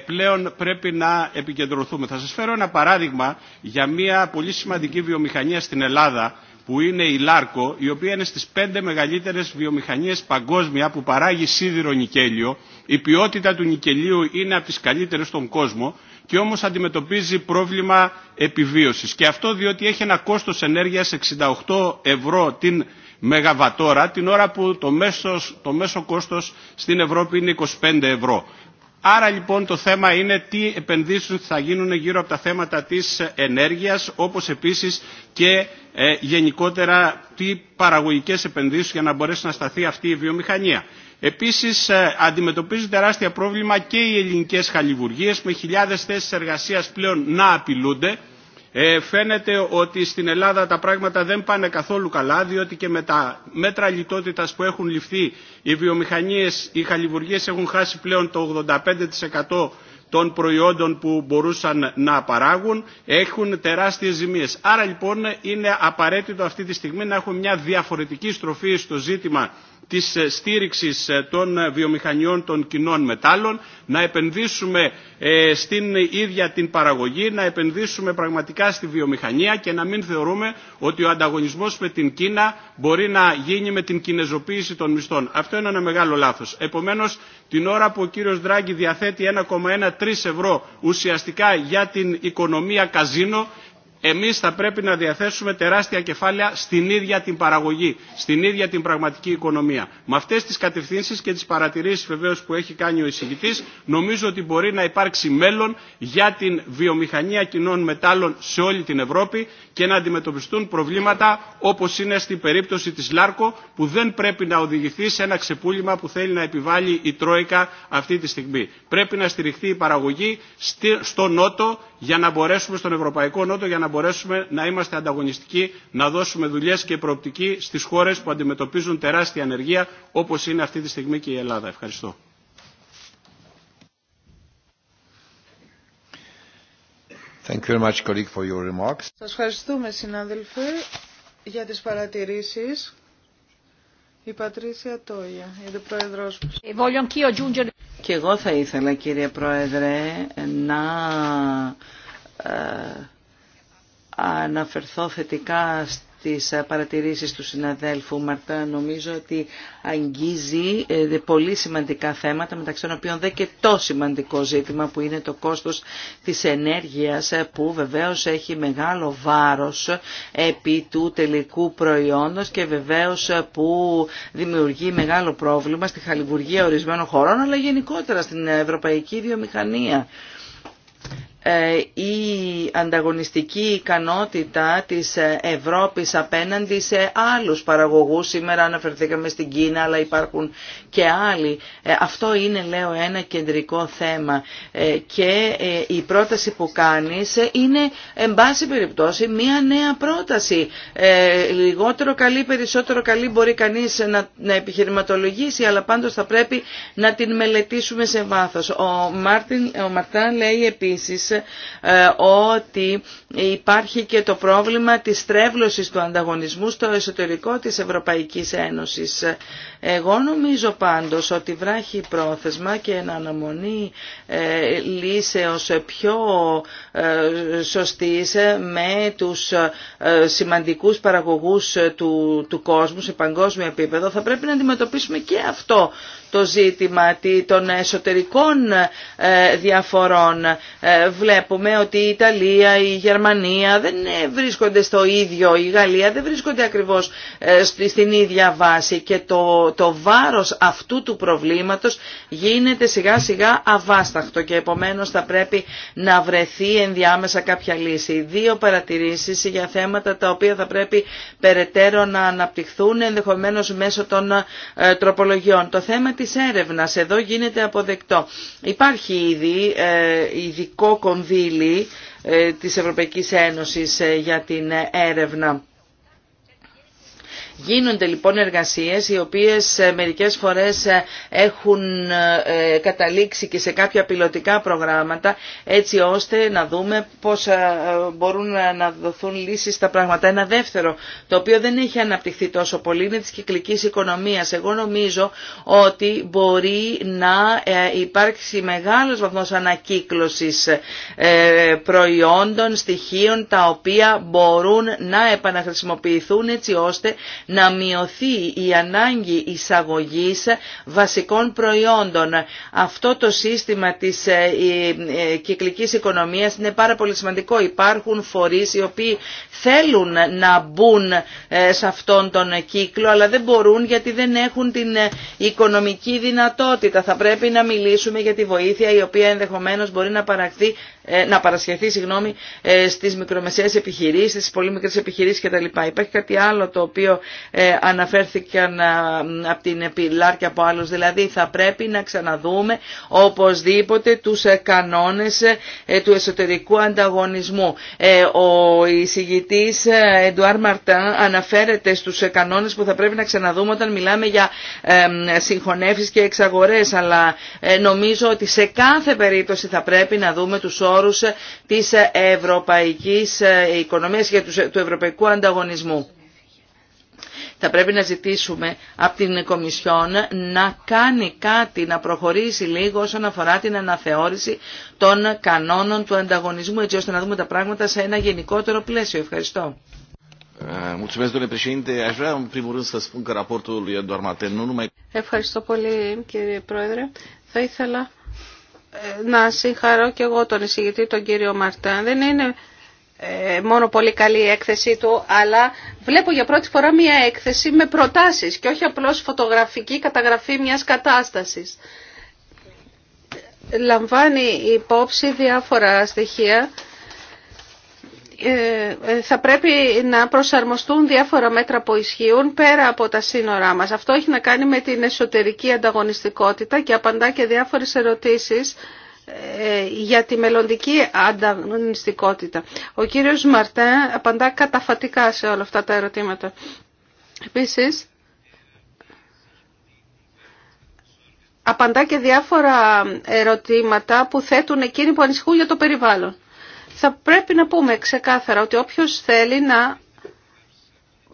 πλέον πρέπει να επικεντρωθούμε. Θα σας φέρω ένα παράδειγμα για μια πολύ σημαντική βιομηχανία στην Ελλάδα που είναι η Λάρκο, η οποία είναι στις πέντε μεγαλύτερες βιομηχανίες παγκόσμια που παράγει σίδηρο νικέλιο. Η ποιότητα του νικελίου είναι από τις καλύτερες στον κόσμο και όμως αντιμετωπίζει πρόβλημα επιβίωσης. Και αυτό διότι έχει ένα κόστος ενέργειας 68 ευρώ την μεγαβατόρα, την ώρα που το, μέσος, το μέσο κόστος στην Ευρώπη είναι 25 ευρώ. Άρα λοιπόν το θέμα είναι τι επενδύσεις θα γίνουν γύρω από τα θέματα της ενέργειας, όπως επίσης και ε, γενικότερα τι παραγωγικές επενδύσεις για να μπορέσει να σταθεί αυτή η βιομηχανία. Επίσης ε, αντιμετωπίζουν τεράστια πρόβλημα και οι ελληνικές χαλιβουργίες με χιλιάδες θέσεις εργασίας πλέον να απειλούνται. Ε, φαίνεται ότι στην Ελλάδα τα πράγματα δεν πάνε καθόλου καλά διότι και με τα μέτρα λιτότητας που έχουν ληφθεί οι βιομηχανίες, οι χαλιβουργίες έχουν χάσει πλέον το 85% των προϊόντων που μπορούσαν να παράγουν έχουν τεράστιες ζημίες. Άρα λοιπόν είναι απαραίτητο αυτή τη στιγμή να έχουμε μια διαφορετική στροφή στο ζήτημα της ε, στήριξης ε, των ε, βιομηχανιών των κοινών μετάλλων, να επενδύσουμε στην ίδια την παραγωγή, να επενδύσουμε πραγματικά στη βιομηχανία και να μην θεωρούμε ότι ο ανταγωνισμός με την Κίνα μπορεί να γίνει με την κινεζοποίηση των μισθών. Αυτό είναι ένα μεγάλο λάθος. Επομένως, την ώρα που ο κύριος Δράγκη διαθέτει 1,13 ευρώ ουσιαστικά για την οικονομία καζίνο, εμείς θα πρέπει να διαθέσουμε τεράστια κεφάλαια στην ίδια την παραγωγή, στην ίδια την πραγματική οικονομία. Με αυτές τις κατευθύνσεις και τις παρατηρήσεις βεβαίως που έχει κάνει ο εισηγητής, νομίζω ότι μπορεί να υπάρξει μέλλον για την βιομηχανία κοινών μετάλλων σε όλη την Ευρώπη και να αντιμετωπιστούν προβλήματα όπως είναι στην περίπτωση της Λάρκο που δεν πρέπει να οδηγηθεί σε ένα ξεπούλημα που θέλει να επιβάλλει η Τρόικα αυτή τη στιγμή. Πρέπει να στηριχθεί η παραγωγή στο Νότο για να μπορέσουμε, στον Ευρωπαϊκό Νότο, για να μπορέσουμε να είμαστε ανταγωνιστικοί, να δώσουμε δουλειέ και προοπτική στι χώρε που αντιμετωπίζουν τεράστια ανεργία, όπω είναι αυτή τη στιγμή και η Ελλάδα. Ευχαριστώ. Thank you very much, colleague, for your remarks. Σας ευχαριστούμε, συνάδελφε, για τις παρατηρήσεις. Η Πατρίσια Τόγια, η πρόεδρος. Και εγώ θα ήθελα, κύριε Πρόεδρε, να ε, αναφερθώ θετικά τις παρατηρήσεις του συναδέλφου Μαρτά. Νομίζω ότι αγγίζει ε, πολύ σημαντικά θέματα, μεταξύ των οποίων δεν και το σημαντικό ζήτημα που είναι το κόστος της ενέργειας ε, που βεβαίως έχει μεγάλο βάρος επί του τελικού προϊόντος και βεβαίως ε, που δημιουργεί μεγάλο πρόβλημα στη χαλιβουργία ορισμένων χωρών αλλά γενικότερα στην ευρωπαϊκή βιομηχανία. Ε, η ανταγωνιστική ικανότητα της Ευρώπης απέναντι σε άλλους παραγωγούς. Σήμερα αναφερθήκαμε στην Κίνα, αλλά υπάρχουν και άλλοι. Ε, αυτό είναι, λέω, ένα κεντρικό θέμα. Ε, και η πρόταση που κάνεις είναι, εν πάση περιπτώσει, μία νέα πρόταση. Λιγότερο καλή, περισσότερο καλή μπορεί κανείς να επιχειρηματολογήσει, αλλά πάντως θα πρέπει να την μελετήσουμε σε βάθος. Ο Μαρτάν λέει επίσης ε, ότι υπάρχει και το πρόβλημα της τρέβλωσης του ανταγωνισμού στο εσωτερικό της Ευρωπαϊκής Ένωσης. Εγώ νομίζω πάντως ότι βράχει πρόθεσμα και εν αναμονή ε, λύσεως πιο ε, σωστής με τους σημαντικούς παραγωγούς του, του κόσμου σε παγκόσμιο επίπεδο θα πρέπει να αντιμετωπίσουμε και αυτό το ζήτημα των εσωτερικών ε, διαφορών. Ε, βλέπουμε ότι η Ιταλία, η Γερμανία δεν ε, βρίσκονται στο ίδιο, η Γαλλία δεν βρίσκονται ακριβώς στην ίδια βάση και το, το βάρος αυτού του προβλήματος γίνεται σιγά σιγά αβάσταχτο και επομένως θα πρέπει να βρεθεί ενδιάμεσα κάποια λύση. Δύο παρατηρήσεις για θέματα τα οποία θα πρέπει περαιτέρω να αναπτυχθούν ενδεχομένως μέσω των τροπολογιών. Το θέμα της έρευνας. Εδώ γίνεται αποδεκτό. Υπάρχει ήδη ε, ειδικό κονδύλι ε, της Ευρωπαϊκής Ένωσης ε, για την έρευνα. Γίνονται λοιπόν εργασίες οι οποίες ε, μερικές φορές ε, έχουν ε, καταλήξει και σε κάποια πιλωτικά προγράμματα έτσι ώστε να δούμε πώς μπορούν να δοθούν λύσεις στα πράγματα. Ένα δεύτερο το οποίο δεν έχει αναπτυχθεί τόσο πολύ είναι της κυκλικής οικονομίας. Εγώ νομίζω ότι μπορεί να υπάρξει μεγάλος βαθμός ανακύκλωσης προϊόντων, στοιχείων τα οποία μπορούν να επαναχρησιμοποιηθούν έτσι ώστε να μειωθεί η ανάγκη εισαγωγής βασικών προϊόντων. Αυτό το σύστημα της ε, ε, κυκλικής οικονομίας είναι πάρα πολύ σημαντικό. Υπάρχουν φορείς οι οποίοι θέλουν να μπουν ε, σε αυτόν τον κύκλο αλλά δεν μπορούν γιατί δεν έχουν την οικονομική δυνατότητα. Θα πρέπει να μιλήσουμε για τη βοήθεια η οποία ενδεχομένως μπορεί να παραχθεί ε, να παρασχεθεί συγγνώμη, ε, στις μικρομεσαίες επιχειρήσεις, στις πολύ μικρές επιχειρήσεις κτλ. Υπάρχει κάτι άλλο το οποίο ε, αναφέρθηκαν από την Πιλάρ και από άλλους, δηλαδή θα πρέπει να ξαναδούμε οπωσδήποτε τους κανόνες του εσωτερικού ανταγωνισμού. Ο εισηγητής Εντουάρ Μαρτάν αναφέρεται στους κανόνες που θα πρέπει να ξαναδούμε όταν μιλάμε για συγχωνεύσεις και εξαγορές, αλλά νομίζω ότι σε κάθε περίπτωση θα πρέπει να δούμε τους όρους όρους ε, της ε, ευρωπαϊκής ε, οικονομίας και του ευρωπαϊκού ανταγωνισμού. Θα πρέπει να ζητήσουμε από την Κομισιόν να κάνει κάτι, να προχωρήσει λίγο όσον αφορά την αναθεώρηση των κανόνων του ανταγωνισμού, έτσι ώστε να δούμε τα πράγματα σε ένα γενικότερο πλαίσιο. Ευχαριστώ. Ευχαριστώ πολύ κύριε Πρόεδρε. Θα ήθελα να συγχαρώ και εγώ τον εισηγητή, τον κύριο Μαρτάν. Δεν είναι ε, μόνο πολύ καλή η έκθεσή του, αλλά βλέπω για πρώτη φορά μια έκθεση με προτάσεις και όχι απλώς φωτογραφική καταγραφή μιας κατάστασης. Λαμβάνει υπόψη διάφορα στοιχεία ε, θα πρέπει να προσαρμοστούν διάφορα μέτρα που ισχύουν πέρα από τα σύνορά μας. Αυτό έχει να κάνει με την εσωτερική ανταγωνιστικότητα και απαντά και διάφορες ερωτήσεις ε, για τη μελλοντική ανταγωνιστικότητα. Ο κύριος Μαρτέν απαντά καταφατικά σε όλα αυτά τα ερωτήματα. Επίσης, απαντά και διάφορα ερωτήματα που θέτουν εκείνοι που ανησυχούν για το περιβάλλον. Θα πρέπει να πούμε ξεκάθαρα ότι όποιος θέλει να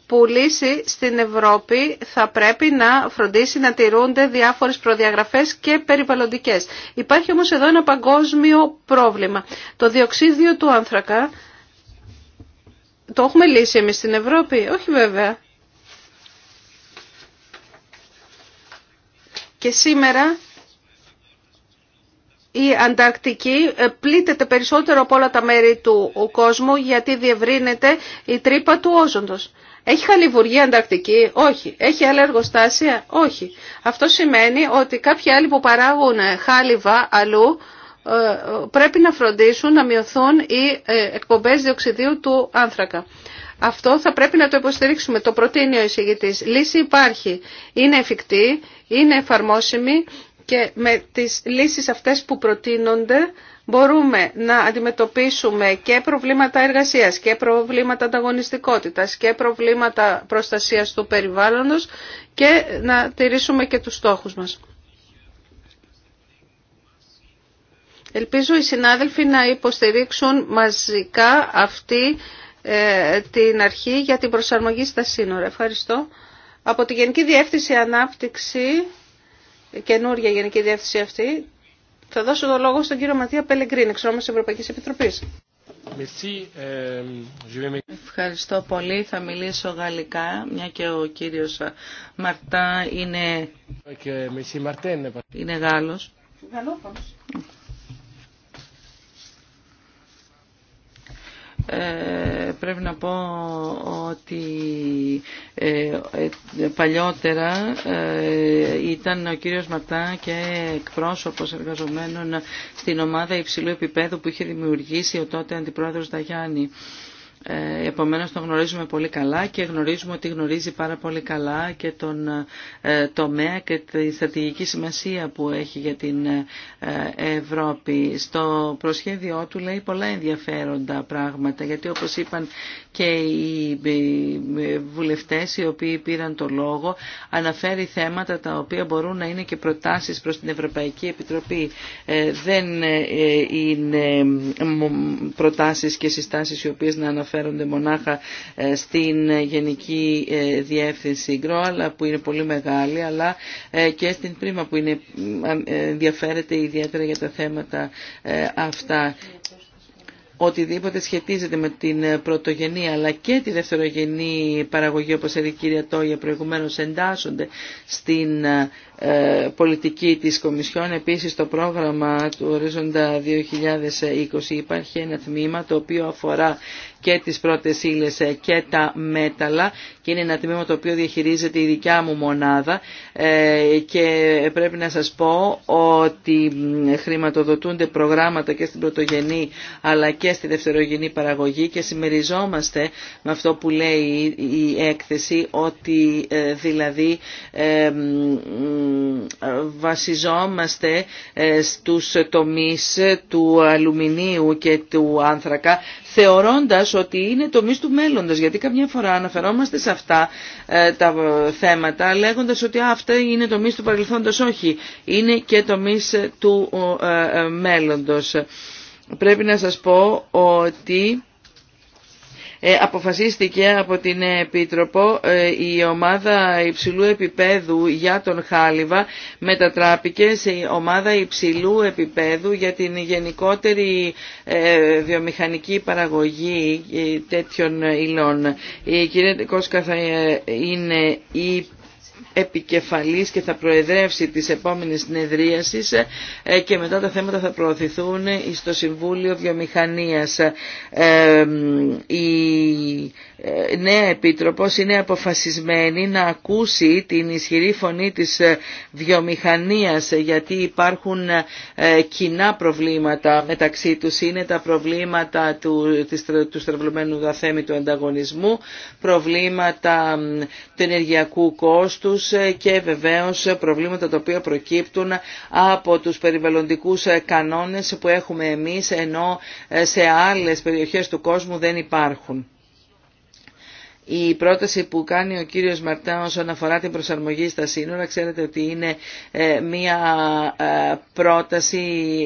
πουλήσει στην Ευρώπη θα πρέπει να φροντίσει να τηρούνται διάφορες προδιαγραφές και περιβαλλοντικές. Υπάρχει όμως εδώ ένα παγκόσμιο πρόβλημα. Το διοξίδιο του άνθρακα το έχουμε λύσει εμείς στην Ευρώπη. Όχι βέβαια. Και σήμερα η Ανταρκτική ε, πλήττεται περισσότερο από όλα τα μέρη του κόσμου γιατί διευρύνεται η τρύπα του όζοντος. Έχει χαλιβουργία Ανταρκτική, όχι. Έχει άλλα εργοστάσια, όχι. Αυτό σημαίνει ότι κάποιοι άλλοι που παράγουν χάλιβα αλλού ε, πρέπει να φροντίσουν να μειωθούν οι ε, εκπομπές διοξιδίου του άνθρακα. Αυτό θα πρέπει να το υποστηρίξουμε. Το προτείνει ο εισηγητής. Λύση υπάρχει. Είναι εφικτή, είναι εφαρμόσιμη και με τις λύσεις αυτές που προτείνονται μπορούμε να αντιμετωπίσουμε και προβλήματα εργασίας και προβλήματα ανταγωνιστικότητας και προβλήματα προστασίας του περιβάλλοντος και να τηρήσουμε και τους στόχους μας. Ελπίζω οι συνάδελφοι να υποστηρίξουν μαζικά αυτή ε, την αρχή για την προσαρμογή στα σύνορα. Ευχαριστώ. Από τη Γενική Διεύθυνση Ανάπτυξη καινούργια γενική διεύθυνση αυτή. Θα δώσω το λόγο στον κύριο Ματία Πελεγκρίν, εξ τη Ευρωπαϊκή Επιτροπή. Ευχαριστώ πολύ. Θα μιλήσω γαλλικά, μια και ο κύριος Μαρτά είναι, ε, είναι Γάλλος. Ε, πρέπει να πω ότι ε, ε, παλιότερα ε, ήταν ο κύριος Ματά και εκπρόσωπος εργαζομένων στην ομάδα υψηλού επίπεδου που είχε δημιουργήσει ο τότε αντιπρόεδρος Δαγιάννη. Ε, επομένως τον γνωρίζουμε πολύ καλά και γνωρίζουμε ότι γνωρίζει πάρα πολύ καλά και τον ε, τομέα και τη στρατηγική σημασία που έχει για την ε, Ευρώπη. Στο προσχέδιό του λέει πολλά ενδιαφέροντα πράγματα γιατί όπως είπαν και οι βουλευτές οι οποίοι πήραν το λόγο αναφέρει θέματα τα οποία μπορούν να είναι και προτάσεις προς την Ευρωπαϊκή Επιτροπή. Δεν είναι προτάσεις και συστάσεις οι οποίες να αναφέρουν αναφέρονται μονάχα ε, στην Γενική ε, Διεύθυνση Γκρόαλα που είναι πολύ μεγάλη αλλά ε, και στην Πρίμα που είναι, ενδιαφέρεται ιδιαίτερα για τα θέματα αυτά οτιδήποτε σχετίζεται με την πρωτογενή αλλά και τη δευτερογενή παραγωγή όπως έλεγε η κυρία Τόγια προηγουμένως εντάσσονται στην ε, πολιτική της Κομισιόν. Επίσης στο πρόγραμμα του Ορίζοντα 2020 υπάρχει ένα τμήμα το οποίο αφορά και τις πρώτες ύλες και τα μέταλλα και είναι ένα τμήμα το οποίο διαχειρίζεται η δικιά μου μονάδα ε, και πρέπει να σας πω ότι χρηματοδοτούνται προγράμματα και στην πρωτογενή αλλά και στη δευτερογενή παραγωγή και συμμεριζόμαστε με αυτό που λέει η έκθεση ότι ε, δηλαδή βασιζόμαστε ε, στους τομείς του αλουμινίου και του άνθρακα θεωρώντας ότι είναι τομείς του μέλλοντος γιατί καμιά φορά αναφερόμαστε σε αυτά ε, τα θέματα λέγοντας ότι αυτά είναι τομείς του παρελθόντος όχι, είναι και τομείς του ε, μέλλοντος. Πρέπει να σας πω ότι ε, αποφασίστηκε από την Επίτροπο ε, η ομάδα υψηλού επίπεδου για τον Χάλιβα μετατράπηκε σε ομάδα υψηλού επίπεδου για την γενικότερη ε, βιομηχανική παραγωγή τέτοιων υλών. Η κυρία Κόσκα θα είναι η επικεφαλής και θα προεδρεύσει τις επόμενες συνεδρίασεις ε, και μετά τα θέματα θα προωθηθούν στο Συμβούλιο Βιομηχανίας. Ε, η ε, νέα Επίτροπος είναι αποφασισμένη να ακούσει την ισχυρή φωνή της βιομηχανίας γιατί υπάρχουν κοινά προβλήματα μεταξύ τους. Είναι τα προβλήματα του, του στρεβλωμένου δαθέμι του ανταγωνισμού, προβλήματα του ενεργειακού κόστους, ε, και βεβαίως ε, προβλήματα τα οποία προκύπτουν ε, από τους περιβαλλοντικούς κανόνες που έχουμε εμείς ενώ σε άλλες περιοχές του κόσμου δεν υπάρχουν. Η πρόταση που κάνει ο κύριος Μαρτάν όσον αφορά την προσαρμογή στα σύνορα, ξέρετε ότι είναι μία πρόταση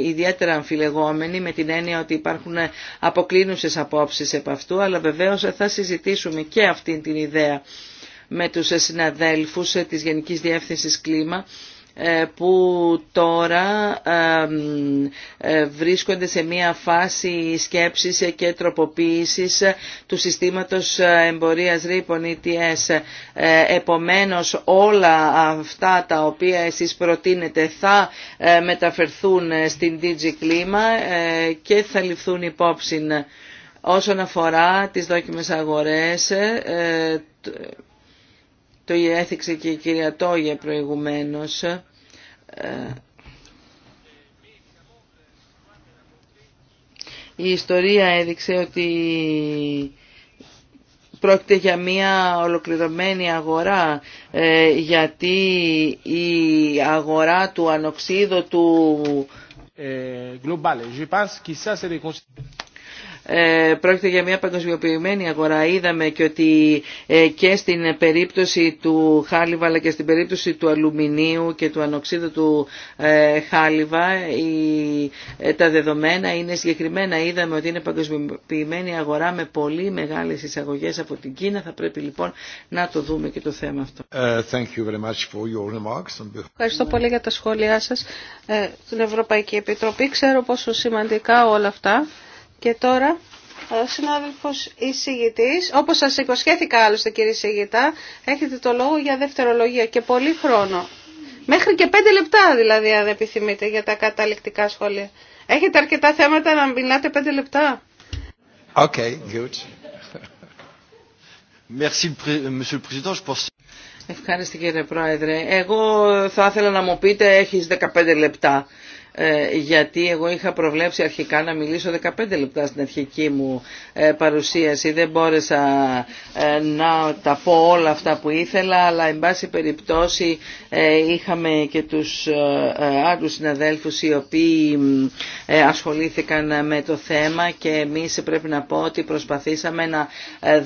ιδιαίτερα αμφιλεγόμενη με την έννοια ότι υπάρχουν αποκλίνουσες απόψεις επ' αυτού, αλλά βεβαίως θα συζητήσουμε και αυτή την ιδέα με τους συναδέλφους της Γενικής Διεύθυνσης Κλίμα ε, που τώρα ε, βρίσκονται σε μία φάση σκέψης και τροποποίησης του συστήματος εμπορίας ρήπων ETS. Ε, επομένως όλα αυτά τα οποία εσείς προτείνετε θα μεταφερθούν στην DG Κλίμα και θα ληφθούν υπόψη όσον αφορά τις δόκιμες αγορές το έθιξε και η κυρία Τόγια προηγουμένως, ε, η ιστορία έδειξε ότι πρόκειται για μια ολοκληρωμένη αγορά ε, γιατί η αγορά του ανοξίδου του ε, ε, πρόκειται για μια παγκοσμιοποιημένη αγορά. Είδαμε και ότι ε, και στην περίπτωση του χάλιβα αλλά και στην περίπτωση του αλουμινίου και του ανοξίδου του ε, χάλιβα τα δεδομένα είναι συγκεκριμένα. Είδαμε ότι είναι παγκοσμιοποιημένη αγορά με πολύ μεγάλες εισαγωγές από την Κίνα. Θα πρέπει λοιπόν να το δούμε και το θέμα αυτό. Thank Ευχαριστώ πολύ για τα σχόλιά σας. Την Ευρωπαϊκή Επιτροπή ξέρω πόσο σημαντικά όλα αυτά και τώρα ο συνάδελφος εισηγητής, όπως σας υποσχέθηκα άλλωστε κύριε εισηγητά, έχετε το λόγο για δευτερολογία και πολύ χρόνο. Μέχρι και πέντε λεπτά δηλαδή αν επιθυμείτε για τα καταληκτικά σχόλια. Έχετε αρκετά θέματα να μιλάτε πέντε λεπτά. good. Ευχαριστώ κύριε Πρόεδρε. Εγώ θα ήθελα να μου πείτε έχεις 15 λεπτά. Ε, γιατί εγώ είχα προβλέψει αρχικά να μιλήσω 15 λεπτά στην αρχική μου ε, παρουσίαση. Δεν μπόρεσα ε, να τα πω όλα αυτά που ήθελα, αλλά εν πάση περιπτώσει είχαμε και τους άλλους συναδέλφους οι οποίοι ασχολήθηκαν με το θέμα και εμείς πρέπει να πω ότι προσπαθήσαμε να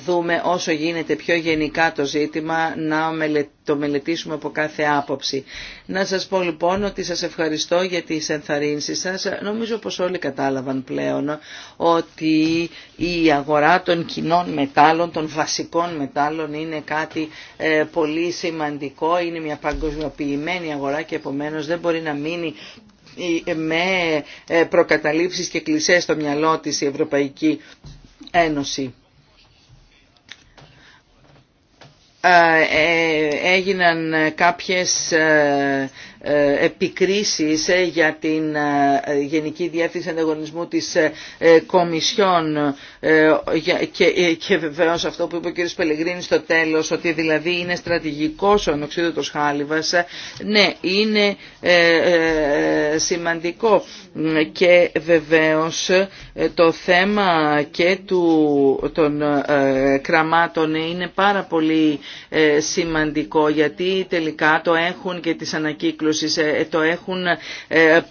δούμε όσο γίνεται πιο γενικά το ζήτημα, να μελετήσουμε το μελετήσουμε από κάθε άποψη. Να σας πω λοιπόν ότι σας ευχαριστώ για τις ενθαρρύνσεις σας. Νομίζω πως όλοι κατάλαβαν πλέον ότι η αγορά των κοινών μετάλλων, των βασικών μετάλλων είναι κάτι ε, πολύ σημαντικό. Είναι μια παγκοσμιοποιημένη αγορά και επομένως δεν μπορεί να μείνει ε, με ε, προκαταλήψεις και κλισές στο μυαλό της η Ευρωπαϊκή Ένωση. Ε, ε, έγιναν κάποιες ε, ε, επικρίσεις ε, για την ε, Γενική Διεύθυνση Ανταγωνισμού της Κομισιόν και βεβαίως αυτό που είπε ο κ. Πελεγρίνης στο τέλος ότι δηλαδή είναι στρατηγικός ο ανοξίδωτος χάλιβας ναι είναι σημαντικό και βεβαίως το θέμα και του, των κραμάτων είναι πάρα πολύ σημαντικό γιατί τελικά το έχουν και τις ανακύκλωσης ε, το έχουν ε,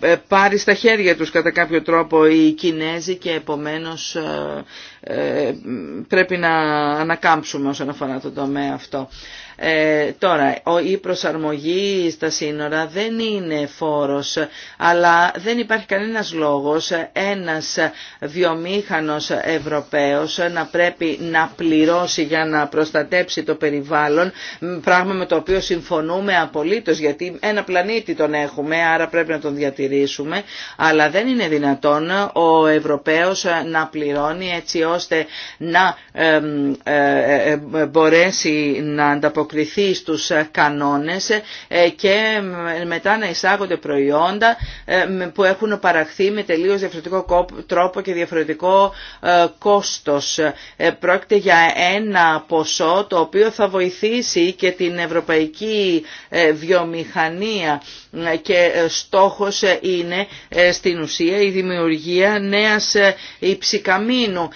ε, πάρει στα χέρια τους κατά κάποιο τρόπο οι Κινέζοι και επομένως πρέπει να ανακάμψουμε όσον αφορά το τομέα αυτό. Ε, τώρα, η προσαρμογή στα σύνορα δεν είναι φόρος, αλλά δεν υπάρχει κανένας λόγος ένας βιομήχανος Ευρωπαίος να πρέπει να πληρώσει για να προστατέψει το περιβάλλον, πράγμα με το οποίο συμφωνούμε απολύτως, γιατί ένα πλανήτη τον έχουμε, άρα πρέπει να τον διατηρήσουμε, αλλά δεν είναι δυνατόν ο Ευρωπαίος να πληρώνει έτσι ώστε να ε, ε, μπορέσει να ανταποκριθεί ανταποκριθεί στους ε, κανόνες ε, και μετά να εισάγονται προϊόντα ε, που έχουν παραχθεί με τελείως διαφορετικό τρόπο και διαφορετικό κόστος. Πρόκειται για ένα ποσό το οποίο θα βοηθήσει και την ευρωπαϊκή βιομηχανία και στόχος είναι στην ουσία η δημιουργία νέας υψικαμίνου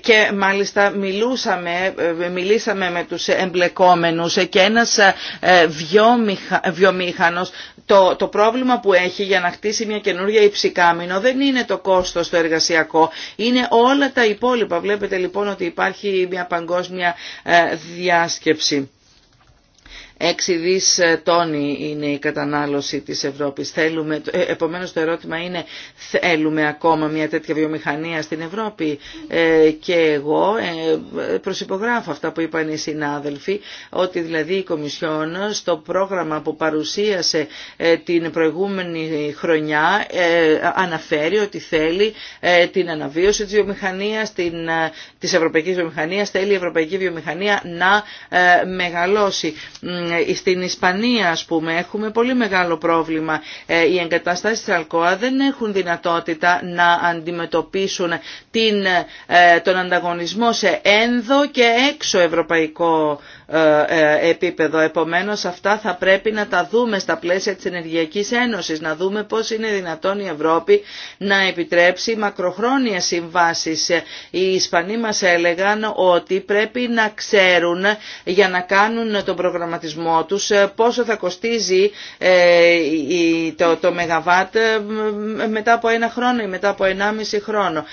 και μάλιστα μιλούσαμε, μιλήσαμε με τους εμπλεκόμενους και ένας ε, ε, βιομηχα... βιομηχανός το, το πρόβλημα που έχει για να χτίσει μια καινούργια υψηκάμινο δεν είναι το κόστος το εργασιακό, είναι όλα τα υπόλοιπα. Βλέπετε λοιπόν ότι υπάρχει μια παγκόσμια ε, διάσκεψη. Έξι δις ε, τόνοι είναι η κατανάλωση της Ευρώπης. Θέλουμε, ε, επομένως το ερώτημα είναι θέλουμε ακόμα μια τέτοια βιομηχανία στην Ευρώπη ε, και εγώ ε, προσυπογράφω αυτά που είπαν οι συνάδελφοι ότι δηλαδή η Κομισιόν στο πρόγραμμα που παρουσίασε την προηγούμενη χρονιά αναφέρει ότι θέλει την αναβίωση της βιομηχανίας, την, της ευρωπαϊκής βιομηχανίας, θέλει η ευρωπαϊκή βιομηχανία να μεγαλώσει ε, στην Ισπανία ας πούμε έχουμε πολύ μεγάλο πρόβλημα. Ε, οι εγκαταστάσεις της Αλκοά δεν έχουν δυνατότητα να αντιμετωπίσουν την, ε, τον ανταγωνισμό σε ένδο και έξω ευρωπαϊκό επίπεδο. Επομένως αυτά θα πρέπει να τα δούμε στα πλαίσια της Ενεργειακής Ένωσης, να δούμε πώς είναι δυνατόν η Ευρώπη να επιτρέψει μακροχρόνια συμβάσεις. Οι Ισπανοί μας έλεγαν ότι πρέπει να ξέρουν για να κάνουν τον προγραμματισμό ε, πόσο θα κοστίζει ε, το, το μεγαβάτ ε, μετά από ένα χρόνο ή μετά από ενάμιση χρόνο.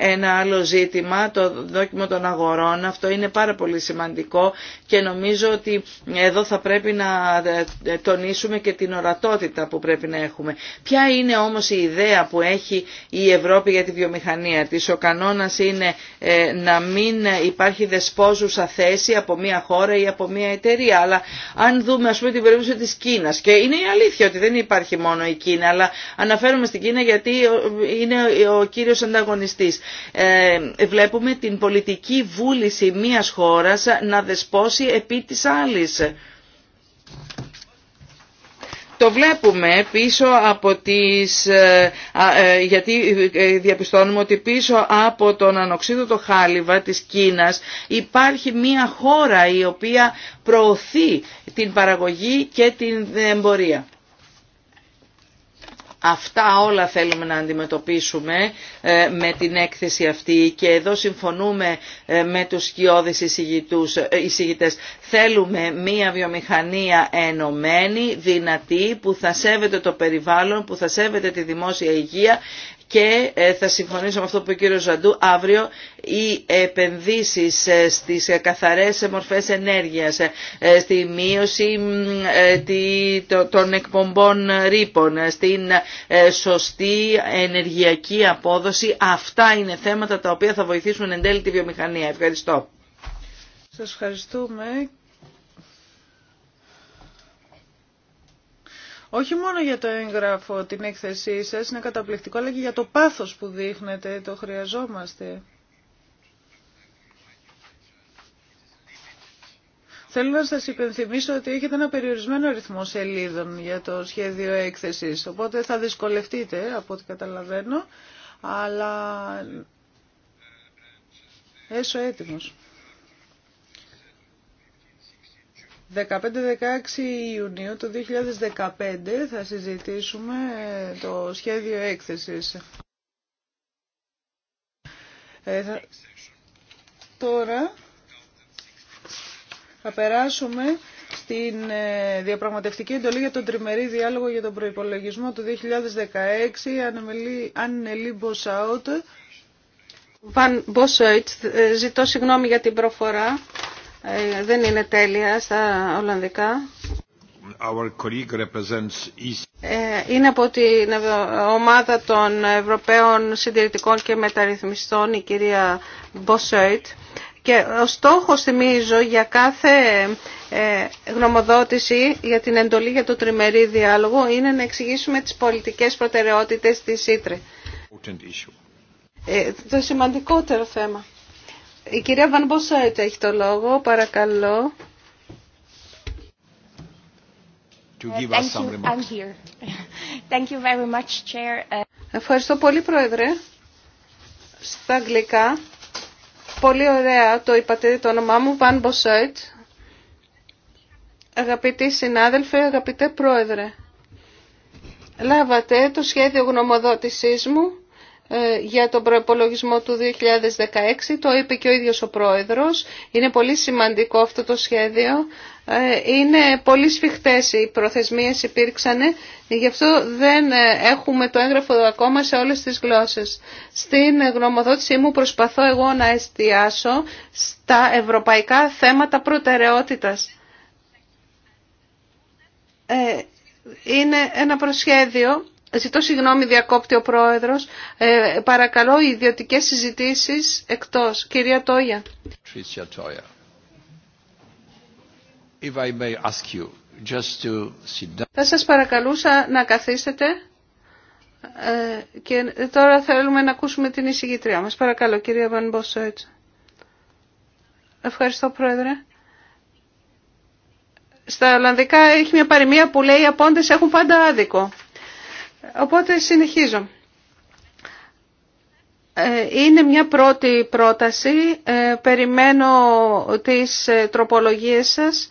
Ένα άλλο ζήτημα, το δόκιμο των αγορών, αυτό είναι πάρα πολύ σημαντικό και νομίζω ότι εδώ θα πρέπει να τονίσουμε και την ορατότητα που πρέπει να έχουμε. Ποια είναι όμως η ιδέα που έχει η Ευρώπη για τη βιομηχανία της. Ο κανόνας είναι να μην υπάρχει δεσπόζουσα θέση από μία χώρα ή από μία εταιρεία αλλά αν δούμε ας πούμε την περίπτωση της Κίνας και είναι η αλήθεια ότι δεν υπάρχει μόνο η Κίνα αλλά αναφέρομαι στην Κίνα γιατί ε, είναι ο κύριος ανταγωνιστής. Ε, βλέπουμε την πολιτική βούληση μιας χώρας να δεσπόσει επί της άλλης. Το βλέπουμε πίσω από τις, ε, ε, γιατί ε, διαπιστώνουμε ότι πίσω από τον ανοξίδωτο χάλιβα της Κίνας υπάρχει μια χώρα η οποία προωθεί την παραγωγή και την εμπορία. Αυτά όλα θέλουμε να αντιμετωπίσουμε ε, με την έκθεση αυτή και εδώ συμφωνούμε ε, με τους σκιώδεις ε, εισηγητές. Θέλουμε μία βιομηχανία ενωμένη, δυνατή, που θα σέβεται το περιβάλλον, που θα σέβεται τη δημόσια υγεία και ε, θα συμφωνήσω με αυτό που ο κύριος Ζαντού, αύριο οι επενδύσεις ε, στις ε, καθαρές μορφές ενέργειας, στη μείωση των εκπομπών ρήπων, στην σωστή ενεργειακή απόδοση, αυτά είναι θέματα τα οποία θα βοηθήσουν εν τέλει τη βιομηχανία. Ευχαριστώ. Σας ευχαριστούμε όχι μόνο για το έγγραφο, την έκθεσή σας, είναι καταπληκτικό, αλλά και για το πάθος που δείχνετε, το χρειαζόμαστε. Θέλω να σας υπενθυμίσω ότι έχετε ένα περιορισμένο αριθμό σελίδων για το σχέδιο έκθεσης, οπότε θα δυσκολευτείτε από ό,τι καταλαβαίνω, αλλά έσω έτοιμος. 15-16 Ιουνίου του 2015 θα συζητήσουμε ε, το σχέδιο έκθεσης. Ε, τώρα θα περάσουμε στην ε, διαπραγματευτική εντολή για τον τριμερή διάλογο για τον προϋπολογισμό του 2016 Ανελή Μποσάουτ. Βαν Μποσάουτ, ζητώ συγγνώμη για την προφορά. Ε, δεν είναι τέλεια στα Ολλανδικά. Ε, είναι από την ομάδα των Ευρωπαίων Συντηρητικών και Μεταρρυθμιστών η κυρία Μποσέιτ. Και ο στόχος, θυμίζω, για κάθε ε, γνωμοδότηση για την εντολή για το τριμερή διάλογο είναι να εξηγήσουμε τις πολιτικές προτεραιότητες της Ήτρε. Το σημαντικότερο θέμα. Η κυρία Βανμποσάιτ έχει το λόγο, παρακαλώ. Ευχαριστώ πολύ, Πρόεδρε. Στα αγγλικά, πολύ ωραία το είπατε το όνομά μου, Βαν Μποσάιτ. Αγαπητοί συνάδελφοι, αγαπητέ Πρόεδρε. Λάβατε το σχέδιο γνωμοδότησής μου ε, για τον προϋπολογισμό του 2016. Το είπε και ο ίδιος ο πρόεδρος. Είναι πολύ σημαντικό αυτό το σχέδιο. Ε, είναι πολύ σφιχτές οι προθεσμίες υπήρξαν, γι' αυτό δεν ε, έχουμε το έγγραφο ακόμα σε όλες τις γλώσσες. Στην γνωμοδότησή μου προσπαθώ εγώ να εστιάσω στα ευρωπαϊκά θέματα προτεραιότητας. Είναι ένα προσχέδιο Ζητώ συγγνώμη, διακόπτει ο Πρόεδρος. Ε, παρακαλώ, οι ιδιωτικές συζητήσεις εκτός. Κυρία Τόια. Θα σας παρακαλούσα να καθίσετε ε, και τώρα θέλουμε να ακούσουμε την εισηγητριά μας. Παρακαλώ, κυρία Βανμποσόιτ. Ευχαριστώ, Πρόεδρε. Στα Ολλανδικά έχει μια παροιμία που λέει «Οι απόντες έχουν πάντα άδικο». Οπότε συνεχίζω. Ε, είναι μια πρώτη πρόταση. Ε, περιμένω τις ε, τροπολογίες σας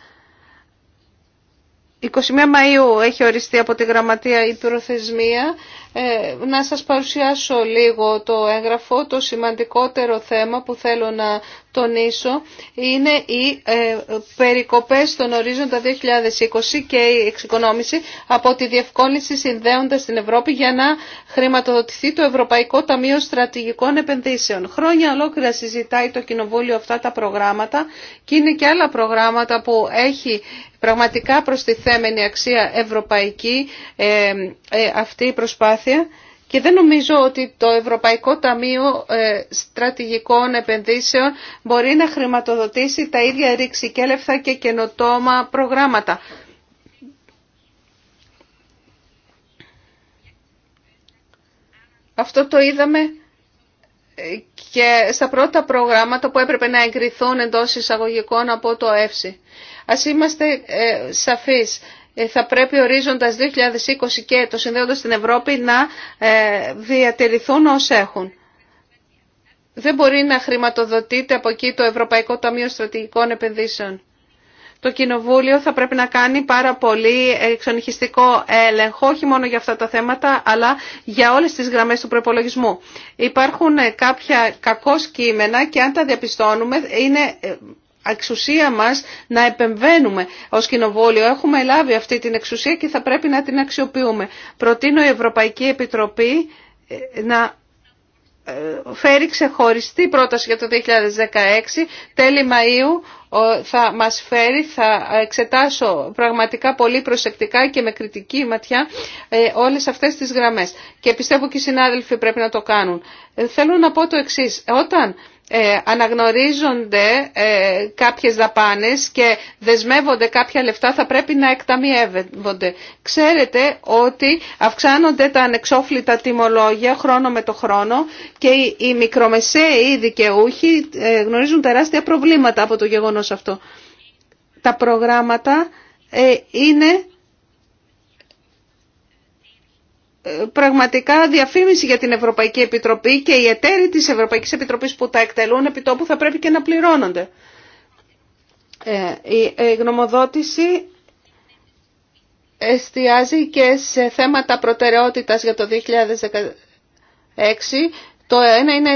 21 Μαΐου έχει οριστεί από τη Γραμματεία η προθεσμία. Ε, να σας παρουσιάσω λίγο το έγγραφο. Το σημαντικότερο θέμα που θέλω να τονίσω είναι οι ε, περικοπές των ορίζοντα 2020 και η εξοικονόμηση από τη διευκόλυνση συνδέοντας την Ευρώπη για να χρηματοδοτηθεί το Ευρωπαϊκό Ταμείο Στρατηγικών Επενδύσεων. Χρόνια ολόκληρα συζητάει το Κοινοβούλιο αυτά τα προγράμματα και είναι και άλλα προγράμματα που έχει πραγματικά προστιθέμενη αξία ευρωπαϊκή ε, ε, αυτή η προσπάθεια και δεν νομίζω ότι το Ευρωπαϊκό Ταμείο ε, Στρατηγικών Επενδύσεων μπορεί να χρηματοδοτήσει τα ίδια ρήξη και καινοτόμα προγράμματα. Αυτό το είδαμε και στα πρώτα προγράμματα που έπρεπε να εγκριθούν εντός εισαγωγικών από το ΕΦΣΥ. Ας είμαστε ε, σαφείς. Ε, θα πρέπει ορίζοντας 2020 και το συνδέοντας στην Ευρώπη να ε, διατηρηθούν όσοι έχουν. Δεν μπορεί να χρηματοδοτείται από εκεί το Ευρωπαϊκό Ταμείο Στρατηγικών Επενδύσεων. Το Κοινοβούλιο θα πρέπει να κάνει πάρα πολύ εξονυχιστικό έλεγχο, όχι μόνο για αυτά τα θέματα, αλλά για όλες τις γραμμές του προπολογισμού. Υπάρχουν κάποια κακό κείμενα και αν τα διαπιστώνουμε είναι εξουσία μας να επεμβαίνουμε ως κοινοβόλιο. Έχουμε λάβει αυτή την εξουσία και θα πρέπει να την αξιοποιούμε. Προτείνω η Ευρωπαϊκή Επιτροπή ε, να ε, φέρει ξεχωριστή πρόταση για το 2016, τέλη Μαΐου θα μας φέρει, θα εξετάσω πραγματικά πολύ προσεκτικά και με κριτική ματιά ε, όλες αυτές τις γραμμές. Και πιστεύω και οι συνάδελφοι πρέπει να το κάνουν. Θέλω να πω το εξής, όταν ε, αναγνωρίζονται ε, κάποιες δαπάνες και δεσμεύονται κάποια λεφτά θα πρέπει να εκταμιεύονται. Ξέρετε ότι αυξάνονται τα ανεξόφλητα τιμολόγια χρόνο με το χρόνο και οι, οι μικρομεσαίοι δικαιούχοι ε, γνωρίζουν τεράστια προβλήματα από το γεγονός αυτό. Τα προγράμματα ε, είναι ε, πραγματικά διαφήμιση για την Ευρωπαϊκή Επιτροπή και οι εταίροι της Ευρωπαϊκής Επιτροπής που τα εκτελούν επί τόπου θα πρέπει και να πληρώνονται. Ε, ε, η γνωμοδότηση εστιάζει και σε θέματα προτεραιότητας για το 2016. Το ένα είναι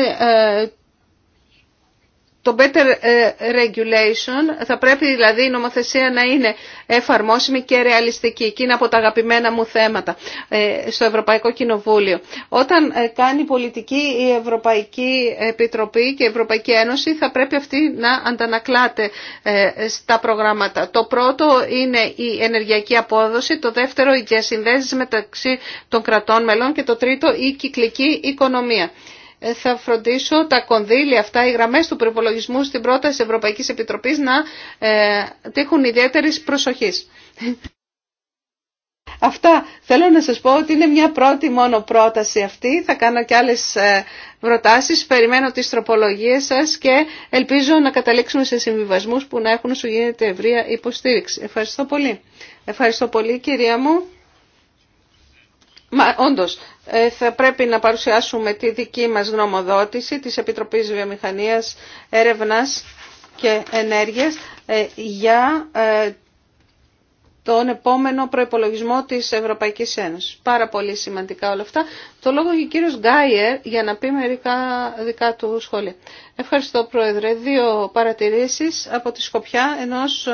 το better ε, regulation θα πρέπει δηλαδή η νομοθεσία να είναι εφαρμόσιμη και ρεαλιστική και είναι από τα αγαπημένα μου θέματα ε, στο Ευρωπαϊκό Κοινοβούλιο. Όταν ε, κάνει πολιτική η Ευρωπαϊκή Επιτροπή και η Ευρωπαϊκή Ένωση θα πρέπει αυτή να αντανακλάται στα προγράμματα. Το πρώτο είναι η ενεργειακή απόδοση, το δεύτερο οι διασυνδέσεις μεταξύ των κρατών μελών και το τρίτο η κυκλική οικονομία. Ε, θα φροντίσω τα κονδύλια αυτά, οι γραμμές του προπολογισμού στην πρόταση Ευρωπαϊκή Επιτροπής να ε, τύχουν ιδιαίτερης προσοχής. Αυτά θέλω να σας πω ότι είναι μια πρώτη μόνο πρόταση αυτή. Θα κάνω και άλλες ε, προτάσεις. Περιμένω τις τροπολογίες σας και ελπίζω να καταλήξουμε σε συμβιβασμούς που να έχουν σου γίνεται ευρεία υποστήριξη. Ευχαριστώ πολύ. Ευχαριστώ πολύ κυρία μου. Μα, όντως, ε, θα πρέπει να παρουσιάσουμε τη δική μας γνωμοδότηση της Επιτροπής Βιομηχανίας, Έρευνας και Ενέργειας ε, για ε, τον επόμενο προϋπολογισμό της Ευρωπαϊκής Ένωσης. Πάρα πολύ σημαντικά όλα αυτά. Το λόγο και ο κύριος Γκάιερ για να πει μερικά δικά του σχόλια. Ευχαριστώ Πρόεδρε. Δύο παρατηρήσεις από τη Σκοπιά ενός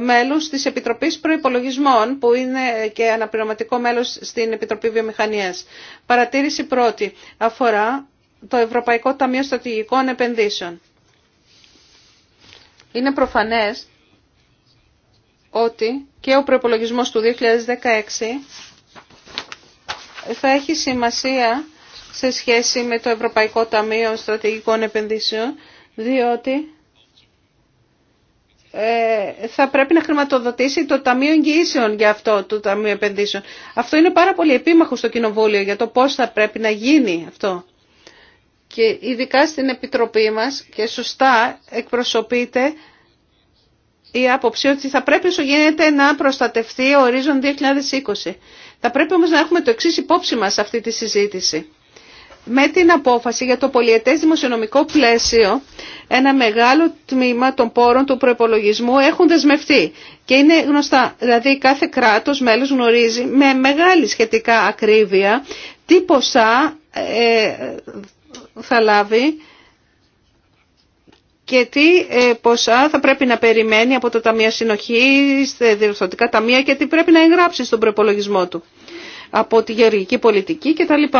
μέλους της Επιτροπής Προϋπολογισμών, που είναι και αναπληρωματικό μέλος στην Επιτροπή Βιομηχανίας. Παρατήρηση πρώτη αφορά το Ευρωπαϊκό Ταμείο Στρατηγικών Επενδύσεων. Είναι προφανές ότι και ο προϋπολογισμός του 2016 θα έχει σημασία σε σχέση με το Ευρωπαϊκό Ταμείο Στρατηγικών Επενδύσεων, διότι ε, θα πρέπει να χρηματοδοτήσει το Ταμείο Εγγυήσεων για αυτό, το Ταμείο Επενδύσεων. Αυτό είναι πάρα πολύ επίμαχο στο Κοινοβούλιο για το πώς θα πρέπει να γίνει αυτό. Και ειδικά στην Επιτροπή μας και σωστά εκπροσωπείται η άποψη ότι θα πρέπει όσο γίνεται να προστατευτεί ο ορίζον 2020. Θα πρέπει όμως να έχουμε το εξής υπόψη μας σε αυτή τη συζήτηση με την απόφαση για το πολιετές δημοσιονομικό πλαίσιο ένα μεγάλο τμήμα των πόρων του προπολογισμού έχουν δεσμευτεί και είναι γνωστά. Δηλαδή κάθε κράτος μέλος γνωρίζει με μεγάλη σχετικά ακρίβεια τι ποσά ε, θα λάβει και τι ε, ποσά θα πρέπει να περιμένει από το Ταμείο συνοχή τα διευθυντικά ταμεία και τι πρέπει να εγγράψει στον προπολογισμό του από τη γεωργική πολιτική κτλ.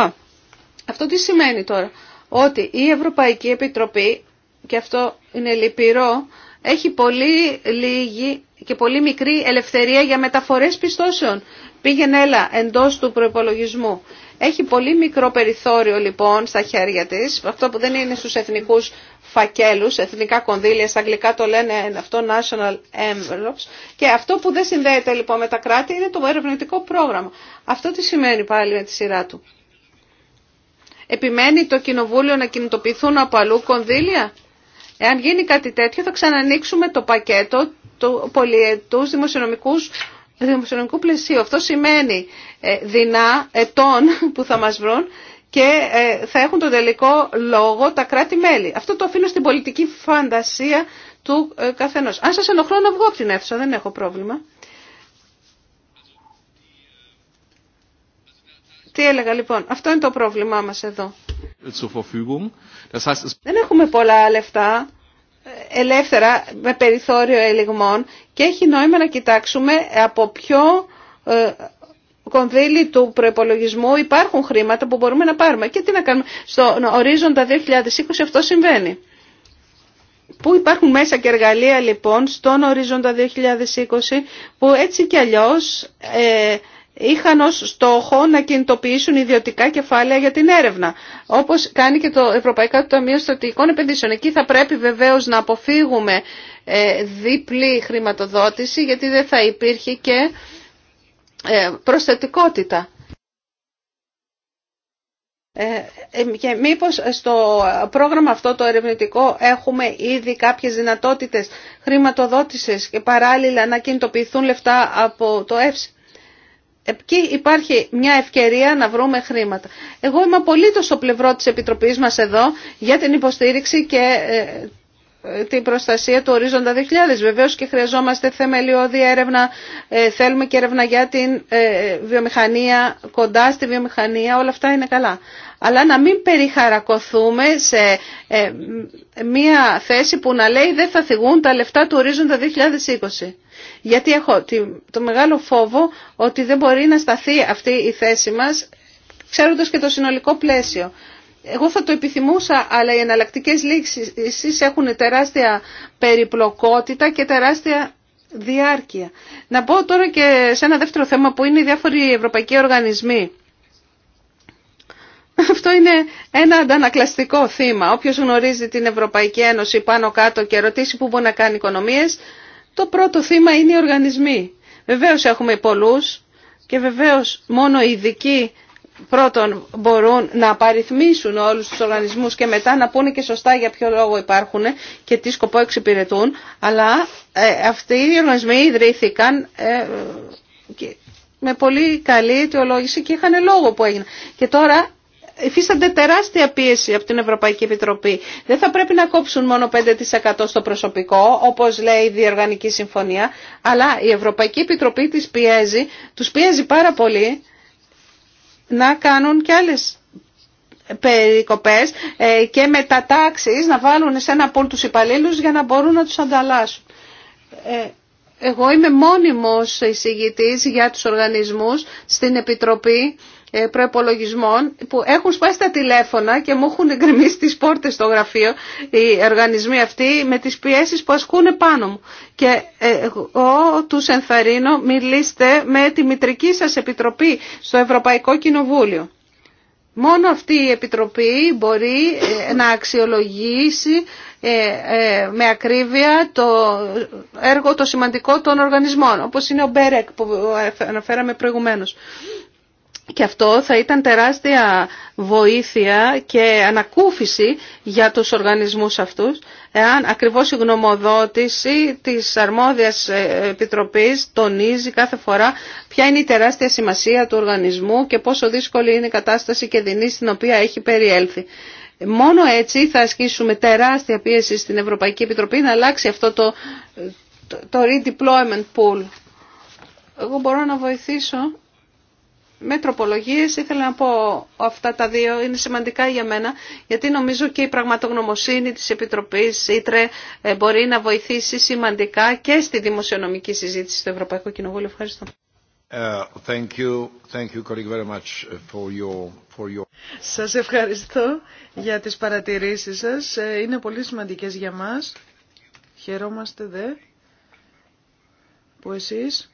Αυτό τι σημαίνει τώρα. Ότι η Ευρωπαϊκή Επιτροπή, και αυτό είναι λυπηρό, έχει πολύ λίγη και πολύ μικρή ελευθερία για μεταφορές πιστώσεων. Πήγαινε έλα εντός του προϋπολογισμού. Έχει πολύ μικρό περιθώριο λοιπόν στα χέρια της, αυτό που δεν είναι στους εθνικούς φακέλους, εθνικά κονδύλια, στα αγγλικά το λένε αυτό national envelopes και αυτό που δεν συνδέεται λοιπόν με τα κράτη είναι το ερευνητικό πρόγραμμα. Αυτό τι σημαίνει πάλι με τη σειρά του. Επιμένει το Κοινοβούλιο να κινητοποιηθούν από αλλού κονδύλια. Εάν γίνει κάτι τέτοιο θα ξανανοίξουμε το πακέτο του πολιετούς δημοσιονομικούς δημοσιονομικού πλαισίου. Αυτό σημαίνει ε, δεινά ετών που θα μας βρουν και ε, θα έχουν τον τελικό λόγο τα κράτη-μέλη. Αυτό το αφήνω στην πολιτική φαντασία του ε, καθενός. Αν σας ενοχλώ να βγω από την αίθουσα, δεν έχω πρόβλημα. Τι έλεγα λοιπόν, αυτό είναι το πρόβλημά μας εδώ. Δεν έχουμε πολλά λεφτά ελεύθερα με περιθώριο ελιγμών και έχει νόημα να κοιτάξουμε από ποιο ε, κονδύλι του προπολογισμού υπάρχουν χρήματα που μπορούμε να πάρουμε. Και τι να κάνουμε. Στον ορίζοντα 2020 αυτό συμβαίνει. Πού υπάρχουν μέσα και εργαλεία λοιπόν στον ορίζοντα 2020 που έτσι κι αλλιώς ε, είχαν ως στόχο να κινητοποιήσουν ιδιωτικά κεφάλαια για την έρευνα, όπως κάνει και το Ευρωπαϊκό Ταμείο Στρατηγικών Επενδύσεων. Εκεί θα πρέπει βεβαίως να αποφύγουμε ε, δίπλη χρηματοδότηση, γιατί δεν θα υπήρχε και ε, προσθετικότητα. Ε, και μήπως στο πρόγραμμα αυτό το ερευνητικό έχουμε ήδη κάποιες δυνατότητες χρηματοδότησης και παράλληλα να κινητοποιηθούν λεφτά από το ΕΦΣΙ. Εκεί υπάρχει μια ευκαιρία να βρούμε χρήματα. Εγώ είμαι απολύτω στο πλευρό της Επιτροπής μας εδώ για την υποστήριξη και ε, ε, την προστασία του ορίζοντα 2000. Βεβαίως και χρειαζόμαστε θεμελιώδη έρευνα, ε, θέλουμε και έρευνα για την βιομηχανία, κοντά στη βιομηχανία, όλα αυτά είναι καλά. Αλλά να μην περιχαρακωθούμε σε μια θέση που να λέει δεν θα θυγούν τα λεφτά του ορίζοντα 2020. Γιατί έχω το μεγάλο φόβο ότι δεν μπορεί να σταθεί αυτή η θέση μας, ξέροντας και το συνολικό πλαίσιο. Εγώ θα το επιθυμούσα, αλλά οι εναλλακτικές λύσεις έχουν τεράστια περιπλοκότητα και τεράστια διάρκεια. Να πω τώρα και σε ένα δεύτερο θέμα που είναι οι διάφοροι ευρωπαϊκοί οργανισμοί. Αυτό είναι ένα αντανακλαστικό θύμα. Όποιος γνωρίζει την Ευρωπαϊκή Ένωση πάνω κάτω και ρωτήσει πού μπορεί να κάνει οικονομίες, το πρώτο θύμα είναι οι οργανισμοί. Βεβαίως έχουμε πολλούς και βεβαίως μόνο οι ειδικοί πρώτον μπορούν να απαριθμίσουν όλους τους οργανισμούς και μετά να πούνε και σωστά για ποιο λόγο υπάρχουν και τι σκοπό εξυπηρετούν, αλλά ε, αυτοί οι οργανισμοί ιδρύθηκαν ε, με πολύ καλή αιτιολόγηση και είχαν λόγο που έγιναν. Και τώρα υφίστανται τεράστια πίεση από την Ευρωπαϊκή Επιτροπή. Δεν θα πρέπει να κόψουν μόνο 5% στο προσωπικό, όπως λέει η Διοργανική Συμφωνία, αλλά η Ευρωπαϊκή Επιτροπή τις πιέζει, τους πιέζει πάρα πολύ να κάνουν και άλλες περικοπές ε, και μετατάξεις να βάλουν σε ένα πόλ τους υπαλλήλους για να μπορούν να τους ανταλλάσσουν. Ε, εγώ είμαι μόνιμος εισηγητής για τους οργανισμούς στην Επιτροπή ε, προπολογισμών που έχουν σπάσει τα τηλέφωνα και μου έχουν γκρεμίσει τις πόρτες στο γραφείο οι οργανισμοί αυτοί με τις πιέσεις που ασκούν πάνω μου. Και ε, εγώ τους ενθαρρύνω, μιλήστε με τη μητρική σας επιτροπή στο Ευρωπαϊκό Κοινοβούλιο. Μόνο αυτή η Επιτροπή μπορεί ε, να αξιολογήσει με ακρίβεια το έργο το σημαντικό των οργανισμών, όπως είναι ο Μπέρεκ που αναφέραμε προηγουμένως. Και αυτό θα ήταν τεράστια βοήθεια και ανακούφιση για τους οργανισμούς αυτούς, εάν ακριβώς η γνωμοδότηση της αρμόδιας ε, επιτροπής τονίζει κάθε φορά ποια είναι η τεράστια σημασία του οργανισμού και πόσο δύσκολη είναι η κατάσταση και δεινή στην οποία έχει περιέλθει. Μόνο έτσι θα ασκήσουμε τεράστια πίεση στην Ευρωπαϊκή Επιτροπή να αλλάξει αυτό το, το redeployment pool. Εγώ μπορώ να βοηθήσω με τροπολογίες ήθελα να πω αυτά τα δύο είναι σημαντικά για μένα γιατί νομίζω και η πραγματογνωμοσύνη της Επιτροπής Ήτρε ε, μπορεί να βοηθήσει σημαντικά και στη δημοσιονομική συζήτηση στο Ευρωπαϊκό Κοινοβούλιο. Ευχαριστώ. Σα ε, Σας ευχαριστώ για τις παρατηρήσεις σας. Ε, είναι πολύ σημαντικές για μας. Χαιρόμαστε δε που εσείς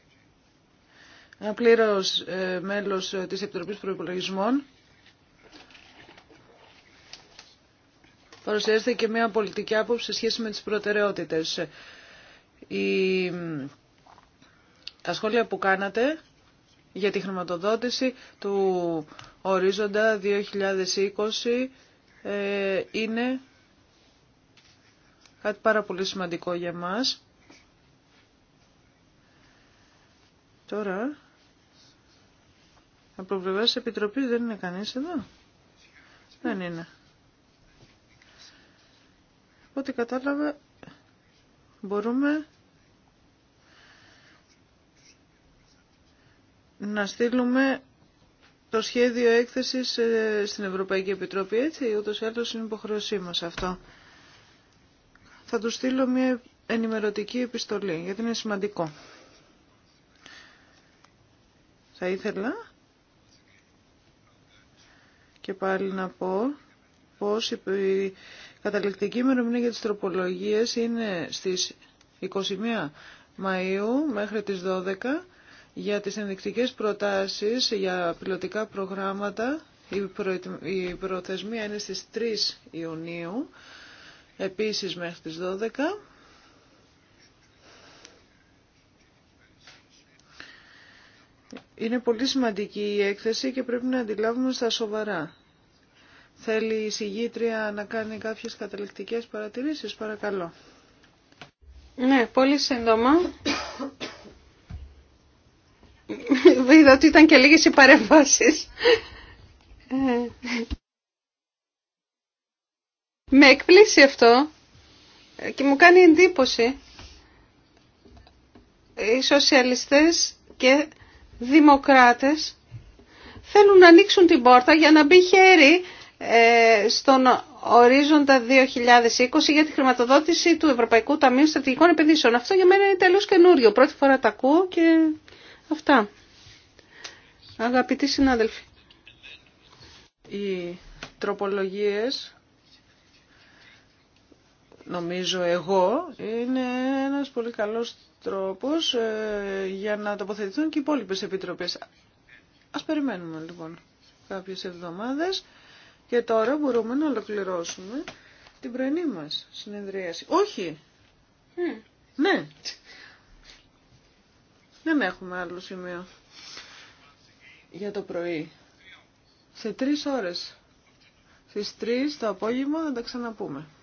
ένα πλήρως ε, μέλος ε, της Επιτροπής Προϋπολογισμών. Παρουσιάζεται και μια πολιτική άποψη σε σχέση με τις προτεραιότητες. Η... Τα σχόλια που κάνατε για τη χρηματοδότηση του ορίζοντα 2020 ε, είναι κάτι πάρα πολύ σημαντικό για μας. Τώρα από πλευρά τη Επιτροπή δεν είναι κανεί εδώ. Δεν είναι. Ό,τι κατάλαβα μπορούμε να στείλουμε το σχέδιο έκθεσης ε, στην Ευρωπαϊκή Επιτροπή, έτσι, ούτως ή άλλως είναι υποχρεωσή μας αυτό. Θα του στείλω μια ενημερωτική επιστολή, γιατί είναι σημαντικό. Θα ήθελα και πάλι να πω πως η καταληκτική ημερομηνία για τις τροπολογίες είναι στις 21 Μαΐου μέχρι τις 12 για τις ενδεικτικές προτάσεις για πιλωτικά προγράμματα. Η προθεσμία είναι στις 3 Ιουνίου, επίσης μέχρι τις 12. Είναι πολύ σημαντική η έκθεση και πρέπει να αντιλάβουμε στα σοβαρά. Θέλει η συγγήτρια να κάνει κάποιες καταληκτικές παρατηρήσεις, παρακαλώ. Ναι, πολύ σύντομα. Είδα ότι ήταν και λίγες οι παρεμβάσεις. Ε, με εκπλήσει αυτό και μου κάνει εντύπωση οι σοσιαλιστές και δημοκράτες θέλουν να ανοίξουν την πόρτα για να μπει χέρι ε, στον ορίζοντα 2020 για τη χρηματοδότηση του Ευρωπαϊκού Ταμείου Στρατηγικών Επενδύσεων. Αυτό για μένα είναι τελείως καινούριο. Πρώτη φορά τα ακούω και αυτά. Αγαπητοί συνάδελφοι. Οι τροπολογίες, νομίζω εγώ, είναι ένας πολύ καλός τρόπος ε, για να τοποθετηθούν και οι υπόλοιπες επιτροπές. Ας περιμένουμε λοιπόν κάποιες εβδομάδες και τώρα μπορούμε να ολοκληρώσουμε την πρωινή μας συνεδρίαση. Όχι! Ναι! Δεν έχουμε άλλο σημείο για το πρωί. Σε τρεις ώρες. Στις τρεις το απόγευμα θα τα ξαναπούμε.